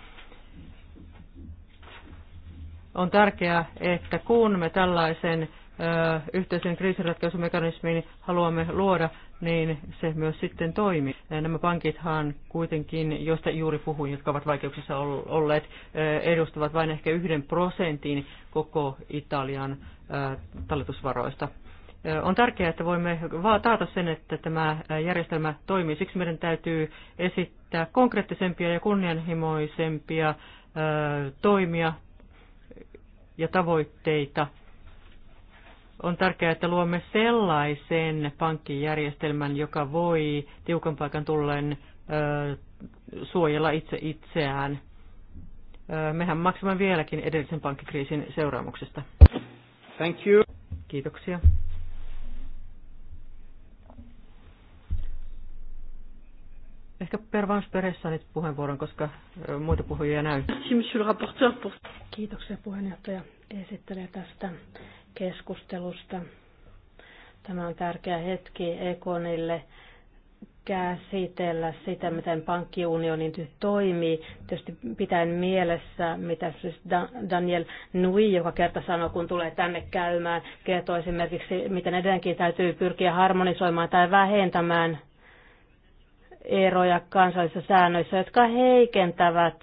On tärkeää, että kun me tällaisen yhteisen kriisinratkaisumekanismin haluamme luoda, niin se myös sitten toimii. Nämä pankithan kuitenkin, josta juuri puhuin, jotka ovat vaikeuksissa olleet, edustavat vain ehkä yhden prosentin koko Italian talletusvaroista. On tärkeää, että voimme taata sen, että tämä järjestelmä toimii. Siksi meidän täytyy esittää konkreettisempia ja kunnianhimoisempia toimia ja tavoitteita on tärkeää, että luomme sellaisen pankkijärjestelmän, joka voi tiukan paikan tullen ö, suojella itse itseään. Ö, mehän maksamme vieläkin edellisen pankkikriisin seuraamuksesta. Thank you. Kiitoksia. Ehkä Pervans Peressa nyt puheenvuoron, koska muita puhujia näy. Kiitoksia puheenjohtaja esittelee tästä keskustelusta. Tämä on tärkeä hetki Ekonille käsitellä sitä, miten pankkiunioni nyt toimii. Tietysti pitäen mielessä, mitä siis Daniel Nui, joka kerta sanoi, kun tulee tänne käymään, kertoo esimerkiksi, miten edelleenkin täytyy pyrkiä harmonisoimaan tai vähentämään eroja kansallisissa säännöissä, jotka heikentävät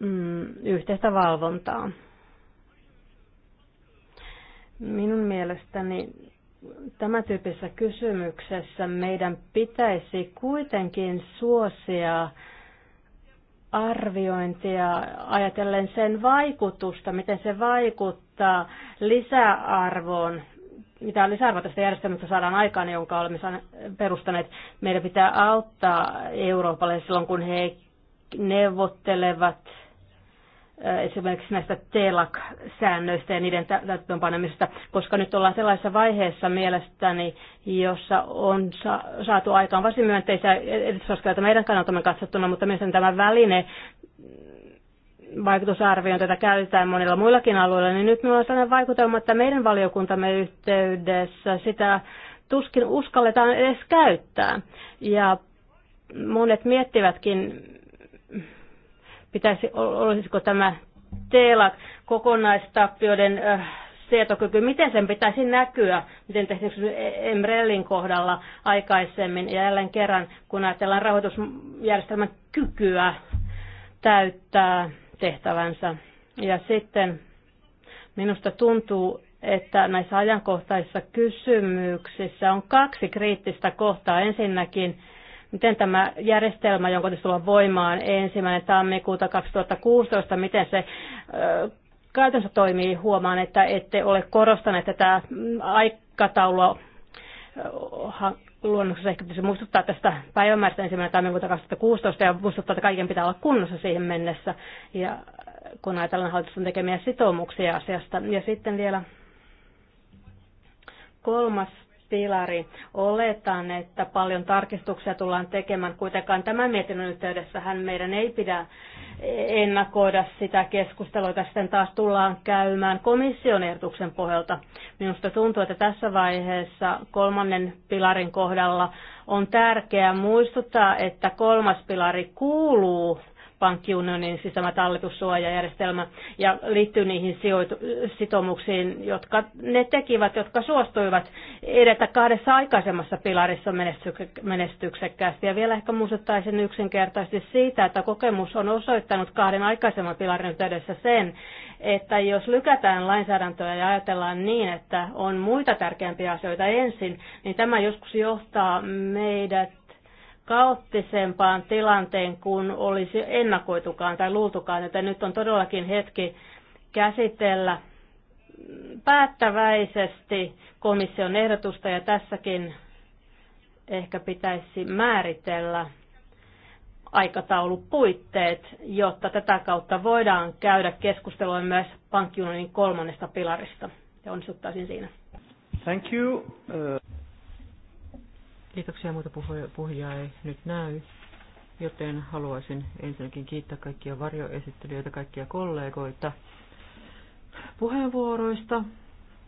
mm, yhteistä valvontaa. Minun mielestäni tämä tyyppisessä kysymyksessä meidän pitäisi kuitenkin suosia arviointia ajatellen sen vaikutusta, miten se vaikuttaa lisäarvoon, mitä lisäarvoa tästä järjestelmästä saadaan aikaan, jonka olemme perustaneet. Meidän pitää auttaa Euroopalle silloin, kun he neuvottelevat Äh, esimerkiksi näistä TELAK-säännöistä ja niiden täytäntöönpanemisesta, koska nyt ollaan sellaisessa vaiheessa mielestäni, jossa on saatu aikaan varsin myönteisiä edistysaskeleita meidän kannaltamme katsottuna, mutta mielestäni tämä väline mm, vaikutusarviointi, tätä käytetään monilla muillakin alueilla, niin nyt meillä on sellainen vaikutelma, että meidän valiokuntamme yhteydessä sitä tuskin uskalletaan edes käyttää. Ja monet miettivätkin, Pitäisi, olisiko tämä teela kokonaistappioiden äh, sietokyky, miten sen pitäisi näkyä, miten tehtiin Emrellin kohdalla aikaisemmin ja jälleen kerran, kun ajatellaan rahoitusjärjestelmän kykyä täyttää tehtävänsä. Ja sitten minusta tuntuu, että näissä ajankohtaisissa kysymyksissä on kaksi kriittistä kohtaa. Ensinnäkin miten tämä järjestelmä, jonka pitäisi tulla voimaan ensimmäinen tammikuuta 2016, miten se käytännössä toimii, huomaan, että ette ole korostaneet tätä aikataulua luonnoksessa ehkä pitäisi muistuttaa tästä päivämäärästä ensimmäinen tammikuuta 2016 ja muistuttaa, että kaiken pitää olla kunnossa siihen mennessä, ja kun ajatellaan hallituksen tekemiä sitoumuksia asiasta. Ja sitten vielä kolmas pilari. Oletan, että paljon tarkistuksia tullaan tekemään. Kuitenkaan tämän mietinnön yhteydessähän meidän ei pidä ennakoida sitä keskustelua, jota sitten taas tullaan käymään komission ehdotuksen pohjalta. Minusta tuntuu, että tässä vaiheessa kolmannen pilarin kohdalla on tärkeää muistuttaa, että kolmas pilari kuuluu pankkiunionin sisämä talletussuojajärjestelmä ja liittyy niihin sijoitu- sitoumuksiin, jotka ne tekivät, jotka suostuivat edetä kahdessa aikaisemmassa pilarissa menestyksekkäästi. Ja vielä ehkä muistuttaisin yksinkertaisesti siitä, että kokemus on osoittanut kahden aikaisemman pilarin yhteydessä sen, että jos lykätään lainsäädäntöä ja ajatellaan niin, että on muita tärkeämpiä asioita ensin, niin tämä joskus johtaa meidät kaoottisempaan tilanteen kuin olisi ennakoitukaan tai luultukaan, että nyt on todellakin hetki käsitellä päättäväisesti komission ehdotusta ja tässäkin ehkä pitäisi määritellä aikataulupuitteet, jotta tätä kautta voidaan käydä keskustelua myös pankkiunionin kolmannesta pilarista. Ja onnistuttaisin siinä. Thank you. Uh... Kiitoksia, muuta puhujaa ei nyt näy, joten haluaisin ensinnäkin kiittää kaikkia varjoesittelijöitä, kaikkia kollegoita puheenvuoroista,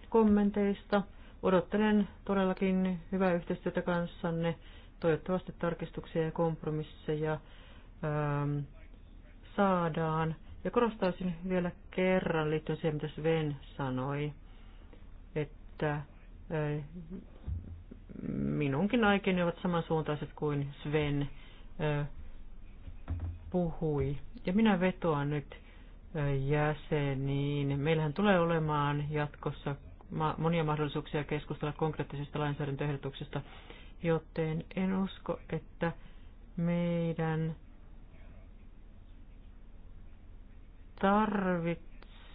kommenteista. Odottelen todellakin hyvää yhteistyötä kanssanne, toivottavasti tarkistuksia ja kompromisseja ähm, saadaan. Ja korostaisin vielä kerran liittyen siihen, mitä Sven sanoi, että äh, minunkin aikeni ovat samansuuntaiset kuin Sven puhui. Ja minä vetoan nyt jäseniin. Meillähän tulee olemaan jatkossa monia mahdollisuuksia keskustella konkreettisista lainsäädäntöehdotuksista, joten en usko, että meidän tarvitsee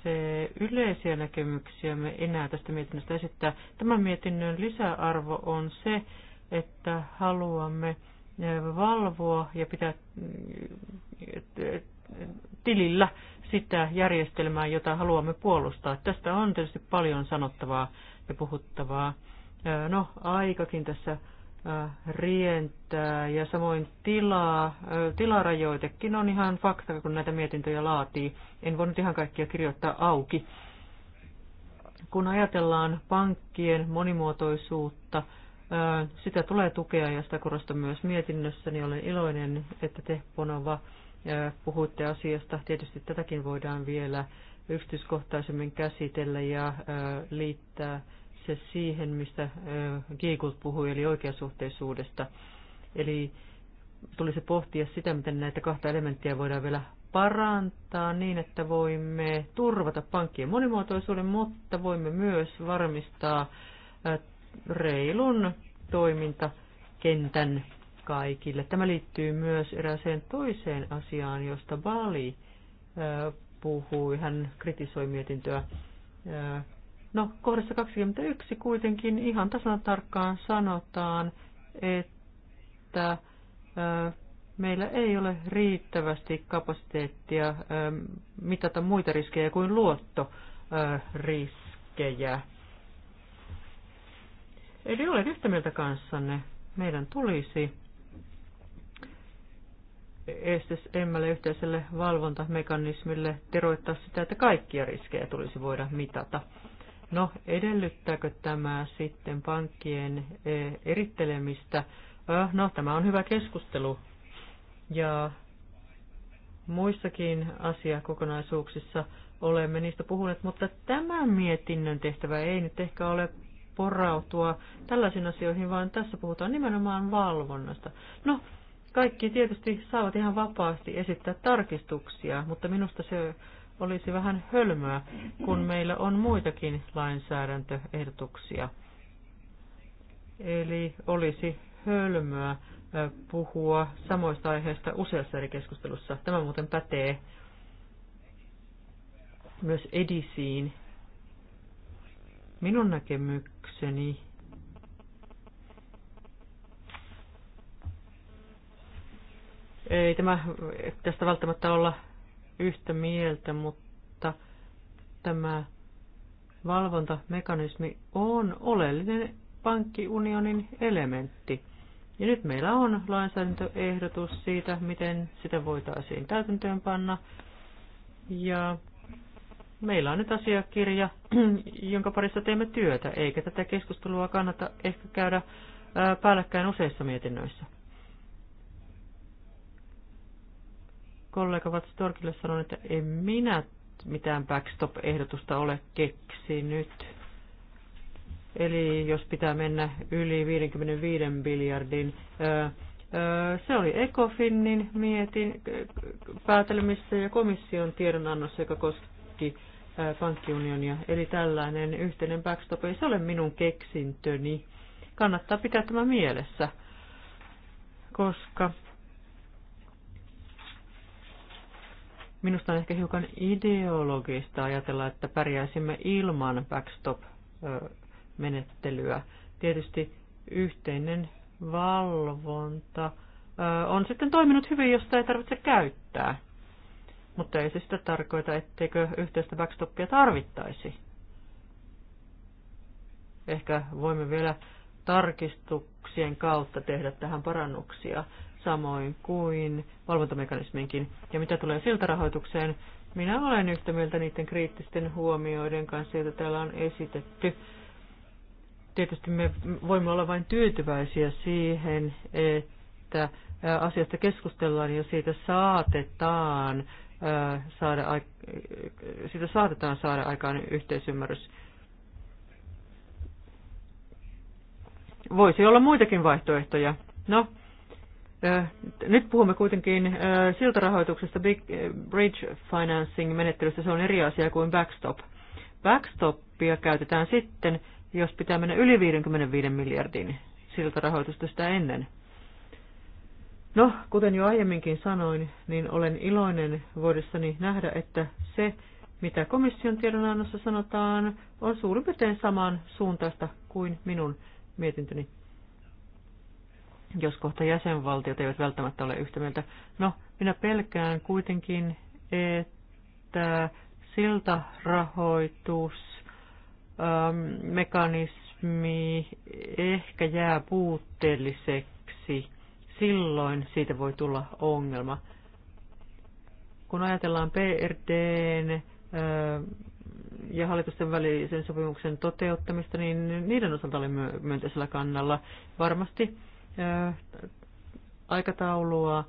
pääsee yleisiä me enää tästä mietinnöstä esittää. Tämän mietinnön lisäarvo on se, että haluamme äh, valvoa ja pitää äh, tilillä sitä järjestelmää, jota haluamme puolustaa. Tästä on tietysti paljon sanottavaa ja puhuttavaa. Äh, no, aikakin tässä Äh, rientää ja samoin tilaa, äh, tilarajoitekin on ihan fakta, kun näitä mietintöjä laatii. En voinut ihan kaikkia kirjoittaa auki. Kun ajatellaan pankkien monimuotoisuutta, äh, sitä tulee tukea ja sitä korostan myös mietinnössä, niin olen iloinen, että te Ponova puhuitte asiasta. Tietysti tätäkin voidaan vielä yksityiskohtaisemmin käsitellä ja liittää itse siihen, mistä Giegold puhui, eli oikeasuhteisuudesta. Eli tulisi pohtia sitä, miten näitä kahta elementtiä voidaan vielä parantaa niin, että voimme turvata pankkien monimuotoisuuden, mutta voimme myös varmistaa reilun toimintakentän kaikille. Tämä liittyy myös erääseen toiseen asiaan, josta Bali puhui. Hän kritisoi mietintöä No, kohdassa 21 kuitenkin ihan tasan tarkkaan sanotaan, että meillä ei ole riittävästi kapasiteettia mitata muita riskejä kuin luottoriskejä. Eli olen yhtä mieltä kanssanne. Meidän tulisi SSMlle yhteiselle valvontamekanismille teroittaa sitä, että kaikkia riskejä tulisi voida mitata. No, edellyttääkö tämä sitten pankkien e, erittelemistä? No, tämä on hyvä keskustelu. Ja muissakin asiakokonaisuuksissa olemme niistä puhuneet, mutta tämän mietinnön tehtävä ei nyt ehkä ole porautua tällaisiin asioihin, vaan tässä puhutaan nimenomaan valvonnasta. No, kaikki tietysti saavat ihan vapaasti esittää tarkistuksia, mutta minusta se olisi vähän hölmöä, kun meillä on muitakin lainsäädäntöehdotuksia. Eli olisi hölmöä puhua samoista aiheista useassa eri keskustelussa. Tämä muuten pätee myös edisiin. Minun näkemykseni ei tämä tästä välttämättä olla yhtä mieltä, mutta tämä valvontamekanismi on oleellinen pankkiunionin elementti. Ja nyt meillä on lainsäädäntöehdotus siitä, miten sitä voitaisiin täytäntöönpanna. Ja meillä on nyt asiakirja, (clears throat) jonka parissa teemme työtä, eikä tätä keskustelua kannata ehkä käydä päällekkäin useissa mietinnöissä. kollega Vatstorkille sanon, että en minä mitään backstop-ehdotusta ole keksinyt. Eli jos pitää mennä yli 55 biljardin, se oli Ecofinin mietin päätelmissä ja komission tiedonannossa, joka koski pankkiunionia. Eli tällainen yhteinen backstop ei se ole minun keksintöni. Kannattaa pitää tämä mielessä, koska Minusta on ehkä hiukan ideologista ajatella, että pärjäisimme ilman backstop-menettelyä. Tietysti yhteinen valvonta on sitten toiminut hyvin, jos sitä ei tarvitse käyttää. Mutta ei se sitä tarkoita, etteikö yhteistä backstopia tarvittaisi. Ehkä voimme vielä tarkistuksien kautta tehdä tähän parannuksia samoin kuin valvontamekanisminkin. Ja mitä tulee siltarahoitukseen, minä olen yhtä mieltä niiden kriittisten huomioiden kanssa, joita täällä on esitetty. Tietysti me voimme olla vain tyytyväisiä siihen, että asiasta keskustellaan ja siitä saatetaan saada, siitä saatetaan saada aikaan yhteisymmärrys. Voisi olla muitakin vaihtoehtoja. No, Äh, nyt puhumme kuitenkin äh, siltarahoituksesta Big äh, Bridge Financing-menettelystä. Se on eri asia kuin backstop. Backstopia käytetään sitten, jos pitää mennä yli 55 miljardin siltarahoitusta sitä ennen. No, kuten jo aiemminkin sanoin, niin olen iloinen voidessani nähdä, että se, mitä komission tiedonannossa sanotaan, on suurin piirtein saman suuntaista kuin minun mietintöni jos kohta jäsenvaltiot eivät välttämättä ole yhtä mieltä. No, minä pelkään kuitenkin, että siltarahoitusmekanismi ähm, ehkä jää puutteelliseksi. Silloin siitä voi tulla ongelma. Kun ajatellaan PRDn ähm, ja hallitusten välisen sopimuksen toteuttamista, niin niiden osalta olen myönteisellä kannalla. Varmasti aikataulua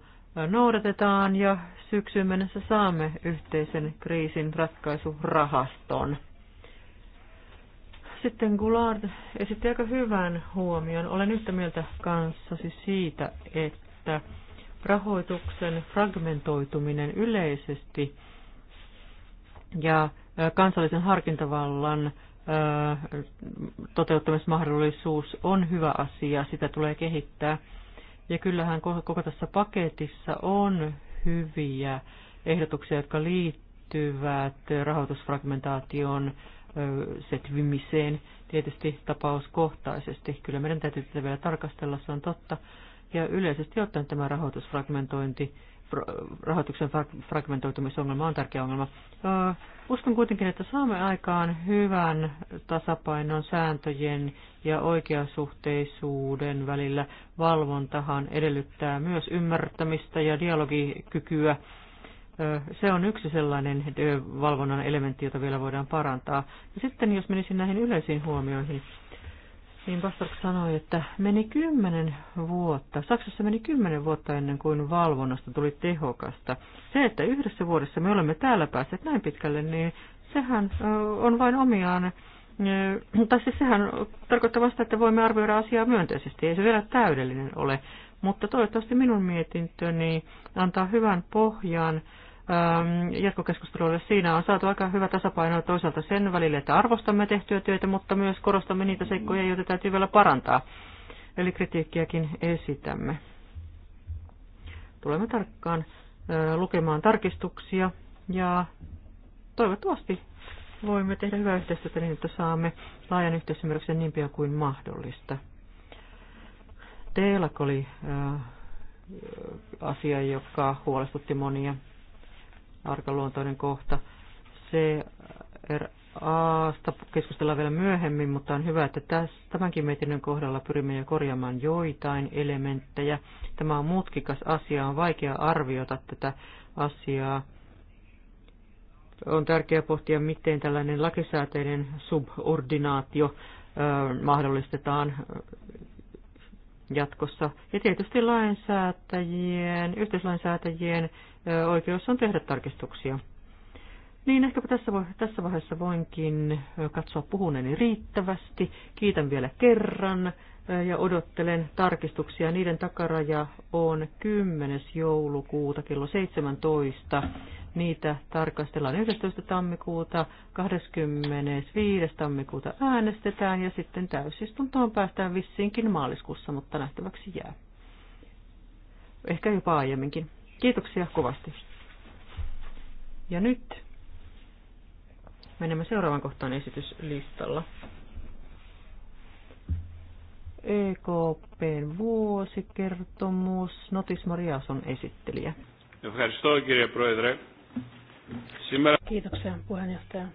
noudatetaan ja syksyyn mennessä saamme yhteisen kriisin ratkaisurahaston. Sitten Goulart esitti aika hyvän huomion. Olen yhtä mieltä kanssasi siitä, että rahoituksen fragmentoituminen yleisesti ja kansallisen harkintavallan toteuttamismahdollisuus on hyvä asia, sitä tulee kehittää. Ja kyllähän koko tässä paketissa on hyviä ehdotuksia, jotka liittyvät rahoitusfragmentaation setvimiseen tietysti tapauskohtaisesti. Kyllä meidän täytyy tätä vielä tarkastella, se on totta. Ja yleisesti ottaen tämä rahoitusfragmentointi rahoituksen fragmentoitumisongelma on tärkeä ongelma. Uskon kuitenkin, että saamme aikaan hyvän tasapainon sääntöjen ja oikeasuhteisuuden välillä. Valvontahan edellyttää myös ymmärtämistä ja dialogikykyä. Se on yksi sellainen valvonnan elementti, jota vielä voidaan parantaa. Ja sitten jos menisin näihin yleisiin huomioihin, niin Bastorp sanoi, että meni kymmenen vuotta, Saksassa meni kymmenen vuotta ennen kuin valvonnasta tuli tehokasta. Se, että yhdessä vuodessa me olemme täällä päässeet näin pitkälle, niin sehän on vain omiaan, tai siis sehän tarkoittaa vasta, että voimme arvioida asiaa myönteisesti. Ei se vielä täydellinen ole, mutta toivottavasti minun mietintöni antaa hyvän pohjan Ähm, jatkokeskustelulle. Siinä on saatu aika hyvä tasapaino toisaalta sen välille että arvostamme tehtyä työtä, mutta myös korostamme niitä seikkoja, joita täytyy vielä parantaa. Eli kritiikkiäkin esitämme. Tulemme tarkkaan lukemaan tarkistuksia ja toivottavasti voimme tehdä hyvää yhteistyötä niin, että saamme laajan yhteisymmärryksen niin pian kuin mahdollista. Teelak oli asia, joka huolestutti monia arkaluontoinen kohta. CRAsta keskustellaan vielä myöhemmin, mutta on hyvä, että tässä, tämänkin mietinnön kohdalla pyrimme jo korjaamaan joitain elementtejä. Tämä on mutkikas asia, on vaikea arviota tätä asiaa. On tärkeää pohtia, miten tällainen lakisääteinen subordinaatio mahdollistetaan jatkossa. Ja tietysti lainsäätäjien, yhteislainsäätäjien oikeus on tehdä tarkistuksia. Niin, ehkäpä tässä, tässä vaiheessa voinkin katsoa puhuneeni riittävästi. Kiitän vielä kerran ja odottelen tarkistuksia. Niiden takaraja on 10. joulukuuta kello 17. Niitä tarkastellaan 11. tammikuuta, 25. tammikuuta äänestetään ja sitten täysistuntoon päästään vissiinkin maaliskuussa, mutta nähtäväksi jää. Ehkä jopa aiemminkin. Kiitoksia kovasti. Ja nyt menemme seuraavan kohtaan esityslistalla. EKPn vuosikertomus. Notis Marias on esittelijä. Kiitoksia puheenjohtaja.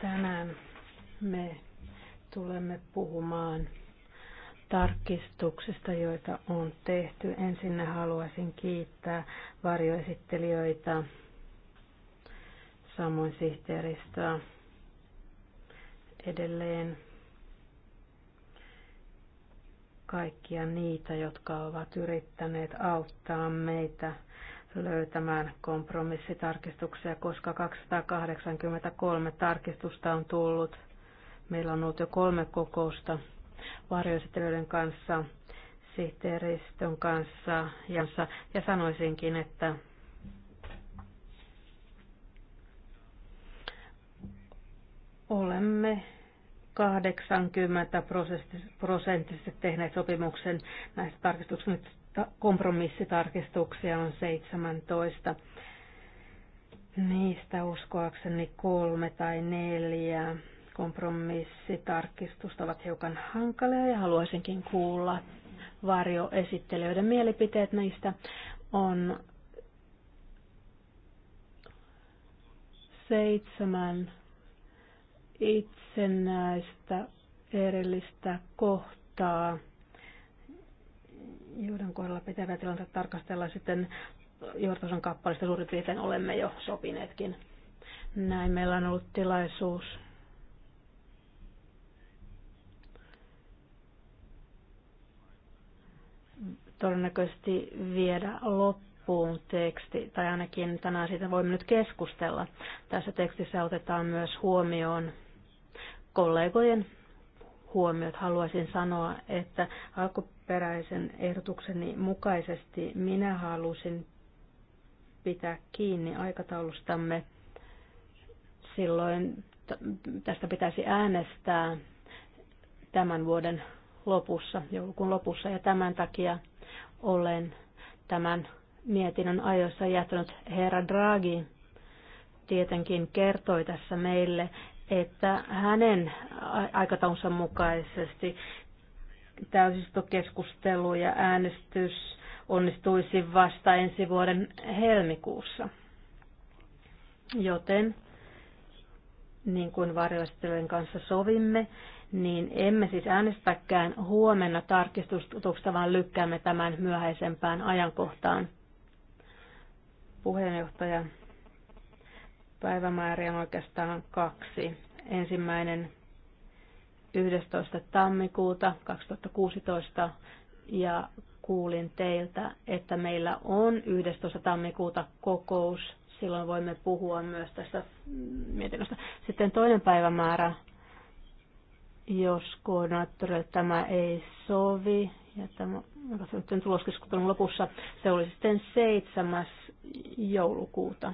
Tänään me tulemme puhumaan tarkistuksista, joita on tehty. Ensinnä haluaisin kiittää varjoesittelijöitä, samoin sihteeristöä edelleen kaikkia niitä, jotka ovat yrittäneet auttaa meitä löytämään kompromissitarkistuksia, koska 283 tarkistusta on tullut. Meillä on ollut jo kolme kokousta varjoesittelijöiden kanssa, sihteeristön kanssa ja, ja sanoisinkin, että olemme 80 prosenttisesti tehneet sopimuksen näistä tarkistuksista. Kompromissitarkistuksia on 17. Niistä uskoakseni kolme tai neljä kompromissitarkistusta ovat hiukan hankalia ja haluaisinkin kuulla varjoesittelijöiden mielipiteet niistä. On seitsemän itsenäistä erillistä kohtaa, joiden kohdalla pitää tilanteet tarkastella sitten johtosan kappaleista suurin piirtein olemme jo sopineetkin. Näin meillä on ollut tilaisuus todennäköisesti viedä loppuun teksti, tai ainakin tänään siitä voimme nyt keskustella. Tässä tekstissä otetaan myös huomioon kollegojen huomiot. Haluaisin sanoa, että alkuperäisen ehdotukseni mukaisesti minä halusin pitää kiinni aikataulustamme. Silloin tästä pitäisi äänestää tämän vuoden lopussa, joulukuun lopussa, ja tämän takia olen tämän mietinnön ajoissa jättänyt herra Draghi tietenkin kertoi tässä meille, että hänen aikataulunsa mukaisesti täysistokeskustelu ja äänestys onnistuisi vasta ensi vuoden helmikuussa. Joten, niin kuin varjoistelujen kanssa sovimme, niin emme siis äänestäkään huomenna tarkistustuksesta, vaan lykkäämme tämän myöhäisempään ajankohtaan. Puheenjohtaja, päivämäärä on oikeastaan kaksi. Ensimmäinen 11. tammikuuta 2016 ja kuulin teiltä, että meillä on 11. tammikuuta kokous. Silloin voimme puhua myös tästä mietinnöstä. Sitten toinen päivämäärä jos koordinaattorille tämä ei sovi, ja tämä on tuloskeskustelun lopussa, se oli sitten 7. joulukuuta.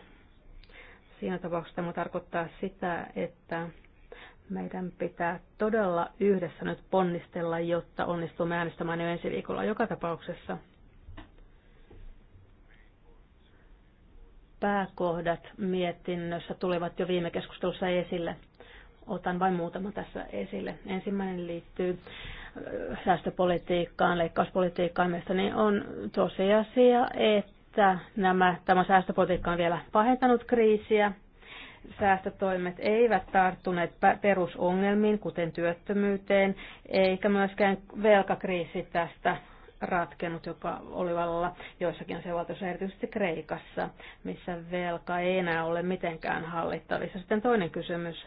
Siinä tapauksessa tämä tarkoittaa sitä, että meidän pitää todella yhdessä nyt ponnistella, jotta onnistumme äänestämään jo ensi viikolla joka tapauksessa. Pääkohdat mietinnössä tulivat jo viime keskustelussa esille. Otan vain muutama tässä esille. Ensimmäinen liittyy äh, säästöpolitiikkaan, leikkauspolitiikkaan. Mielestäni on tosiasia, että nämä, tämä säästöpolitiikka on vielä pahentanut kriisiä. Säästötoimet eivät tarttuneet perusongelmiin, kuten työttömyyteen, eikä myöskään velkakriisi tästä ratkennut, joka oli vallalla joissakin osavaltioissa, erityisesti Kreikassa, missä velka ei enää ole mitenkään hallittavissa. Sitten toinen kysymys,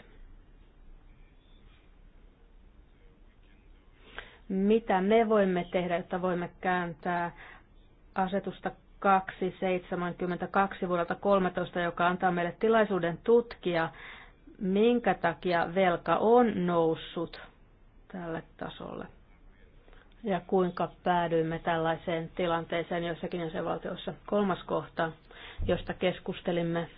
mitä me voimme tehdä, jotta voimme kääntää asetusta 272 vuodelta 13, joka antaa meille tilaisuuden tutkia, minkä takia velka on noussut tälle tasolle ja kuinka päädyimme tällaiseen tilanteeseen jossakin jäsenvaltiossa. Kolmas kohta, josta keskustelimme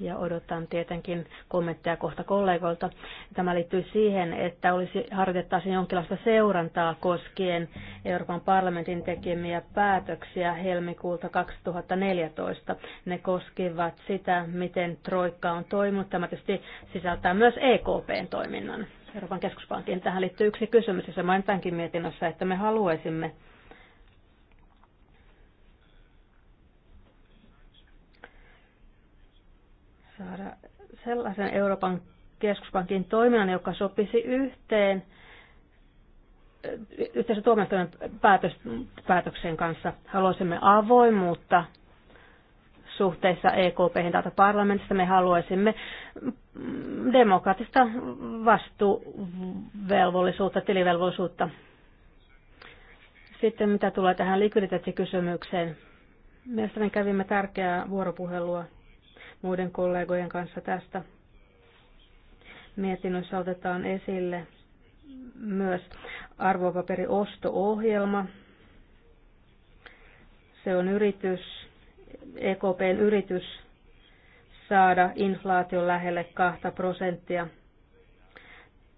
ja odotan tietenkin kommentteja kohta kollegoilta. Tämä liittyy siihen, että olisi harjoitettaisiin jonkinlaista seurantaa koskien Euroopan parlamentin tekemiä päätöksiä helmikuulta 2014. Ne koskivat sitä, miten Troikka on toiminut. Tämä tietysti sisältää myös EKPn toiminnan. Euroopan keskuspankin. Tähän liittyy yksi kysymys, ja se mainitaankin mietinnössä, että me haluaisimme saada sellaisen Euroopan keskuspankin toiminnan, joka sopisi yhteen yhteisen tuomioistuimen päätös, päätöksen kanssa. Haluaisimme avoimuutta suhteessa EKP täältä parlamentista. Me haluaisimme demokraattista vastuuvelvollisuutta, tilivelvollisuutta. Sitten mitä tulee tähän likviditeettikysymykseen. Mielestäni kävimme tärkeää vuoropuhelua muiden kollegojen kanssa tästä. Mietinnössä otetaan esille myös arvopaperiosto-ohjelma. Se on yritys, EKPn yritys saada inflaation lähelle 2 prosenttia.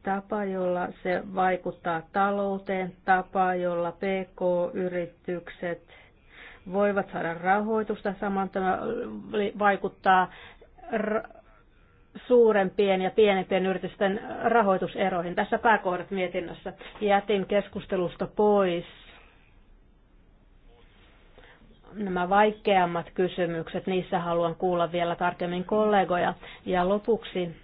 Tapa, jolla se vaikuttaa talouteen, tapa, jolla PK-yritykset voivat saada rahoitusta. Samoin tämä vaikuttaa suurempien ja pienempien yritysten rahoituseroihin. Tässä pääkohdat mietinnössä jätin keskustelusta pois nämä vaikeammat kysymykset, niissä haluan kuulla vielä tarkemmin kollegoja. Ja lopuksi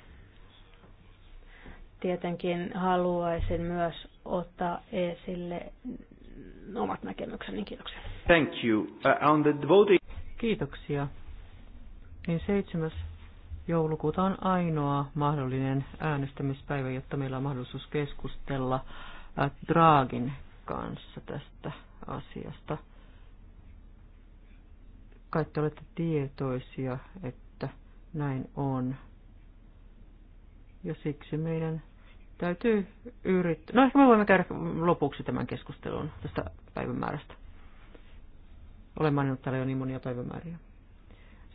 tietenkin haluaisin myös ottaa esille omat näkemykseni. Kiitoksia. Thank you. Uh, on the devotee... Kiitoksia. Niin 7. joulukuuta on ainoa mahdollinen äänestämispäivä, jotta meillä on mahdollisuus keskustella äh, Draagin kanssa tästä asiasta. Kai te olette tietoisia, että näin on. Ja siksi meidän täytyy yrittää. No ehkä me voimme käydä lopuksi tämän keskustelun tästä päivämäärästä olen maininnut täällä jo niin monia päivämääriä.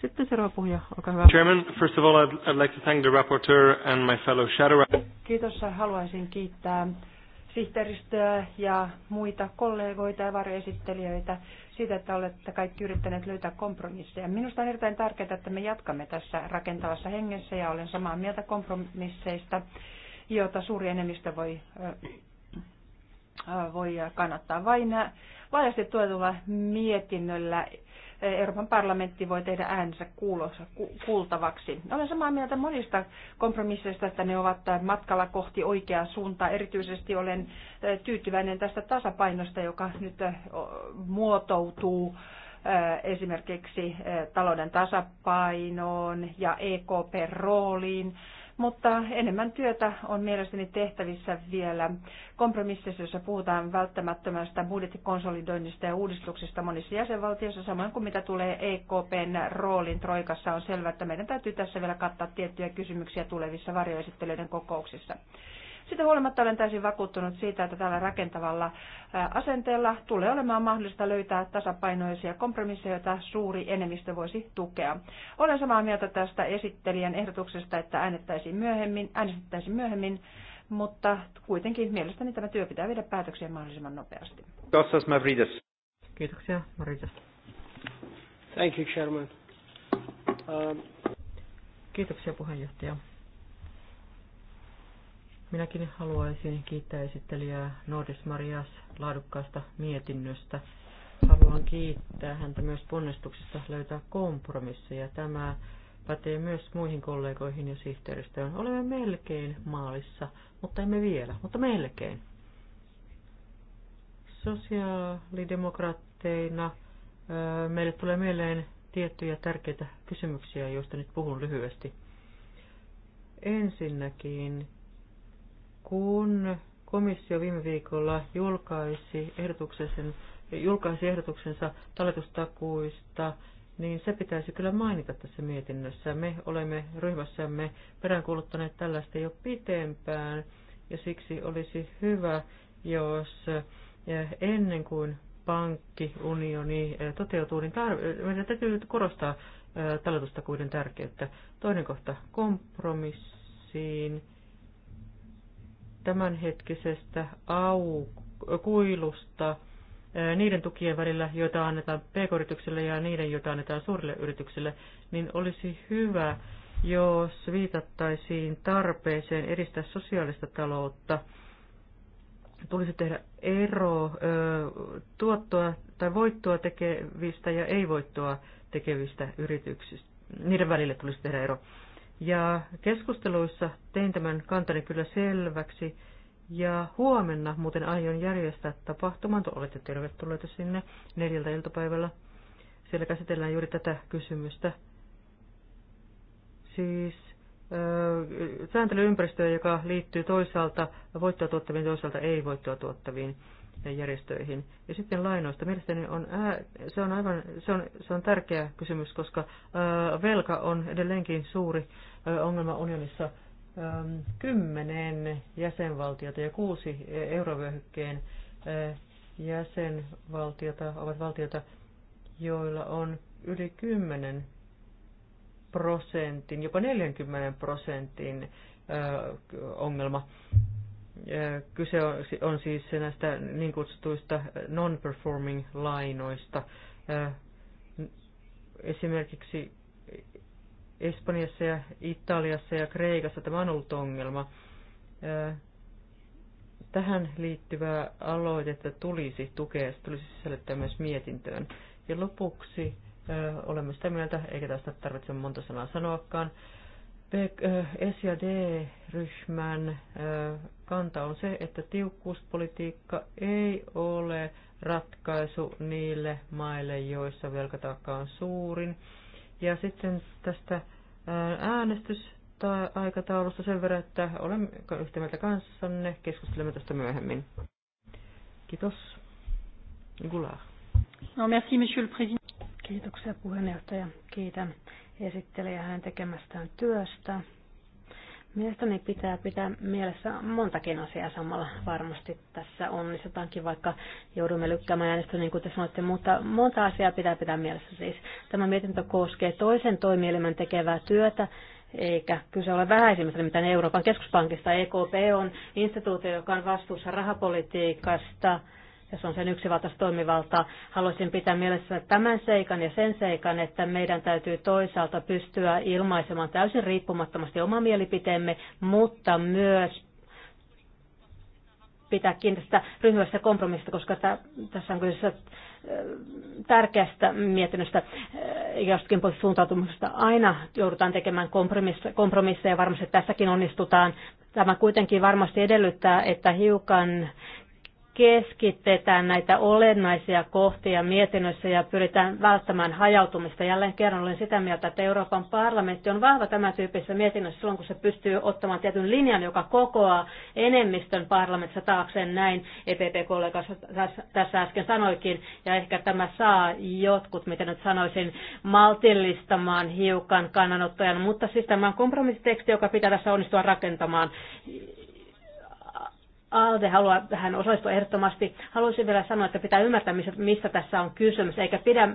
Sitten seuraava puhuja, olkaa hyvä. Chairman, first of all, I'd, I'd like to thank the rapporteur and my fellow shadow Kiitos, äh, haluaisin kiittää sihteeristöä ja muita kollegoita ja varjoesittelijöitä siitä, että olette kaikki yrittäneet löytää kompromisseja. Minusta on erittäin tärkeää, että me jatkamme tässä rakentavassa hengessä ja olen samaa mieltä kompromisseista, joita suuri enemmistö voi, voi kannattaa. Vain laajasti tuetulla mietinnöllä Euroopan parlamentti voi tehdä äänensä kuulossa, ku, kuultavaksi. Olen samaa mieltä monista kompromisseista, että ne ovat matkalla kohti oikeaa suuntaa. Erityisesti olen tyytyväinen tästä tasapainosta, joka nyt muotoutuu esimerkiksi talouden tasapainoon ja EKP-rooliin mutta enemmän työtä on mielestäni tehtävissä vielä kompromississa, jossa puhutaan välttämättömästä budjettikonsolidoinnista ja uudistuksista monissa jäsenvaltioissa, samoin kuin mitä tulee EKPn roolin Troikassa, on selvää, että meidän täytyy tässä vielä kattaa tiettyjä kysymyksiä tulevissa varjoesittelyiden kokouksissa. Sitä huolimatta olen täysin vakuuttunut siitä, että tällä rakentavalla asenteella tulee olemaan mahdollista löytää tasapainoisia kompromisseja, joita suuri enemmistö voisi tukea. Olen samaa mieltä tästä esittelijän ehdotuksesta, että äänestettäisiin myöhemmin, äänestettäisiin myöhemmin mutta kuitenkin mielestäni tämä työ pitää viedä päätöksiä mahdollisimman nopeasti. Kostas Mavridis. Kiitoksia, Maritas. Thank you, Chairman. Um... Kiitoksia puheenjohtaja. Minäkin haluaisin kiittää esittelijää Nordis Marias laadukkaasta mietinnöstä. Haluan kiittää häntä myös ponnistuksista löytää kompromisseja. Tämä pätee myös muihin kollegoihin ja sihteeristöön. Olemme melkein maalissa, mutta emme vielä, mutta melkein. Sosiaalidemokraatteina meille tulee mieleen tiettyjä tärkeitä kysymyksiä, joista nyt puhun lyhyesti. Ensinnäkin kun komissio viime viikolla julkaisi, ehdotuksen, julkaisi ehdotuksensa talletustakuista, niin se pitäisi kyllä mainita tässä mietinnössä. Me olemme ryhmässämme peräänkuuluttaneet tällaista jo pitempään, ja siksi olisi hyvä, jos ennen kuin pankkiunioni toteutuu, niin tar- meidän täytyy nyt korostaa talletustakuiden tärkeyttä. Toinen kohta kompromissiin tämänhetkisestä au, kuilusta niiden tukien välillä, joita annetaan pk yritykselle ja niiden, joita annetaan suurille yrityksille, niin olisi hyvä, jos viitattaisiin tarpeeseen edistää sosiaalista taloutta. Tulisi tehdä ero tuottoa tai voittoa tekevistä ja ei-voittoa tekevistä yrityksistä. Niiden välille tulisi tehdä ero. Ja keskusteluissa tein tämän kantani kyllä selväksi. Ja huomenna muuten aion järjestää tapahtuman, olette tervetulleita sinne neljältä iltapäivällä. Siellä käsitellään juuri tätä kysymystä. Siis sääntelyympäristöä, joka liittyy toisaalta voittoa tuottaviin, toisaalta ei voittoa tuottaviin järjestöihin. Ja sitten lainoista. Mielestäni on, ää, se, on aivan, se, on, se on tärkeä kysymys, koska ää, velka on edelleenkin suuri ää, ongelma unionissa. Ää, kymmenen jäsenvaltiota ja kuusi eurovyöhykkeen ää, jäsenvaltiota ovat valtiota, joilla on yli kymmenen prosentin, jopa 40 prosentin ongelma Kyse on siis näistä niin kutsutuista non-performing lainoista. Esimerkiksi Espanjassa ja Italiassa ja Kreikassa tämä on ollut ongelma. Tähän liittyvää aloitetta tulisi tukea, ja tulisi sisällyttää myös mietintöön. Ja lopuksi olemme sitä mieltä, eikä tästä tarvitse monta sanaa sanoakaan, S- ja D-ryhmän kanta on se, että tiukkuuspolitiikka ei ole ratkaisu niille maille, joissa velkataakka on suurin. Ja sitten tästä äänestysaikataulusta sen verran, että olen yhtä mieltä kanssanne, keskustelemme tästä myöhemmin. Kiitos. Gulaa. No, merci, monsieur le président. Kiitoksia puheenjohtaja. Kiitän esittelijä hänen tekemästään työstä. Mielestäni pitää pitää mielessä montakin asiaa samalla. Varmasti tässä onnistutaankin, vaikka joudumme lykkäämään äänestä, niin kuin te sanoitte, mutta monta asiaa pitää pitää mielessä siis. Tämä mietintö koskee toisen toimielimen tekevää työtä, eikä kyse ole vähäisimmistä, mitä Euroopan keskuspankista. EKP on instituutio, joka on vastuussa rahapolitiikasta, ja se on sen yksivaltaista toimivaltaa. Haluaisin pitää mielessä tämän seikan ja sen seikan, että meidän täytyy toisaalta pystyä ilmaisemaan täysin riippumattomasti oma mielipiteemme, mutta myös pitää kiinni tästä ryhmästä kompromissista, koska tä, tässä on kyseessä äh, tärkeästä mietinnöstä äh, jostakin pois suuntautumisesta. Aina joudutaan tekemään kompromisseja, varmasti tässäkin onnistutaan. Tämä kuitenkin varmasti edellyttää, että hiukan keskitetään näitä olennaisia kohtia mietinnössä ja pyritään välttämään hajautumista. Jälleen kerran olen sitä mieltä, että Euroopan parlamentti on vahva tämän tyyppisessä mietinnössä silloin, kun se pystyy ottamaan tietyn linjan, joka kokoaa enemmistön parlamentissa taakseen näin. EPP-kollega tässä äsken sanoikin, ja ehkä tämä saa jotkut, miten nyt sanoisin, maltillistamaan hiukan kannanottojan, mutta siis tämä on kompromissiteksti, joka pitää tässä onnistua rakentamaan Alde haluaa tähän osallistua ehdottomasti. Haluaisin vielä sanoa, että pitää ymmärtää, mistä tässä on kysymys, eikä pidä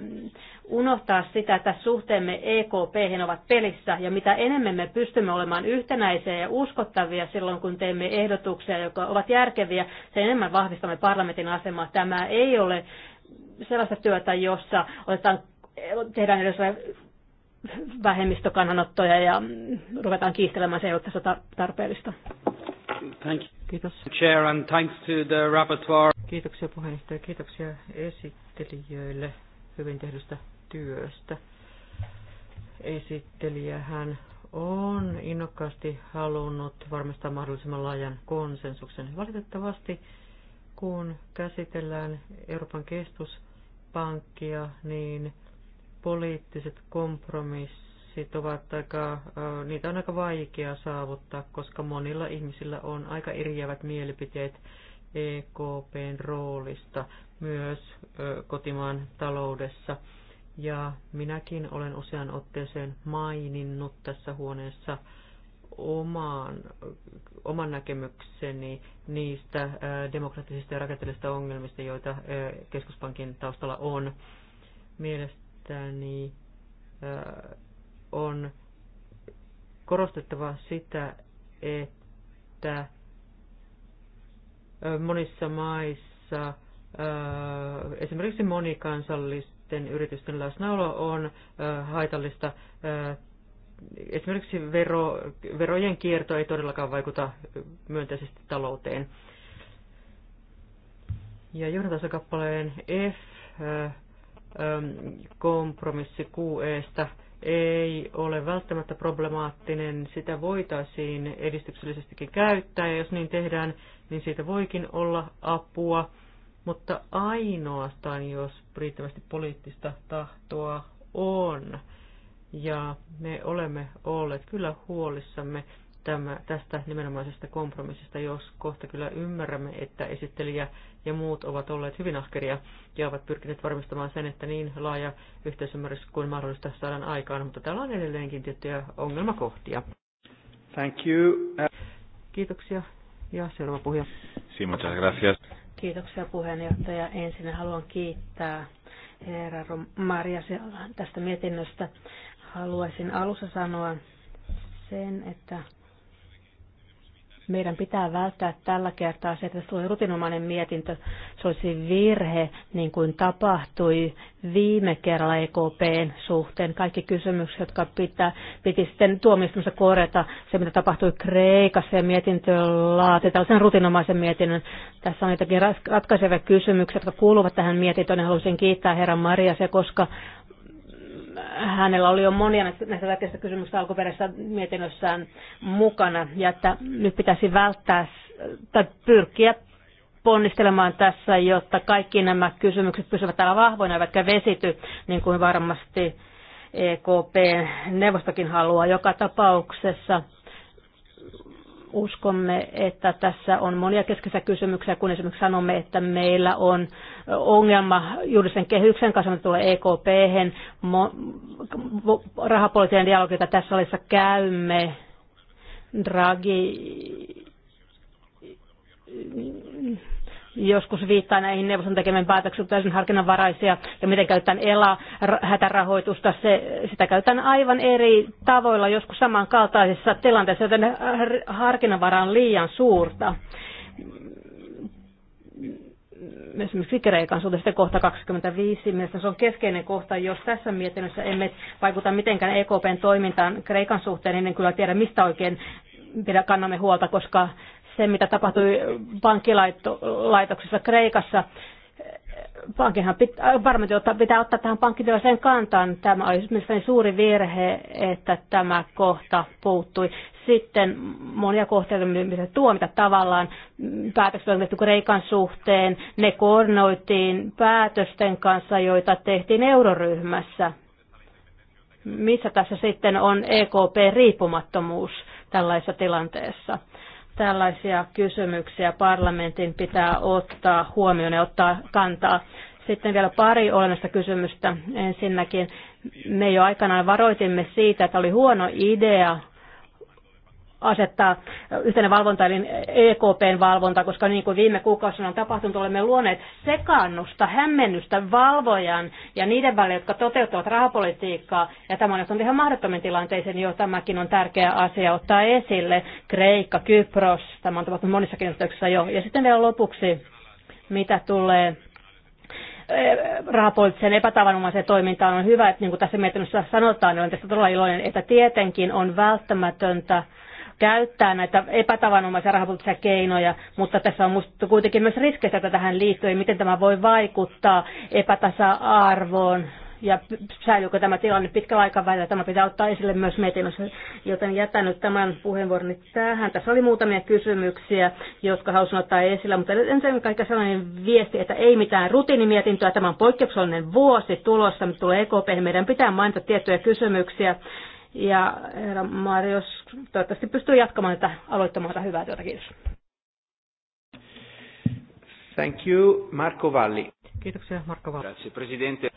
unohtaa sitä, että suhteemme EKP ovat pelissä, ja mitä enemmän me pystymme olemaan yhtenäisiä ja uskottavia silloin, kun teemme ehdotuksia, jotka ovat järkeviä, sen enemmän vahvistamme parlamentin asemaa. Tämä ei ole sellaista työtä, jossa otetaan, tehdään edes vähemmistökannanottoja ja ruvetaan kiistelemään, se ei ole tässä tarpeellista. Thank you. Kiitos. Chair and thanks to the rapporteur. Kiitoksia puheenjohtaja, kiitoksia esittelijöille hyvin tehdystä työstä. Esittelijähän on innokkaasti halunnut varmistaa mahdollisimman laajan konsensuksen. Valitettavasti, kun käsitellään Euroopan keskuspankkia, niin poliittiset kompromissit ovat aika, niitä on aika vaikea saavuttaa, koska monilla ihmisillä on aika eriävät mielipiteet EKPn roolista myös kotimaan taloudessa. Ja minäkin olen usean otteeseen maininnut tässä huoneessa oman, oman näkemykseni niistä demokraattisista ja rakenteellisista ongelmista, joita keskuspankin taustalla on. Mielestäni on korostettava sitä, että monissa maissa esimerkiksi monikansallisten yritysten läsnäolo on haitallista. Esimerkiksi vero, verojen kierto ei todellakaan vaikuta myönteisesti talouteen. Ja johdantasokappaleen F kompromissi QEstä ei ole välttämättä problemaattinen, sitä voitaisiin edistyksellisestikin käyttää, ja jos niin tehdään, niin siitä voikin olla apua, mutta ainoastaan, jos riittävästi poliittista tahtoa on. Ja me olemme olleet kyllä huolissamme tämä, tästä nimenomaisesta kompromissista, jos kohta kyllä ymmärrämme, että esittelijä ja muut ovat olleet hyvin ahkeria ja ovat pyrkineet varmistamaan sen, että niin laaja yhteisymmärrys kuin mahdollista saadaan aikaan, mutta täällä on edelleenkin tiettyjä ongelmakohtia. Thank you. Kiitoksia. Ja seuraava puhuja. Sí, muchas gracias. Kiitoksia puheenjohtaja. Ensin haluan kiittää herra Maria tästä mietinnöstä. Haluaisin alussa sanoa sen, että meidän pitää välttää tällä kertaa se, että se oli rutinomainen mietintö. Se olisi virhe, niin kuin tapahtui viime kerralla EKPn suhteen. Kaikki kysymykset, jotka pitää, piti sitten tuomioistumassa korjata, se mitä tapahtui Kreikassa ja mietintö laati tällaisen rutinomaisen mietinnön. Tässä on jotakin ratkaisevia kysymyksiä, jotka kuuluvat tähän mietintöön. Haluaisin kiittää herra se koska hänellä oli jo monia näistä tärkeistä kysymyksistä alkuperäisessä mietinnössään mukana, ja että nyt pitäisi välttää tai pyrkiä ponnistelemaan tässä, jotta kaikki nämä kysymykset pysyvät täällä vahvoina eivätkä vesity, niin kuin varmasti EKP-neuvostokin haluaa joka tapauksessa uskomme, että tässä on monia keskeisiä kysymyksiä, kun esimerkiksi sanomme, että meillä on ongelma juuri sen kehyksen kanssa, mitä tulee ekp rahapoliittinen dialogi, jota tässä salissa käymme, Draghi joskus viittaa näihin neuvoston tekemään päätöksiin täysin harkinnanvaraisia ja miten käytetään ELA-hätärahoitusta. Se, sitä käytetään aivan eri tavoilla, joskus samankaltaisissa tilanteissa, joten harkinnanvara on liian suurta. Esimerkiksi Kreikan suhteen sitten kohta 25. Mielestäni se on keskeinen kohta. Jos tässä mietinnössä emme vaikuta mitenkään EKPn toimintaan Kreikan suhteen, niin en kyllä tiedä, mistä oikein pidä kannamme huolta, koska se, mitä tapahtui pankkilaitoksessa Kreikassa. Pankinhan varmasti ottaa, pitää ottaa tähän pankkityöseen kantaan. Tämä oli mielestäni suuri virhe, että tämä kohta puuttui. Sitten monia kohteita, mitä tuomita tavallaan, päätökset on tehty Kreikan suhteen, ne koordinoitiin päätösten kanssa, joita tehtiin euroryhmässä missä tässä sitten on EKP-riippumattomuus tällaisessa tilanteessa. Tällaisia kysymyksiä parlamentin pitää ottaa huomioon ja ottaa kantaa. Sitten vielä pari olennaista kysymystä. Ensinnäkin me jo aikanaan varoitimme siitä, että oli huono idea asettaa yhtenä valvonta eli EKPn valvonta, koska niin kuin viime kuukausina on tapahtunut, olemme luoneet sekannusta, hämmennystä valvojan ja niiden välillä, jotka toteuttavat rahapolitiikkaa. Ja tämä on johtanut ihan mahdottomin tilanteeseen, jo tämäkin on tärkeä asia ottaa esille. Kreikka, Kypros, tämä on tapahtunut monissakin yhteyksissä jo. Ja sitten vielä lopuksi, mitä tulee eh, rahapoliittiseen epätavanomaiseen toimintaan on hyvä, että niin kuin tässä mietinnössä sanotaan, niin olen tästä todella iloinen, että tietenkin on välttämätöntä käyttää näitä epätavanomaisia rahapoliittisia keinoja, mutta tässä on musta kuitenkin myös riskejä, että tähän liittyy, miten tämä voi vaikuttaa epätasa-arvoon ja säilyykö tämä tilanne pitkällä aikavälillä. Tämä pitää ottaa esille myös mietinnössä, joten jätän nyt tämän puheenvuoron tähän. Tässä oli muutamia kysymyksiä, jotka halusin ottaa esille, mutta ensin kaikkea sellainen viesti, että ei mitään rutiinimietintöä. Tämä on poikkeuksellinen vuosi tulossa, mitä tulee EKP. Meidän pitää mainita tiettyjä kysymyksiä, ja herra Marius, toivottavasti pystyy jatkamaan tätä aloittamaan tätä hyvää työtä. Kiitos. Thank you, Marco Valli. Kiitoksia, Marco Valli. Grazie, presidente.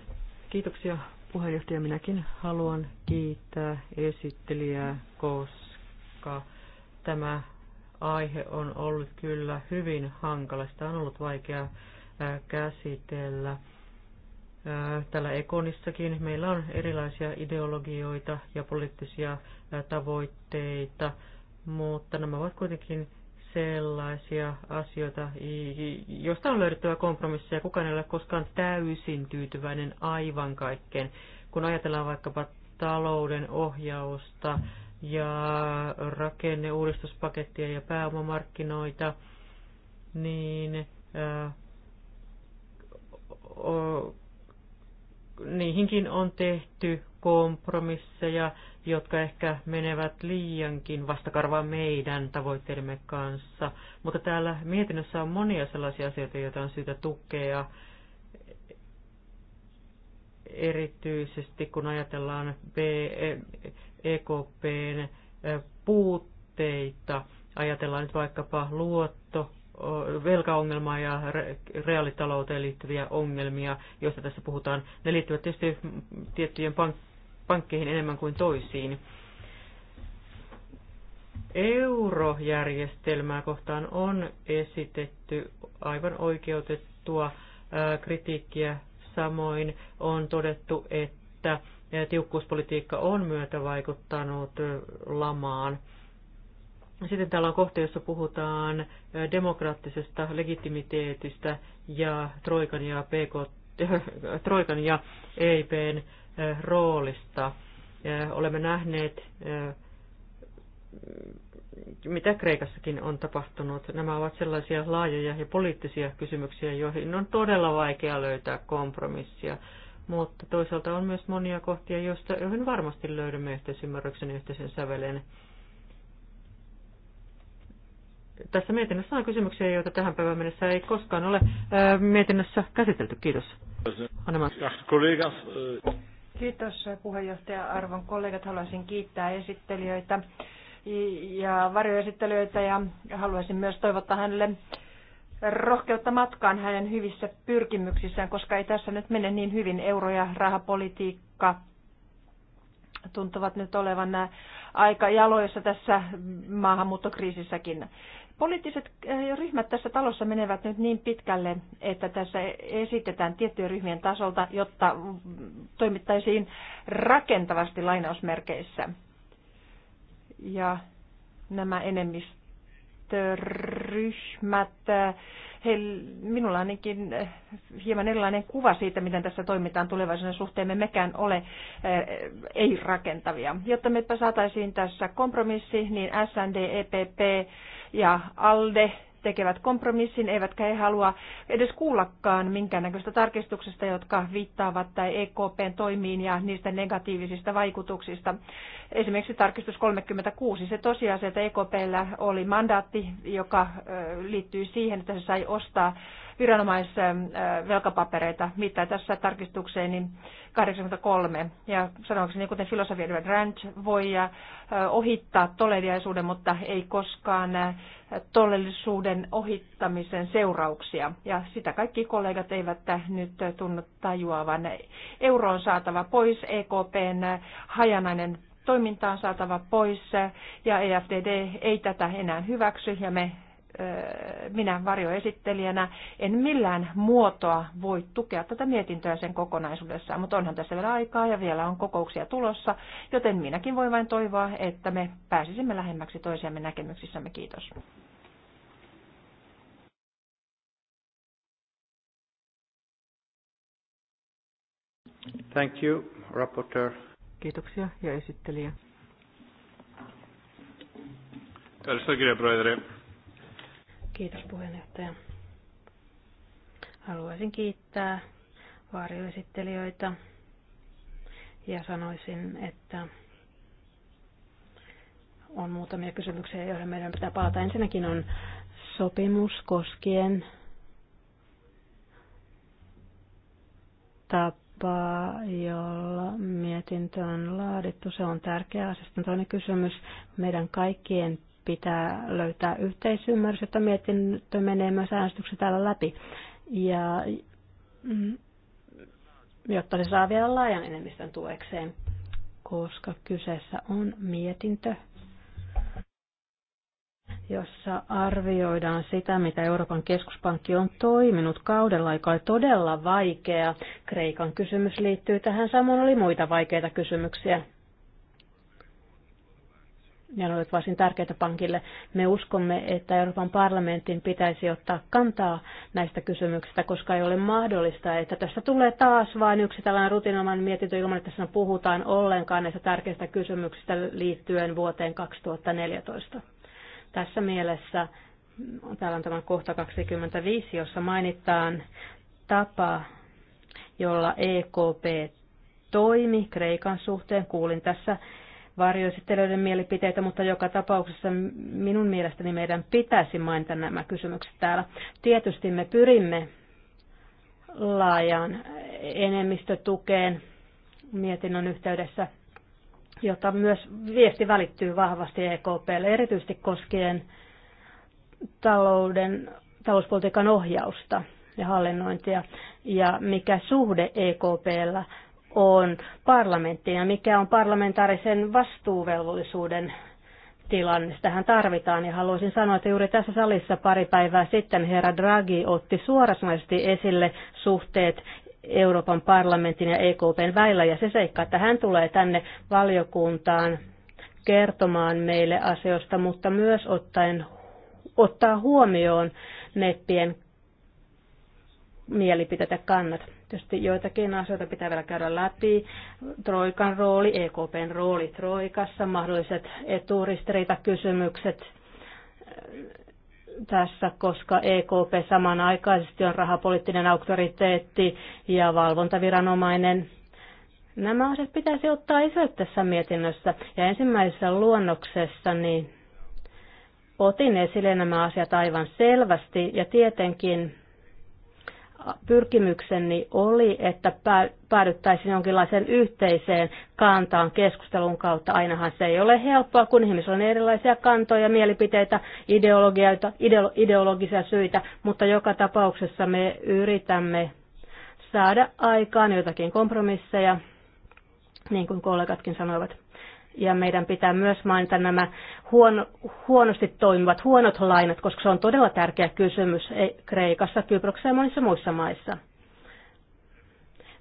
Kiitoksia, puheenjohtaja. Minäkin haluan kiittää esittelijää, koska tämä aihe on ollut kyllä hyvin hankala. Sitä on ollut vaikea käsitellä Täällä Ekonissakin meillä on erilaisia ideologioita ja poliittisia tavoitteita, mutta nämä ovat kuitenkin sellaisia asioita, joista on löydettävä kompromisseja. Kukaan ei ole koskaan täysin tyytyväinen aivan kaikkeen. Kun ajatellaan vaikkapa talouden ohjausta ja rakenneuudistuspakettia ja pääomamarkkinoita, niin niihinkin on tehty kompromisseja, jotka ehkä menevät liiankin vastakarvaan meidän tavoitteidemme kanssa. Mutta täällä mietinnössä on monia sellaisia asioita, joita on syytä tukea, erityisesti kun ajatellaan EKPn puutteita. Ajatellaan nyt vaikkapa luotto velkaongelmaa ja reaalitalouteen liittyviä ongelmia, joista tässä puhutaan. Ne liittyvät tietysti tiettyjen pank- pankkeihin enemmän kuin toisiin. Eurojärjestelmää kohtaan on esitetty aivan oikeutettua kritiikkiä. Samoin on todettu, että tiukkuuspolitiikka on vaikuttanut lamaan. Sitten täällä on kohta, jossa puhutaan demokraattisesta legitimiteetistä ja Troikan ja, PK, (laughs) Troikan ja EIPn roolista. Olemme nähneet, mitä Kreikassakin on tapahtunut. Nämä ovat sellaisia laajoja ja poliittisia kysymyksiä, joihin on todella vaikea löytää kompromissia. Mutta toisaalta on myös monia kohtia, joista, joihin varmasti löydämme yhteisymmärryksen yhteisen sävelen tässä mietinnössä on kysymyksiä, joita tähän päivään mennessä ei koskaan ole mietinnössä käsitelty. Kiitos. Kiitos puheenjohtaja. Arvon kollegat, haluaisin kiittää esittelijöitä ja varjoesittelijöitä ja haluaisin myös toivottaa hänelle rohkeutta matkaan hänen hyvissä pyrkimyksissään, koska ei tässä nyt mene niin hyvin euro- ja rahapolitiikka tuntuvat nyt olevan nämä aika jaloissa tässä maahanmuuttokriisissäkin. Poliittiset eh, ryhmät tässä talossa menevät nyt niin pitkälle, että tässä esitetään tiettyjen ryhmien tasolta, jotta toimittaisiin rakentavasti lainausmerkeissä. Ja nämä enemmistöryhmät eh, he, minulla on ainakin eh, hieman erilainen kuva siitä, miten tässä toimitaan tulevaisuuden suhteen. Me mekään ole eh, ei-rakentavia. Jotta me saataisiin tässä kompromissi, niin SND, EPP ja ALDE tekevät kompromissin, eivätkä he halua edes kuullakaan minkäännäköistä tarkistuksesta, jotka viittaavat tai EKPn toimiin ja niistä negatiivisista vaikutuksista. Esimerkiksi tarkistus 36, se tosiasia, että EKPllä oli mandaatti, joka liittyy siihen, että se sai ostaa viranomaisvelkapapereita, mitä tässä niin 83. Ja sanoakseni, kuten filosofia Edward Rand voi äh, ohittaa todellisuuden, mutta ei koskaan äh, todellisuuden ohittamisen seurauksia. Ja sitä kaikki kollegat eivät äh, nyt tunnu tajuavan. Euro on saatava pois, EKPn hajanainen toiminta on saatava pois ja EFDD ei tätä enää hyväksy ja me minä varjoesittelijänä en millään muotoa voi tukea tätä mietintöä sen kokonaisuudessaan, mutta onhan tässä vielä aikaa ja vielä on kokouksia tulossa, joten minäkin voin vain toivoa, että me pääsisimme lähemmäksi toisiamme näkemyksissämme. Kiitos. Thank you, rapporteur. Kiitoksia ja esittelijä. Tässä kirjapäivä. Kiitos puheenjohtaja. Haluaisin kiittää varjoesittelijöitä ja sanoisin, että on muutamia kysymyksiä, joihin meidän pitää palata. Ensinnäkin on sopimus koskien tapaa, jolla mietintö on laadittu. Se on tärkeä asia. Sitten toinen kysymys. Meidän kaikkien pitää löytää yhteisymmärrys, jotta mietintö menee myös äänestyksen täällä läpi. Ja mm, jotta se saa vielä laajan enemmistön tuekseen, koska kyseessä on mietintö, jossa arvioidaan sitä, mitä Euroopan keskuspankki on toiminut kaudella, joka oli todella vaikea. Kreikan kysymys liittyy tähän, samoin oli muita vaikeita kysymyksiä ja ne olivat varsin tärkeitä pankille. Me uskomme, että Euroopan parlamentin pitäisi ottaa kantaa näistä kysymyksistä, koska ei ole mahdollista, että tässä tulee taas vain yksi tällainen rutinomainen mietintö ilman, että tässä puhutaan ollenkaan näistä tärkeistä kysymyksistä liittyen vuoteen 2014. Tässä mielessä täällä on tämä kohta 25, jossa mainitaan tapa, jolla EKP toimi Kreikan suhteen. Kuulin tässä varjoesittelijöiden mielipiteitä, mutta joka tapauksessa minun mielestäni meidän pitäisi mainita nämä kysymykset täällä. Tietysti me pyrimme laajaan enemmistötukeen mietinnön yhteydessä, jota myös viesti välittyy vahvasti EKPlle, erityisesti koskien talouden, talouspolitiikan ohjausta ja hallinnointia ja mikä suhde EKPllä on parlamentti ja mikä on parlamentaarisen vastuuvelvollisuuden tilanne. Tähän tarvitaan ja haluaisin sanoa, että juuri tässä salissa pari päivää sitten herra Draghi otti suorasanaisesti esille suhteet Euroopan parlamentin ja EKPn väillä ja se seikka, että hän tulee tänne valiokuntaan kertomaan meille asioista, mutta myös ottaen, ottaa huomioon meppien mielipiteet ja kannat. Tietysti joitakin asioita pitää vielä käydä läpi. Troikan rooli, EKPn rooli Troikassa, mahdolliset eturistiriitakysymykset äh, tässä, koska EKP samanaikaisesti on rahapoliittinen auktoriteetti ja valvontaviranomainen. Nämä asiat pitäisi ottaa esille tässä mietinnössä ja ensimmäisessä luonnoksessa niin otin esille nämä asiat aivan selvästi ja tietenkin pyrkimykseni oli, että päädyttäisiin jonkinlaiseen yhteiseen kantaan keskustelun kautta. Ainahan se ei ole helppoa, kun ihmisillä on erilaisia kantoja, mielipiteitä, ideologioita, ideolo- ideologisia syitä, mutta joka tapauksessa me yritämme saada aikaan jotakin kompromisseja, niin kuin kollegatkin sanoivat ja meidän pitää myös mainita nämä huono, huonosti toimivat huonot lainat, koska se on todella tärkeä kysymys e, Kreikassa, Kyproksessa ja monissa muissa maissa.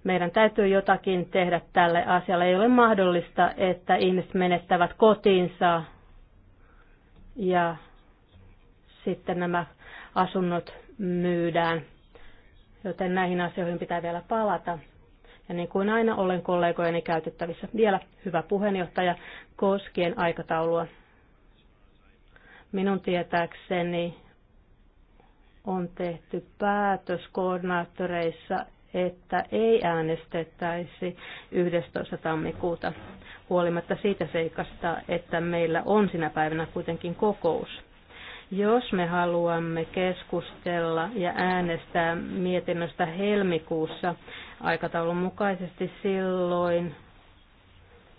Meidän täytyy jotakin tehdä tälle asialle. Ei ole mahdollista, että ihmiset menettävät kotiinsa ja sitten nämä asunnot myydään. Joten näihin asioihin pitää vielä palata. Ja niin kuin aina olen kollegojeni käytettävissä. Vielä hyvä puheenjohtaja koskien aikataulua. Minun tietääkseni on tehty päätös koordinaattoreissa, että ei äänestettäisi 11. tammikuuta, huolimatta siitä seikasta, että meillä on sinä päivänä kuitenkin kokous. Jos me haluamme keskustella ja äänestää mietinnöstä helmikuussa aikataulun mukaisesti, silloin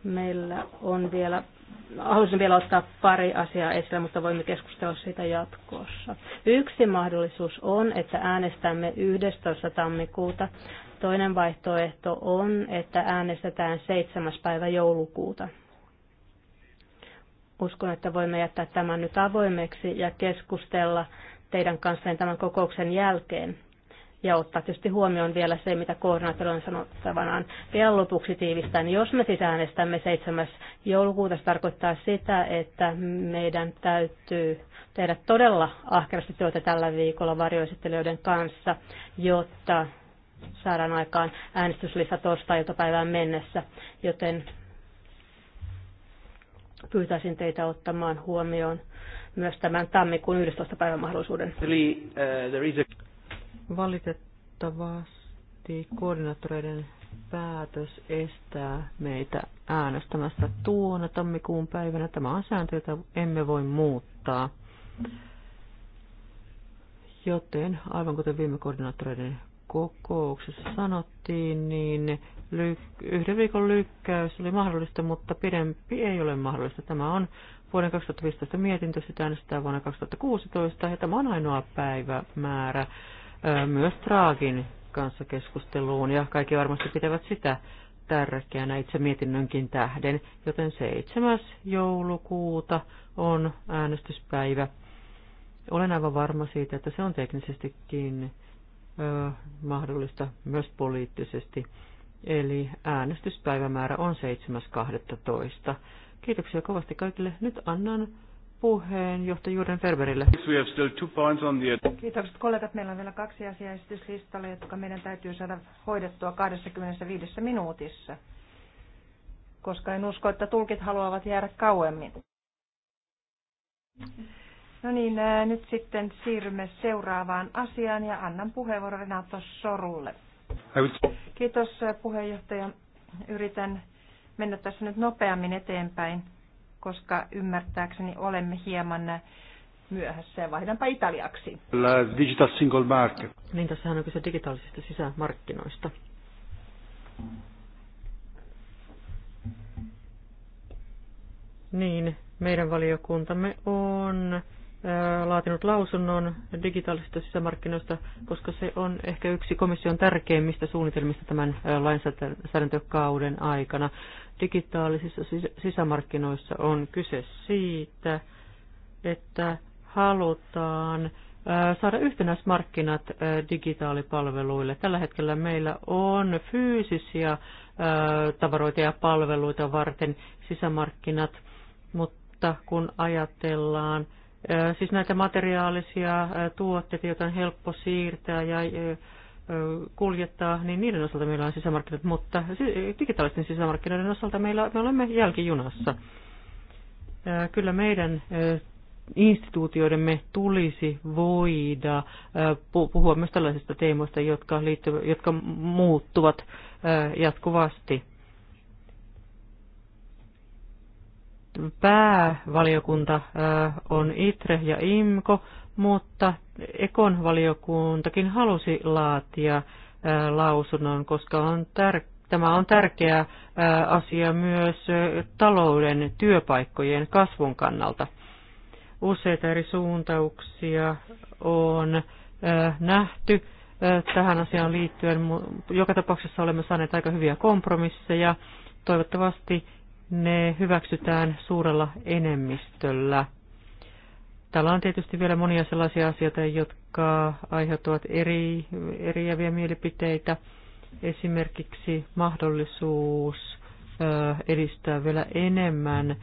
meillä on vielä, haluaisin vielä ottaa pari asiaa esille, mutta voimme keskustella siitä jatkossa. Yksi mahdollisuus on, että äänestämme 11. tammikuuta. Toinen vaihtoehto on, että äänestetään 7. päivä joulukuuta. Uskon, että voimme jättää tämän nyt avoimeksi ja keskustella teidän kanssanne tämän kokouksen jälkeen. Ja ottaa tietysti huomioon vielä se, mitä koordinaattori on sanottavanaan. Vielä lopuksi tiivistään, jos me siis äänestämme 7. joulukuuta, se tarkoittaa sitä, että meidän täytyy tehdä todella ahkerasti työtä tällä viikolla varjoesittelijöiden kanssa, jotta saadaan aikaan äänestyslista torstai-iltapäivään mennessä, joten pyytäisin teitä ottamaan huomioon myös tämän tammikuun 11. päivän mahdollisuuden. Eli, uh, a... Valitettavasti koordinaattoreiden päätös estää meitä äänestämästä tuona tammikuun päivänä. Tämä on sääntö, jota emme voi muuttaa. Joten aivan kuten viime koordinaattoreiden kokouksessa sanottiin, niin yhden viikon lykkäys oli mahdollista, mutta pidempi ei ole mahdollista. Tämä on vuoden 2015 mietintö, sitä äänestetään vuonna 2016 ja tämä on ainoa päivämäärä myös Traagin kanssa keskusteluun ja kaikki varmasti pitävät sitä tärkeänä itse mietinnönkin tähden, joten 7. joulukuuta on äänestyspäivä. Olen aivan varma siitä, että se on teknisestikin Äh, mahdollista myös poliittisesti. Eli äänestyspäivämäärä on 7.12. Kiitoksia kovasti kaikille. Nyt annan johtajuuden Ferberille. Kiitokset kollegat. Meillä on vielä kaksi asiaa esityslistalle, jotka meidän täytyy saada hoidettua 25 minuutissa, koska en usko, että tulkit haluavat jäädä kauemmin. No niin, nyt sitten siirrymme seuraavaan asiaan ja annan puheenvuoron Renato Sorulle. Kiitos puheenjohtaja. Yritän mennä tässä nyt nopeammin eteenpäin, koska ymmärtääkseni olemme hieman myöhässä ja vaihdanpa italiaksi. La digital single market. Niin, tässähän on kyse digitaalisista sisämarkkinoista. Niin, meidän valiokuntamme on Äh, laatinut lausunnon digitaalisista sisämarkkinoista, koska se on ehkä yksi komission tärkeimmistä suunnitelmista tämän äh, lainsäädäntökauden aikana. Digitaalisissa sisämarkkinoissa on kyse siitä, että halutaan äh, saada yhtenäismarkkinat digitaalipalveluille. Tällä hetkellä meillä on fyysisiä tavaroita ja palveluita varten sisämarkkinat, mutta kun ajatellaan siis näitä materiaalisia tuotteita, joita on helppo siirtää ja kuljettaa, niin niiden osalta meillä on sisämarkkinat, mutta digitaalisten sisämarkkinoiden osalta meillä, me olemme jälkijunassa. Kyllä meidän instituutioidemme tulisi voida puhua myös tällaisista teemoista, jotka, liittyvät, jotka muuttuvat jatkuvasti. päävaliokunta on ITRE ja IMKO, mutta Ekon valiokuntakin halusi laatia lausunnon, koska on tär- tämä on tärkeä asia myös talouden, työpaikkojen kasvun kannalta. Useita eri suuntauksia on nähty tähän asiaan liittyen. Joka tapauksessa olemme saaneet aika hyviä kompromisseja. Toivottavasti ne hyväksytään suurella enemmistöllä. Täällä on tietysti vielä monia sellaisia asioita, jotka aiheuttavat eri, eriäviä mielipiteitä. Esimerkiksi mahdollisuus edistää vielä enemmän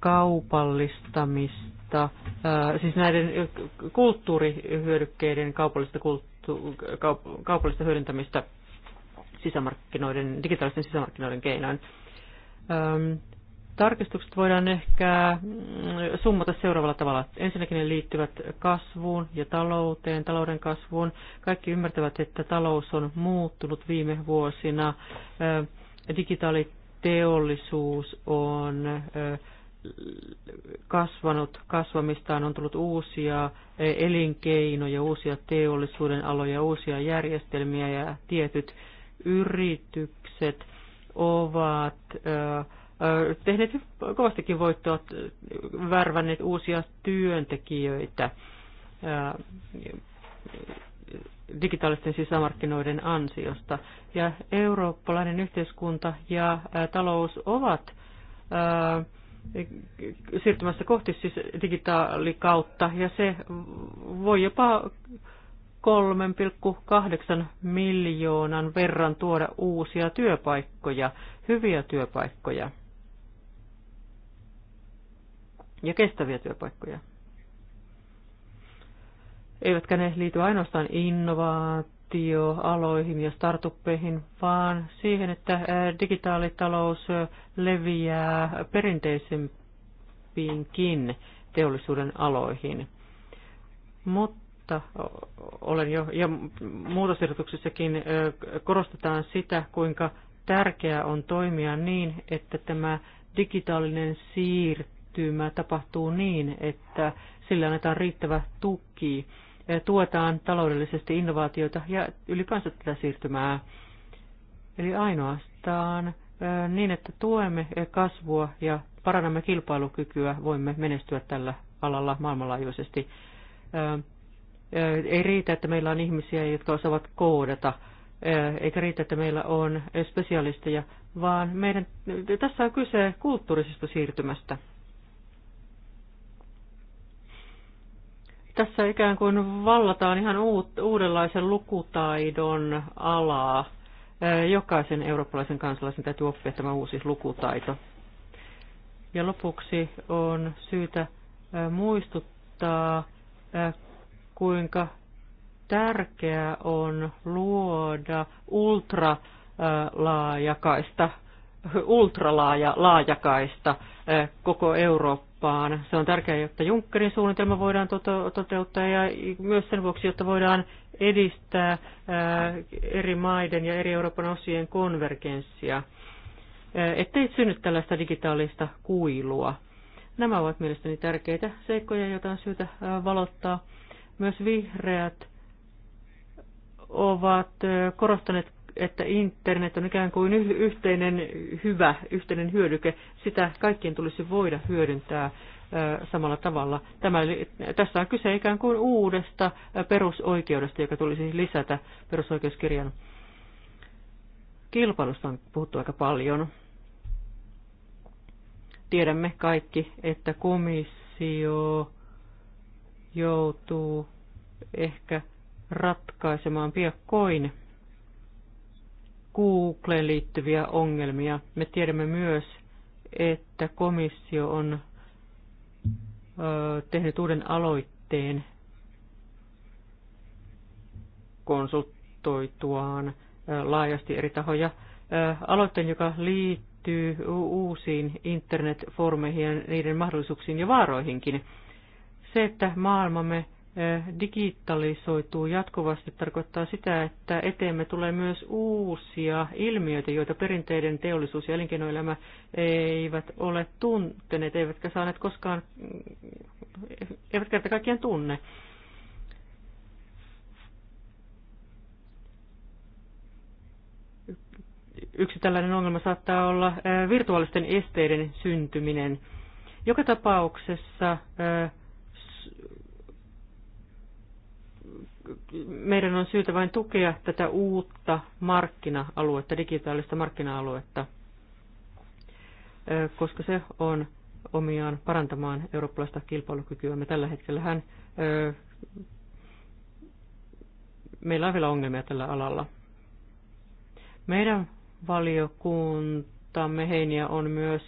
kaupallistamista, siis näiden kulttuurihyödykkeiden kaupallista, kulttu, kaupallista hyödyntämistä sisämarkkinoiden, digitaalisten sisämarkkinoiden keinoin tarkistukset voidaan ehkä mm, summata seuraavalla tavalla. Ensinnäkin ne liittyvät kasvuun ja talouteen, talouden kasvuun. Kaikki ymmärtävät, että talous on muuttunut viime vuosina. Digitaaliteollisuus on kasvanut, kasvamistaan on tullut uusia elinkeinoja, uusia teollisuuden aloja, uusia järjestelmiä ja tietyt yritykset – ovat tehneet kovastikin voittoa, värvänneet uusia työntekijöitä digitaalisten sisämarkkinoiden ansiosta. Ja eurooppalainen yhteiskunta ja talous ovat siirtymässä kohti siis digitaalikautta, ja se voi jopa 3,8 miljoonan verran tuoda uusia työpaikkoja, hyviä työpaikkoja ja kestäviä työpaikkoja. Eivätkä ne liity ainoastaan innovaatioaloihin ja startuppeihin, vaan siihen, että digitaalitalous leviää perinteisempiinkin teollisuuden aloihin. Mutta mutta olen jo, ja muutosehdotuksissakin korostetaan sitä, kuinka tärkeää on toimia niin, että tämä digitaalinen siirtymä tapahtuu niin, että sillä annetaan riittävä tuki, tuetaan taloudellisesti innovaatioita ja ylipäänsä tätä siirtymää. Eli ainoastaan niin, että tuemme kasvua ja parannamme kilpailukykyä, voimme menestyä tällä alalla maailmanlaajuisesti. Ei riitä, että meillä on ihmisiä, jotka osaavat koodata, eikä riitä, että meillä on spesialisteja, vaan meidän, tässä on kyse kulttuurisesta siirtymästä. Tässä ikään kuin vallataan ihan uut, uudenlaisen lukutaidon alaa. Jokaisen eurooppalaisen kansalaisen täytyy oppia tämä uusi lukutaito. Ja lopuksi on syytä muistuttaa kuinka tärkeää on luoda ultralaajakaista, ultralaaja äh, laajakaista äh, koko Eurooppaan. Se on tärkeää, jotta Junckerin suunnitelma voidaan tota, toteuttaa ja myös sen vuoksi, jotta voidaan edistää äh, eri maiden ja eri Euroopan osien konvergenssia, ettei synny tällaista digitaalista kuilua. Nämä ovat mielestäni tärkeitä seikkoja, joita on syytä valottaa myös vihreät ovat korostaneet, että internet on ikään kuin yhteinen hyvä, yhteinen hyödyke. Sitä kaikkien tulisi voida hyödyntää samalla tavalla. Tämä, tässä on kyse ikään kuin uudesta perusoikeudesta, joka tulisi lisätä perusoikeuskirjan. Kilpailusta on puhuttu aika paljon. Tiedämme kaikki, että komissio joutuu ehkä ratkaisemaan piakkoin Googleen liittyviä ongelmia. Me tiedämme myös, että komissio on ö, tehnyt uuden aloitteen konsultoituaan ö, laajasti eri tahoja. Ö, aloitteen, joka liittyy uusiin internetformeihin ja niiden mahdollisuuksiin ja vaaroihinkin. Se, että maailmamme digitalisoituu jatkuvasti, tarkoittaa sitä, että eteemme tulee myös uusia ilmiöitä, joita perinteiden teollisuus ja elinkeinoelämä eivät ole tunteneet, eivätkä saaneet koskaan, eivät kerta kaikkien tunne. Yksi tällainen ongelma saattaa olla virtuaalisten esteiden syntyminen. Joka tapauksessa meidän on syytä vain tukea tätä uutta markkina-aluetta, digitaalista markkina-aluetta, koska se on omiaan parantamaan eurooppalaista kilpailukykyä. Me tällä hetkellä hän meillä on vielä ongelmia tällä alalla. Meidän valiokuntamme heiniä on myös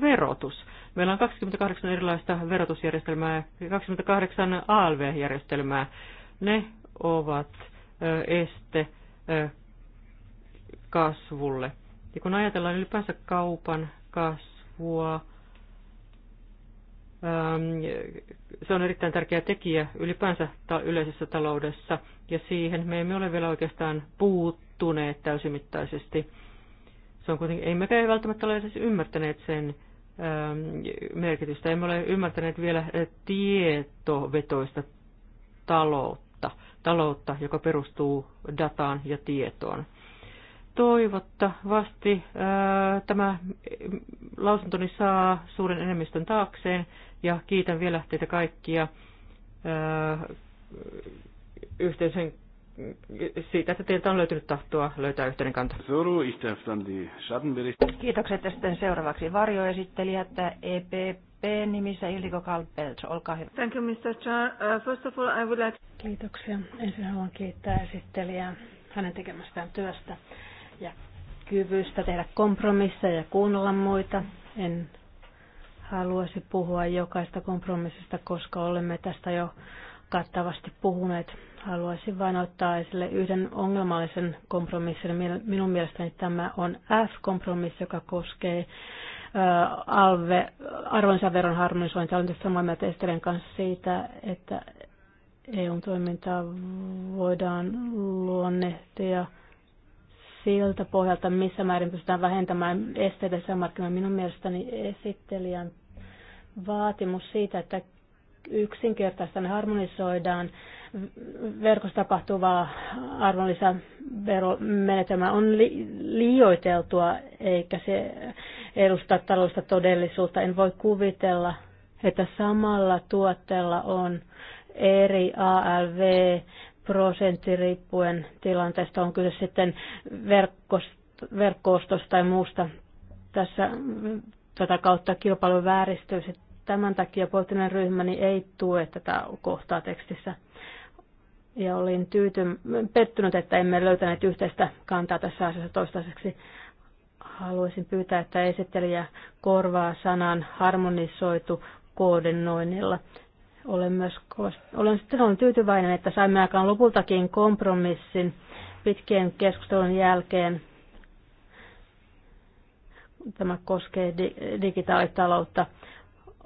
verotus. Meillä on 28 erilaista verotusjärjestelmää, 28 ALV-järjestelmää. Ne ovat este kasvulle. Ja kun ajatellaan ylipäänsä kaupan kasvua, se on erittäin tärkeä tekijä ylipäänsä yleisessä taloudessa, ja siihen me emme ole vielä oikeastaan puuttuneet täysimittaisesti. Se on kuitenkin, ei mekään välttämättä ole edes ymmärtäneet sen merkitystä. Emme ole ymmärtäneet vielä tietovetoista taloutta taloutta, taloutta, joka perustuu dataan ja tietoon. Toivottavasti ää, tämä lausuntoni saa suuren enemmistön taakseen ja kiitän vielä teitä kaikkia ää, yhteisen siitä, että teiltä on löytynyt tahtoa löytää yhteinen kanta. Kiitokset ja sitten seuraavaksi varjoesittelijät EPP nimissä Ildiko Kalpelts, olkaa hyvä. Thank you, Mr. Uh, first of all, I would like... Kiitoksia. Ensin haluan kiittää esittelijää hänen tekemästään työstä ja kyvystä tehdä kompromisseja ja kuunnella muita. En haluaisi puhua jokaista kompromissista, koska olemme tästä jo kattavasti puhuneet Haluaisin vain ottaa esille yhden ongelmallisen kompromissin. Minun mielestäni tämä on F-kompromissi, joka koskee alve, arvonlisäveron harmonisointia. Olen tässä samaa mieltä Esterin kanssa siitä, että EU-toimintaa voidaan luonnehtia siltä pohjalta, missä määrin pystytään vähentämään esteitä sisämarkkinoilla. Minun mielestäni esittelijän vaatimus siitä, että yksinkertaisesti harmonisoidaan verkossa tapahtuvaa arvonlisäveromenetelmää on li- liioiteltua, eikä se edusta taloudellista todellisuutta. En voi kuvitella, että samalla tuotteella on eri ALV prosentti riippuen tilanteesta, on kyse sitten verkkoostosta tai muusta. Tässä tätä kautta kilpailu vääristyy. Tämän takia poliittinen ryhmäni ei tue tätä kohtaa tekstissä ja olin tyytym, pettynyt, että emme löytäneet yhteistä kantaa tässä asiassa toistaiseksi. Haluaisin pyytää, että esittelijä korvaa sanan harmonisoitu koordinoinnilla. Olen myös olen sitten ollut tyytyväinen, että saimme aikaan lopultakin kompromissin pitkien keskustelun jälkeen. Tämä koskee digitaalitaloutta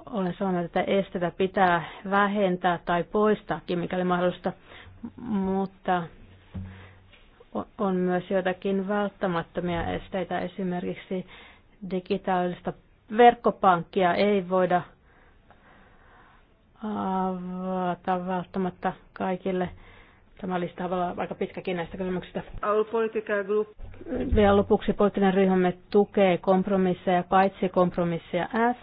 olen sanonut, että estetä pitää vähentää tai poistaakin, mikäli mahdollista mutta on myös joitakin välttämättömiä esteitä. Esimerkiksi digitaalista verkkopankkia ei voida avata välttämättä kaikille. Tämä lista on aika pitkäkin näistä kysymyksistä. Vielä lopuksi poliittinen ryhmämme tukee kompromisseja, paitsi kompromisseja F.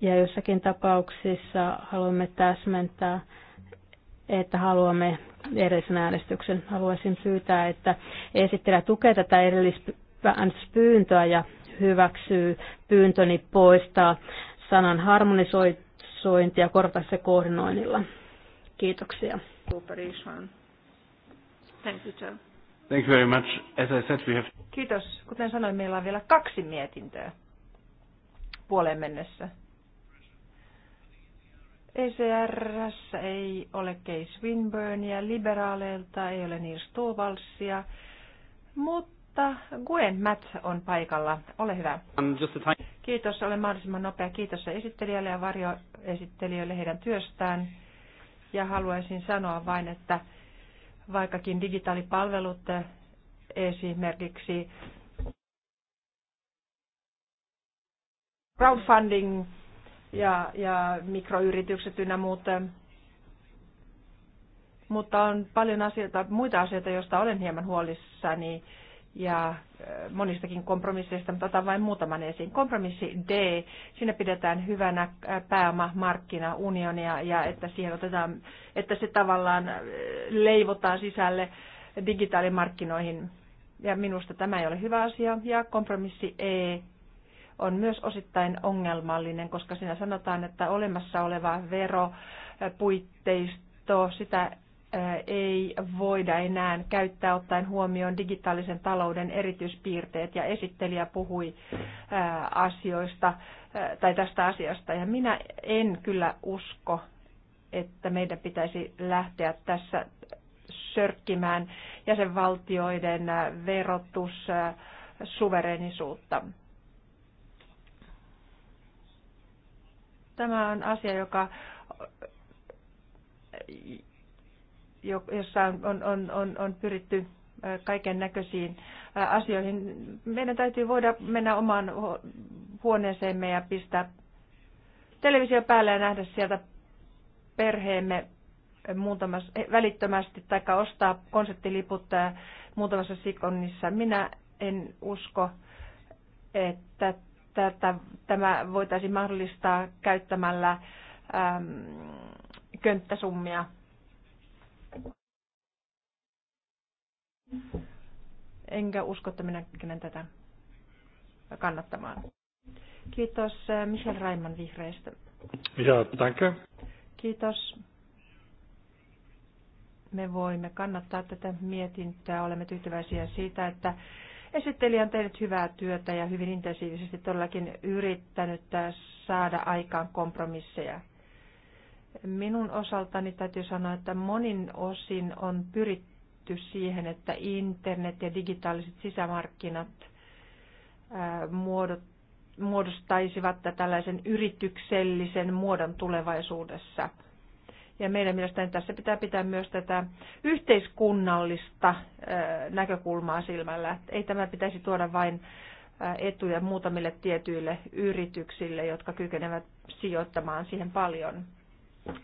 Ja jossakin tapauksissa haluamme täsmentää että haluamme erillisen äänestyksen. Haluaisin pyytää, että esittelijä tukee tätä erillispyyntöä ja hyväksyy pyyntöni poistaa sanan harmonisointi ja korvata se koordinoinnilla. Kiitoksia. Thank you very much. As I said, we have... Kiitos. Kuten sanoin, meillä on vielä kaksi mietintöä puoleen mennessä. ECRS ei ole Case Winburnia, liberaaleilta ei ole Nils Torvaldsia, mutta Gwen Matt on paikalla. Ole hyvä. Um, Kiitos, olen mahdollisimman nopea. Kiitos esittelijälle ja varjoesittelijöille heidän työstään. Ja haluaisin sanoa vain, että vaikkakin digitaalipalvelut esimerkiksi crowdfunding ja, ja mikroyritykset ynnä muut. Mutta on paljon asioita, muita asioita, joista olen hieman huolissani ja äh, monistakin kompromisseista, mutta otan vain muutaman esiin. Kompromissi D, siinä pidetään hyvänä äh, pääomamarkkinaunionia ja että, siihen otetaan, että se tavallaan äh, leivotaan sisälle digitaalimarkkinoihin. Ja minusta tämä ei ole hyvä asia. Ja kompromissi E, on myös osittain ongelmallinen, koska siinä sanotaan, että olemassa oleva veropuitteisto, sitä ei voida enää käyttää ottaen huomioon digitaalisen talouden erityispiirteet ja esittelijä puhui asioista tai tästä asiasta ja minä en kyllä usko, että meidän pitäisi lähteä tässä sörkkimään jäsenvaltioiden verotussuverenisuutta. suverenisuutta. Tämä on asia, joka, jossa on, on, on, on pyritty kaiken näköisiin asioihin. Meidän täytyy voida mennä omaan huoneeseemme ja pistää televisio päälle ja nähdä sieltä perheemme muutamassa, eh, välittömästi tai ostaa konserttiliput muutamassa sekunnissa. Minä en usko, että että tämä voitaisiin mahdollistaa käyttämällä äm, könttäsummia. Enkä usko, että minä kenen tätä kannattamaan. Kiitos äh, Michel Raiman vihreistä. Ja, danke. Kiitos. Me voimme kannattaa tätä mietintää. Olemme tyytyväisiä siitä, että Esittelijä on tehnyt hyvää työtä ja hyvin intensiivisesti todellakin yrittänyt saada aikaan kompromisseja. Minun osaltani täytyy sanoa, että monin osin on pyritty siihen, että internet ja digitaaliset sisämarkkinat muodostaisivat tällaisen yrityksellisen muodon tulevaisuudessa – ja meidän mielestäni tässä pitää pitää myös tätä yhteiskunnallista näkökulmaa silmällä. Ei tämä pitäisi tuoda vain etuja muutamille tietyille yrityksille, jotka kykenevät sijoittamaan siihen paljon.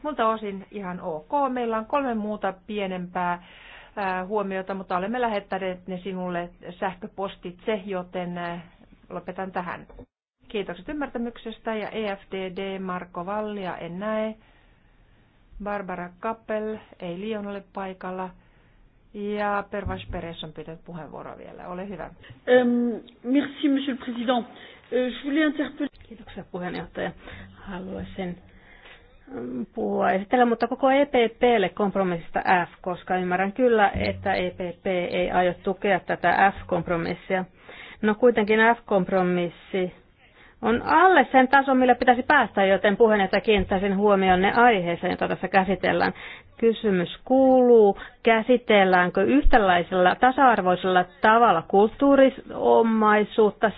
Mutta osin ihan ok. Meillä on kolme muuta pienempää huomiota, mutta olemme lähettäneet ne sinulle sähköpostitse, joten lopetan tähän. Kiitokset ymmärtämyksestä ja EFTD Marko Vallia en näe. Barbara Kappel ei liian ole paikalla. Ja Pervas Peres on pitänyt puheenvuoroa vielä. Ole hyvä. Um, merci, monsieur le président. Uh, Kiitoksia puheenjohtaja. Haluaisin ähm, puhua esitellä, mutta koko EPPlle kompromissista F, koska ymmärrän kyllä, että EPP ei aio tukea tätä F-kompromissia. No kuitenkin F-kompromissi on alle sen tason, millä pitäisi päästä, joten että kiinnittäisin ne aiheeseen, jota tässä käsitellään. Kysymys kuuluu, käsitelläänkö yhtäläisellä tasa-arvoisella tavalla kulttuurisomaisuutta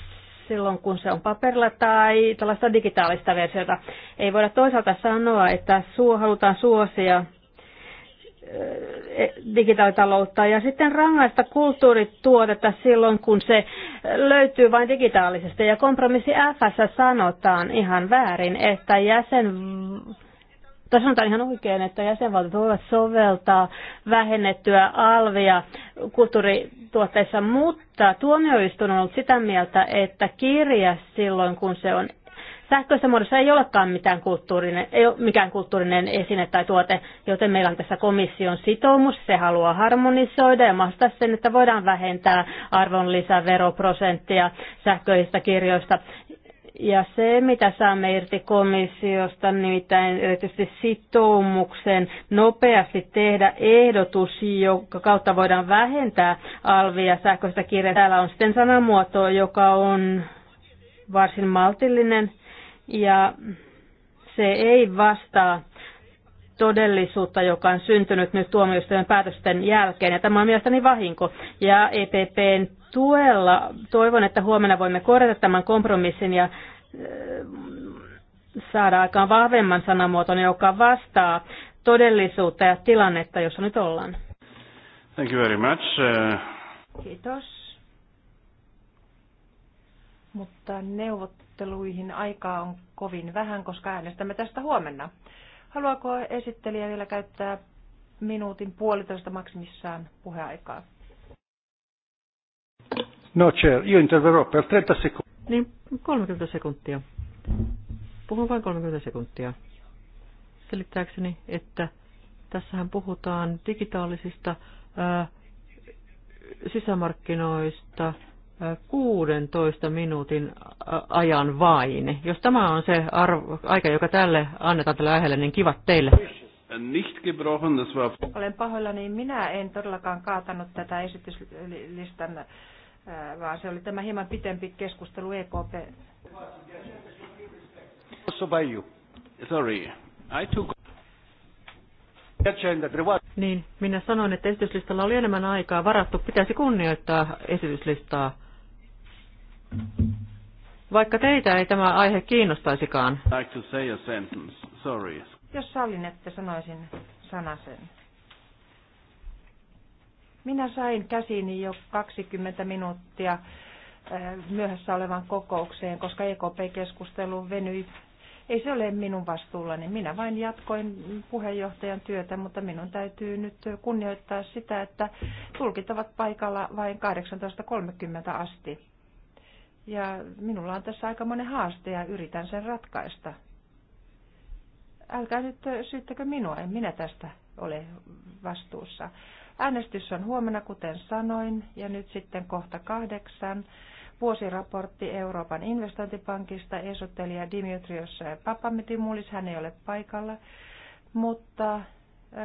silloin, kun se on paperilla tai tällaista digitaalista versiota. Ei voida toisaalta sanoa, että suo halutaan suosia Eh, eh, digitaalitaloutta ja sitten rangaista kulttuurituotetta silloin, kun se löytyy vain digitaalisesta. Ja kompromissi FS sanotaan ihan väärin, että jäsen tai sanotaan ihan oikein, että jäsenvaltiot voivat soveltaa vähennettyä alvia kulttuurituotteissa, mutta tuomioistuin on ollut sitä mieltä, että kirja silloin, kun se on Sähköisessä muodossa ei olekaan mitään kulttuurinen, ei ole mikään kulttuurinen esine tai tuote, joten meillä on tässä komission sitoumus. Se haluaa harmonisoida ja mahdollistaa sen, että voidaan vähentää arvonlisäveroprosenttia sähköisistä kirjoista. Ja se, mitä saamme irti komissiosta, nimittäin erityisesti sitoumuksen nopeasti tehdä ehdotus, jonka kautta voidaan vähentää alvia sähköistä kirjaa. Täällä on sitten sanamuoto, joka on varsin maltillinen ja se ei vastaa todellisuutta, joka on syntynyt nyt tuomioistuimen päätösten jälkeen. Ja tämä on mielestäni vahinko. Ja EPPn tuella toivon, että huomenna voimme korjata tämän kompromissin ja äh, saada aikaan vahvemman sanamuoton, joka vastaa todellisuutta ja tilannetta, jossa nyt ollaan. Thank you very much. Uh, Kiitos. Mutta neuvot keskusteluihin aikaa on kovin vähän, koska äänestämme tästä huomenna. Haluaako esittelijä vielä käyttää minuutin puolitoista maksimissaan puheaikaa? No chair, io intervero per 30 sekuntia. Niin, 30 sekuntia. Puhun vain 30 sekuntia. Selittääkseni, että tässähän puhutaan digitaalisista ää, sisämarkkinoista, 16 minuutin ajan vain. Jos tämä on se arvo, aika, joka tälle annetaan tälle aiheelle, niin kivat teille. Olen niin minä en todellakaan kaatanut tätä esityslistan, vaan se oli tämä hieman pitempi keskustelu EKP. Sorry, I took... Niin, minä sanoin, että esityslistalla oli enemmän aikaa varattu. Pitäisi kunnioittaa esityslistaa. Vaikka teitä ei tämä aihe kiinnostaisikaan. Like to say a sentence. Sorry. Jos sallin, että sanoisin sanasen. Minä sain käsiini jo 20 minuuttia eh, myöhässä olevan kokoukseen, koska EKP-keskustelu venyi. Ei se ole minun vastuullani. Minä vain jatkoin puheenjohtajan työtä, mutta minun täytyy nyt kunnioittaa sitä, että tulkit ovat paikalla vain 18.30 asti. Ja minulla on tässä aika monen haaste ja yritän sen ratkaista. Älkää nyt syyttäkö minua, en minä tästä ole vastuussa. Äänestys on huomenna, kuten sanoin, ja nyt sitten kohta kahdeksan. Vuosiraportti Euroopan investointipankista esottelija Dimitrios Papamitimulis, hän ei ole paikalla, mutta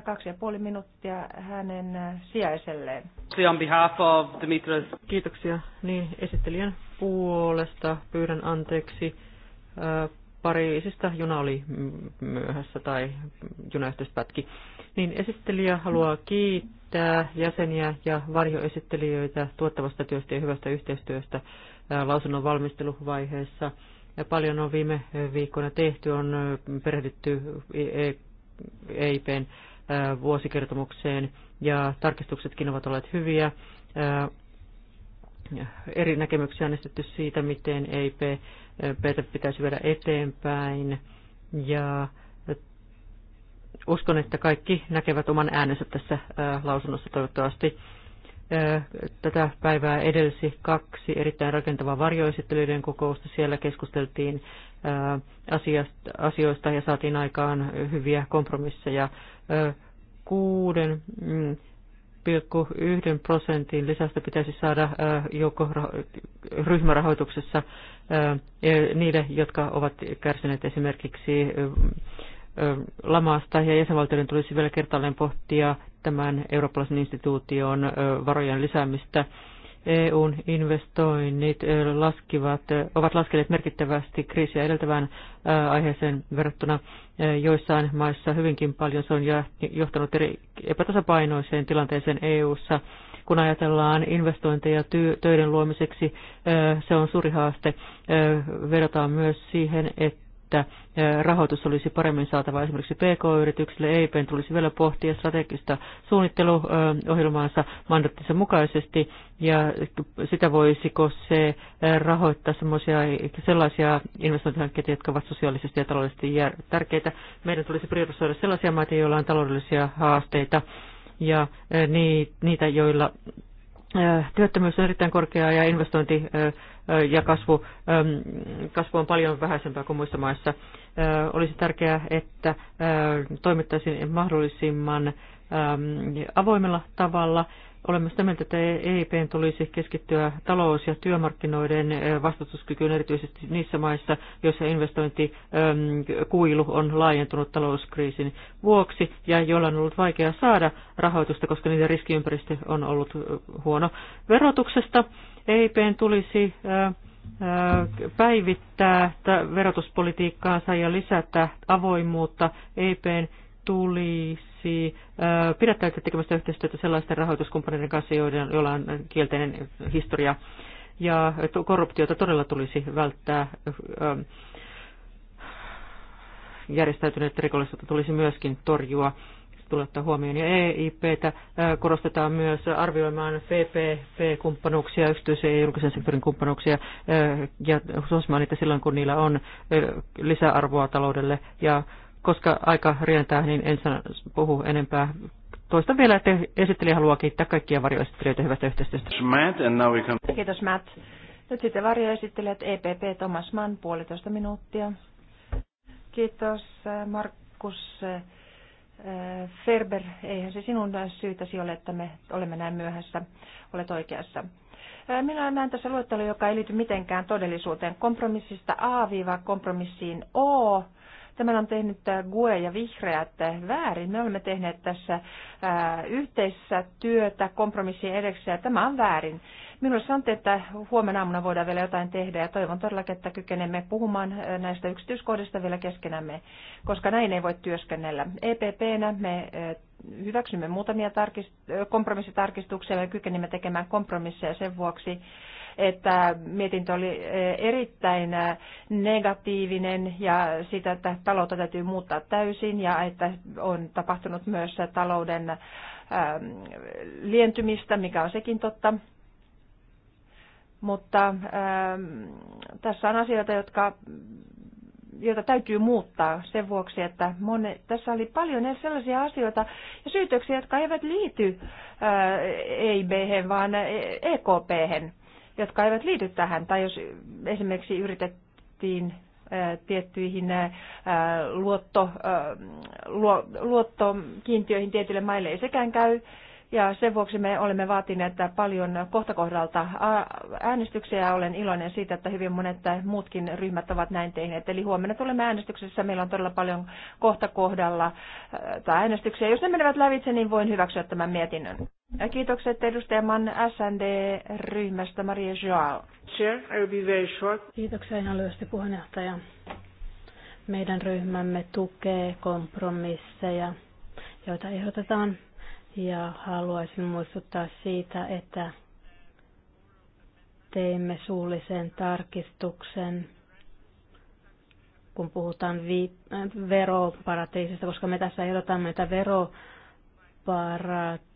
kaksi ja puoli minuuttia hänen sijaiselleen. On behalf of Dimitrios. Kiitoksia niin esittelijän puolesta pyydän anteeksi. Pariisista juna oli myöhässä tai junayhteyspätki. Niin esittelijä haluaa kiittää jäseniä ja varjoesittelijöitä tuottavasta työstä ja hyvästä yhteistyöstä lausunnon valmisteluvaiheessa. Ja paljon on viime viikkoina tehty, on perehdytty EIPn e- e vuosikertomukseen ja tarkistuksetkin ovat olleet hyviä eri näkemyksiä on estetty siitä, miten EIP pitäisi viedä eteenpäin. Ja uskon, että kaikki näkevät oman äänensä tässä lausunnossa toivottavasti. Tätä päivää edelsi kaksi erittäin rakentavaa varjoesittelyiden kokousta. Siellä keskusteltiin asioista ja saatiin aikaan hyviä kompromisseja. Kuuden mm, 1,1 prosentin lisästä pitäisi saada joukko ryhmärahoituksessa niille, jotka ovat kärsineet esimerkiksi lamasta ja jäsenvaltioiden tulisi vielä kertaalleen pohtia tämän eurooppalaisen instituution varojen lisäämistä EUn investoinnit laskivat, ovat laskeneet merkittävästi kriisiä edeltävään aiheeseen verrattuna joissain maissa hyvinkin paljon. Se on johtanut eri epätasapainoiseen tilanteeseen EUssa. Kun ajatellaan investointeja töiden luomiseksi, se on suuri haaste. Vedotaan myös siihen, että että rahoitus olisi paremmin saatava esimerkiksi PK-yrityksille. EIP tulisi vielä pohtia strategista suunnitteluohjelmaansa mandattinsa mukaisesti ja sitä voisiko se rahoittaa sellaisia investointihankkeita, jotka ovat sosiaalisesti ja taloudellisesti tärkeitä. Meidän tulisi priorisoida sellaisia maita, joilla on taloudellisia haasteita ja niitä, joilla Työttömyys on erittäin korkeaa ja investointi ja kasvu, kasvu on paljon vähäisempää kuin muissa maissa. Olisi tärkeää, että toimittaisiin mahdollisimman avoimella tavalla Olemme sitä mieltä, että EIPn tulisi keskittyä talous- ja työmarkkinoiden vastustuskykyyn erityisesti niissä maissa, joissa investointikuilu on laajentunut talouskriisin vuoksi ja joilla on ollut vaikea saada rahoitusta, koska niiden riskiympäristö on ollut huono. Verotuksesta EIPn tulisi päivittää verotuspolitiikkaansa ja lisätä avoimuutta. EIPn tulisi pidättäytyä tekemästä yhteistyötä sellaisten rahoituskumppaneiden kanssa, joiden, joilla on kielteinen historia. Ja korruptiota todella tulisi välttää. Järjestäytyneet rikollisuutta tulisi myöskin torjua tulee ottaa huomioon. Ja EIPtä korostetaan myös arvioimaan PPP-kumppanuuksia, yksityisen ja julkisen sektorin kumppanuuksia ja suosimaan niitä silloin, kun niillä on lisäarvoa taloudelle ja koska aika rientää, niin en sano, puhu enempää. Toista vielä, että esittelijä haluaa kiittää kaikkia varjoesittelijöitä hyvästä yhteistyöstä. Matt, and now we can... Kiitos Matt. Nyt sitten varjoesittelijät EPP Thomas Mann, puolitoista minuuttia. Kiitos äh, Markus äh, Ferber. Eihän se sinun syytäsi ole, että me olemme näin myöhässä. Olet oikeassa. Äh, minä näen tässä luettelo, joka ei liity mitenkään todellisuuteen. Kompromissista A-kompromissiin O. -kompromissiin o Tämän on tehnyt äh, GUE ja Vihreät äh, väärin. Me olemme tehneet tässä äh, yhteisessä työtä kompromissien edessä ja tämä on väärin. Minulle sanottiin, että huomenna aamuna voidaan vielä jotain tehdä ja toivon todellakin, että kykenemme puhumaan näistä yksityiskohdista vielä keskenämme, koska näin ei voi työskennellä. EPPnä me hyväksymme muutamia tarkist- kompromissitarkistuksia ja kykenimme tekemään kompromisseja sen vuoksi, että mietintö oli eh, erittäin eh, negatiivinen ja sitä, että taloutta täytyy muuttaa täysin ja että on tapahtunut myös talouden eh, lientymistä, mikä on sekin totta. Mutta tässä on asioita, jotka joita täytyy muuttaa sen vuoksi, että moni, tässä oli paljon sellaisia asioita ja syytöksiä, jotka eivät liity EIB, e vaan EKP. -hän jotka eivät liity tähän. Tai jos esimerkiksi yritettiin tiettyihin luotto, luottokiintiöihin tietyille maille ei sekään käy. Ja sen vuoksi me olemme vaatineet paljon kohtakohdalta äänestyksiä ja olen iloinen siitä, että hyvin monet muutkin ryhmät ovat näin tehneet. Eli huomenna tulemme äänestyksessä, meillä on todella paljon kohtakohdalla äänestyksiä. Jos ne menevät lävitse, niin voin hyväksyä tämän mietinnön. Ja kiitokset edustajaman SND-ryhmästä Maria Joao. Chair, I will be very short. Kiitoksia ihan lyhyesti puheenjohtaja. Meidän ryhmämme tukee kompromisseja, joita ehdotetaan, ja haluaisin muistuttaa siitä, että teimme suullisen tarkistuksen kun puhutaan vi- äh, veroparatiisista, koska me tässä ehdotamme, että veroparatiisista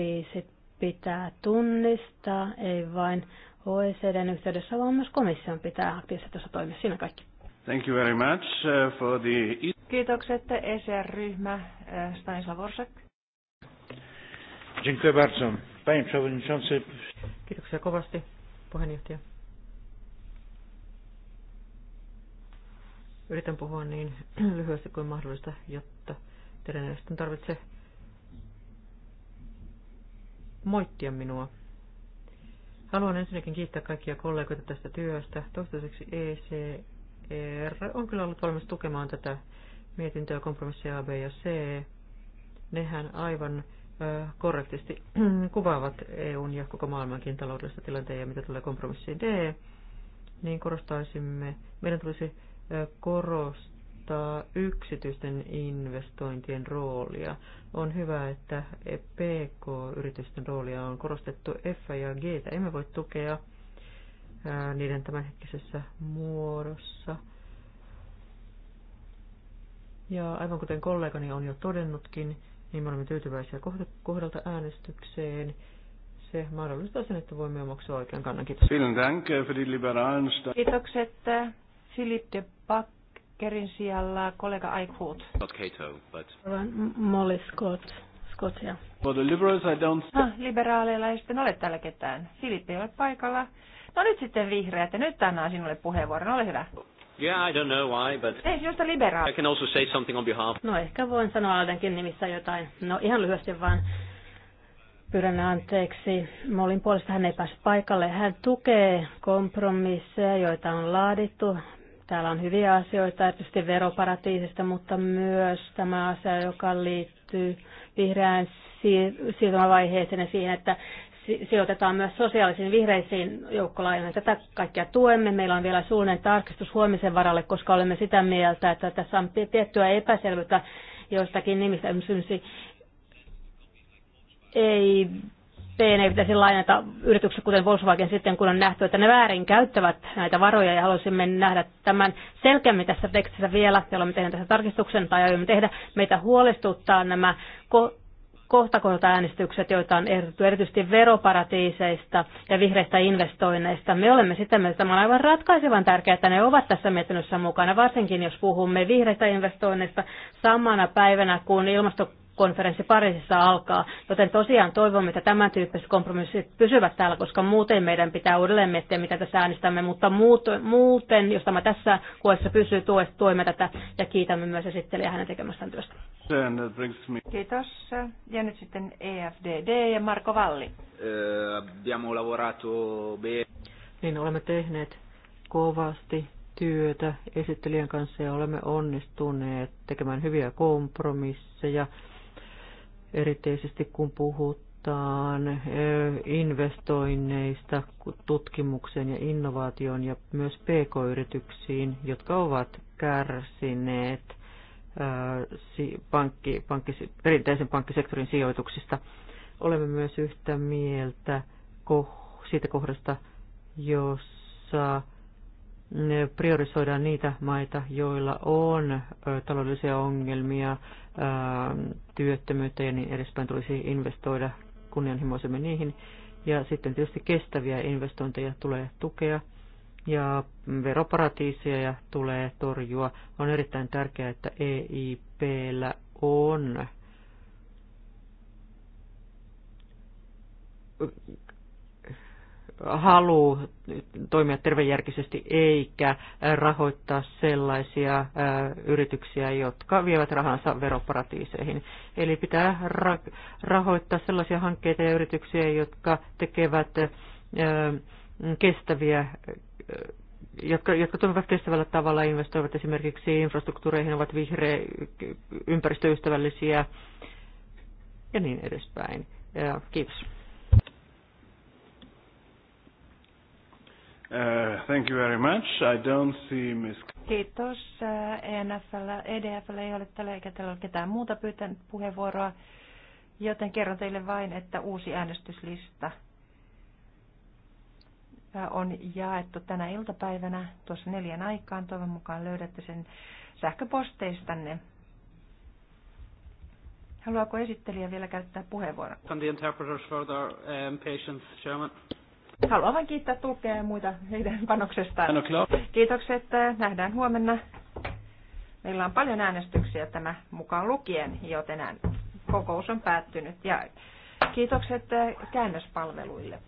yhteiset pitää tunnistaa, ei vain OECDn yhteydessä, vaan myös komission pitää aktiivisesti tässä toimia. Siinä kaikki. Thank you very much uh, for the... Kiitokset ECR-ryhmä uh, Stanislav Orsak. Dziękuję bardzo. Panie Przewodniczący. Kiitoksia kovasti, puheenjohtaja. Yritän puhua niin (clears throat) lyhyesti kuin mahdollista, jotta teidän ei tarvitse moittia minua. Haluan ensinnäkin kiittää kaikkia kollegoita tästä työstä. Toistaiseksi ECR on kyllä ollut valmis tukemaan tätä mietintöä kompromissia A, B ja C. Nehän aivan korrektisti (clears throat) kuvaavat EUn ja koko maailmankin taloudellista tilanteen ja mitä tulee kompromissiin D, niin korostaisimme, meidän tulisi korostaa, korostaa yksityisten investointien roolia. On hyvä, että PK-yritysten roolia on korostettu F ja G. Emme voi tukea niiden tämänhetkisessä muodossa. Ja aivan kuten kollegani on jo todennutkin, niin me olemme tyytyväisiä kohdalta äänestykseen. Se mahdollistaa sen, että voimme omaksua oikean kannan. Kiitos. Eh, Kiitokset eh, Philip de Back Kerin sijalla kollega Eichhout. Not Cato, but... Molly Scott. Scotia. For the liberals I don't... Ah, liberaaleilla ei sitten ole täällä ketään. Filippi ei ole paikalla. No nyt sitten vihreät ja nyt annan sinulle puheenvuoron. Ole hyvä. Yeah, I don't know why, but... Ei sinusta liberaali. I can also say something on behalf... No ehkä voin sanoa Aldenkin nimissä jotain. No ihan lyhyesti vaan pyydän anteeksi. Molin puolesta hän ei päässyt paikalle. Hän tukee kompromisseja, joita on laadittu Täällä on hyviä asioita, erityisesti veroparatiisista, mutta myös tämä asia, joka liittyy vihreään siirtymävaiheeseen ja siihen, että sijoitetaan myös sosiaalisiin vihreisiin joukkolainoihin. Tätä kaikkia tuemme. Meillä on vielä suunnilleen tarkistus huomisen varalle, koska olemme sitä mieltä, että tässä on tiettyä epäselvyyttä joistakin nimistä. Esimerkiksi ei teen ei pitäisi lainata yritykset, kuten Volkswagen sitten, kun on nähty, että ne väärin käyttävät näitä varoja ja haluaisimme nähdä tämän selkeämmin tässä tekstissä vielä, ja olemme tehneet tässä tarkistuksen tai aiomme tehdä. Meitä huolestuttaa nämä ko- kohtakohta äänestykset, joita on ehdotettu erityisesti veroparatiiseista ja vihreistä investoinneista. Me olemme sitä mieltä, että tämä on aivan ratkaisevan tärkeää, että ne ovat tässä mietinnössä mukana, varsinkin jos puhumme vihreistä investoinneista samana päivänä, kun ilmasto konferenssi Pariisissa alkaa. Joten tosiaan toivomme, että tämän tyyppiset kompromissit pysyvät täällä, koska muuten meidän pitää uudelleen miettiä, mitä tässä äänestämme. Mutta muuten, jos tämä tässä kuessa pysyy, tuemme tätä ja kiitämme myös esittelijä hänen tekemästään työstä. Kiitos. Ja nyt sitten EFDD ja Marko Valli. Niin olemme tehneet kovasti työtä esittelijän kanssa ja olemme onnistuneet tekemään hyviä kompromisseja erityisesti kun puhutaan investoinneista tutkimukseen ja innovaation ja myös pk-yrityksiin, jotka ovat kärsineet pankki, pankki, perinteisen pankkisektorin sijoituksista. Olemme myös yhtä mieltä siitä kohdasta, jossa priorisoidaan niitä maita, joilla on taloudellisia ongelmia, työttömyyttä ja niin edespäin tulisi investoida kunnianhimoisemmin niihin. Ja sitten tietysti kestäviä investointeja tulee tukea ja veroparatiiseja tulee torjua. On erittäin tärkeää, että EIPllä on halu toimia tervejärkisesti eikä rahoittaa sellaisia yrityksiä, jotka vievät rahansa veroparatiiseihin. Eli pitää ra- rahoittaa sellaisia hankkeita ja yrityksiä, jotka tekevät kestäviä jotka, jotka toimivat kestävällä tavalla, investoivat esimerkiksi infrastruktuureihin, ovat vihreä, ympäristöystävällisiä ja niin edespäin. Ja kiitos. Uh, thank you very much. I don't see Kiitos. Uh, ENFL, EDFL ei ole tällä eikä ole ketään muuta pyytänyt puheenvuoroa, joten kerron teille vain, että uusi äänestyslista uh, on jaettu tänä iltapäivänä tuossa neljän aikaan. Toivon mukaan löydätte sen sähköposteistanne. Haluaako esittelijä vielä käyttää puheenvuoron? Can the interpreters further um, patience, Chairman? Haluan vain kiittää tukea ja muita heidän panoksestaan. Kiitokset. Nähdään huomenna. Meillä on paljon äänestyksiä tämä mukaan lukien, joten kokous on päättynyt. Ja kiitokset eh, käännöspalveluille.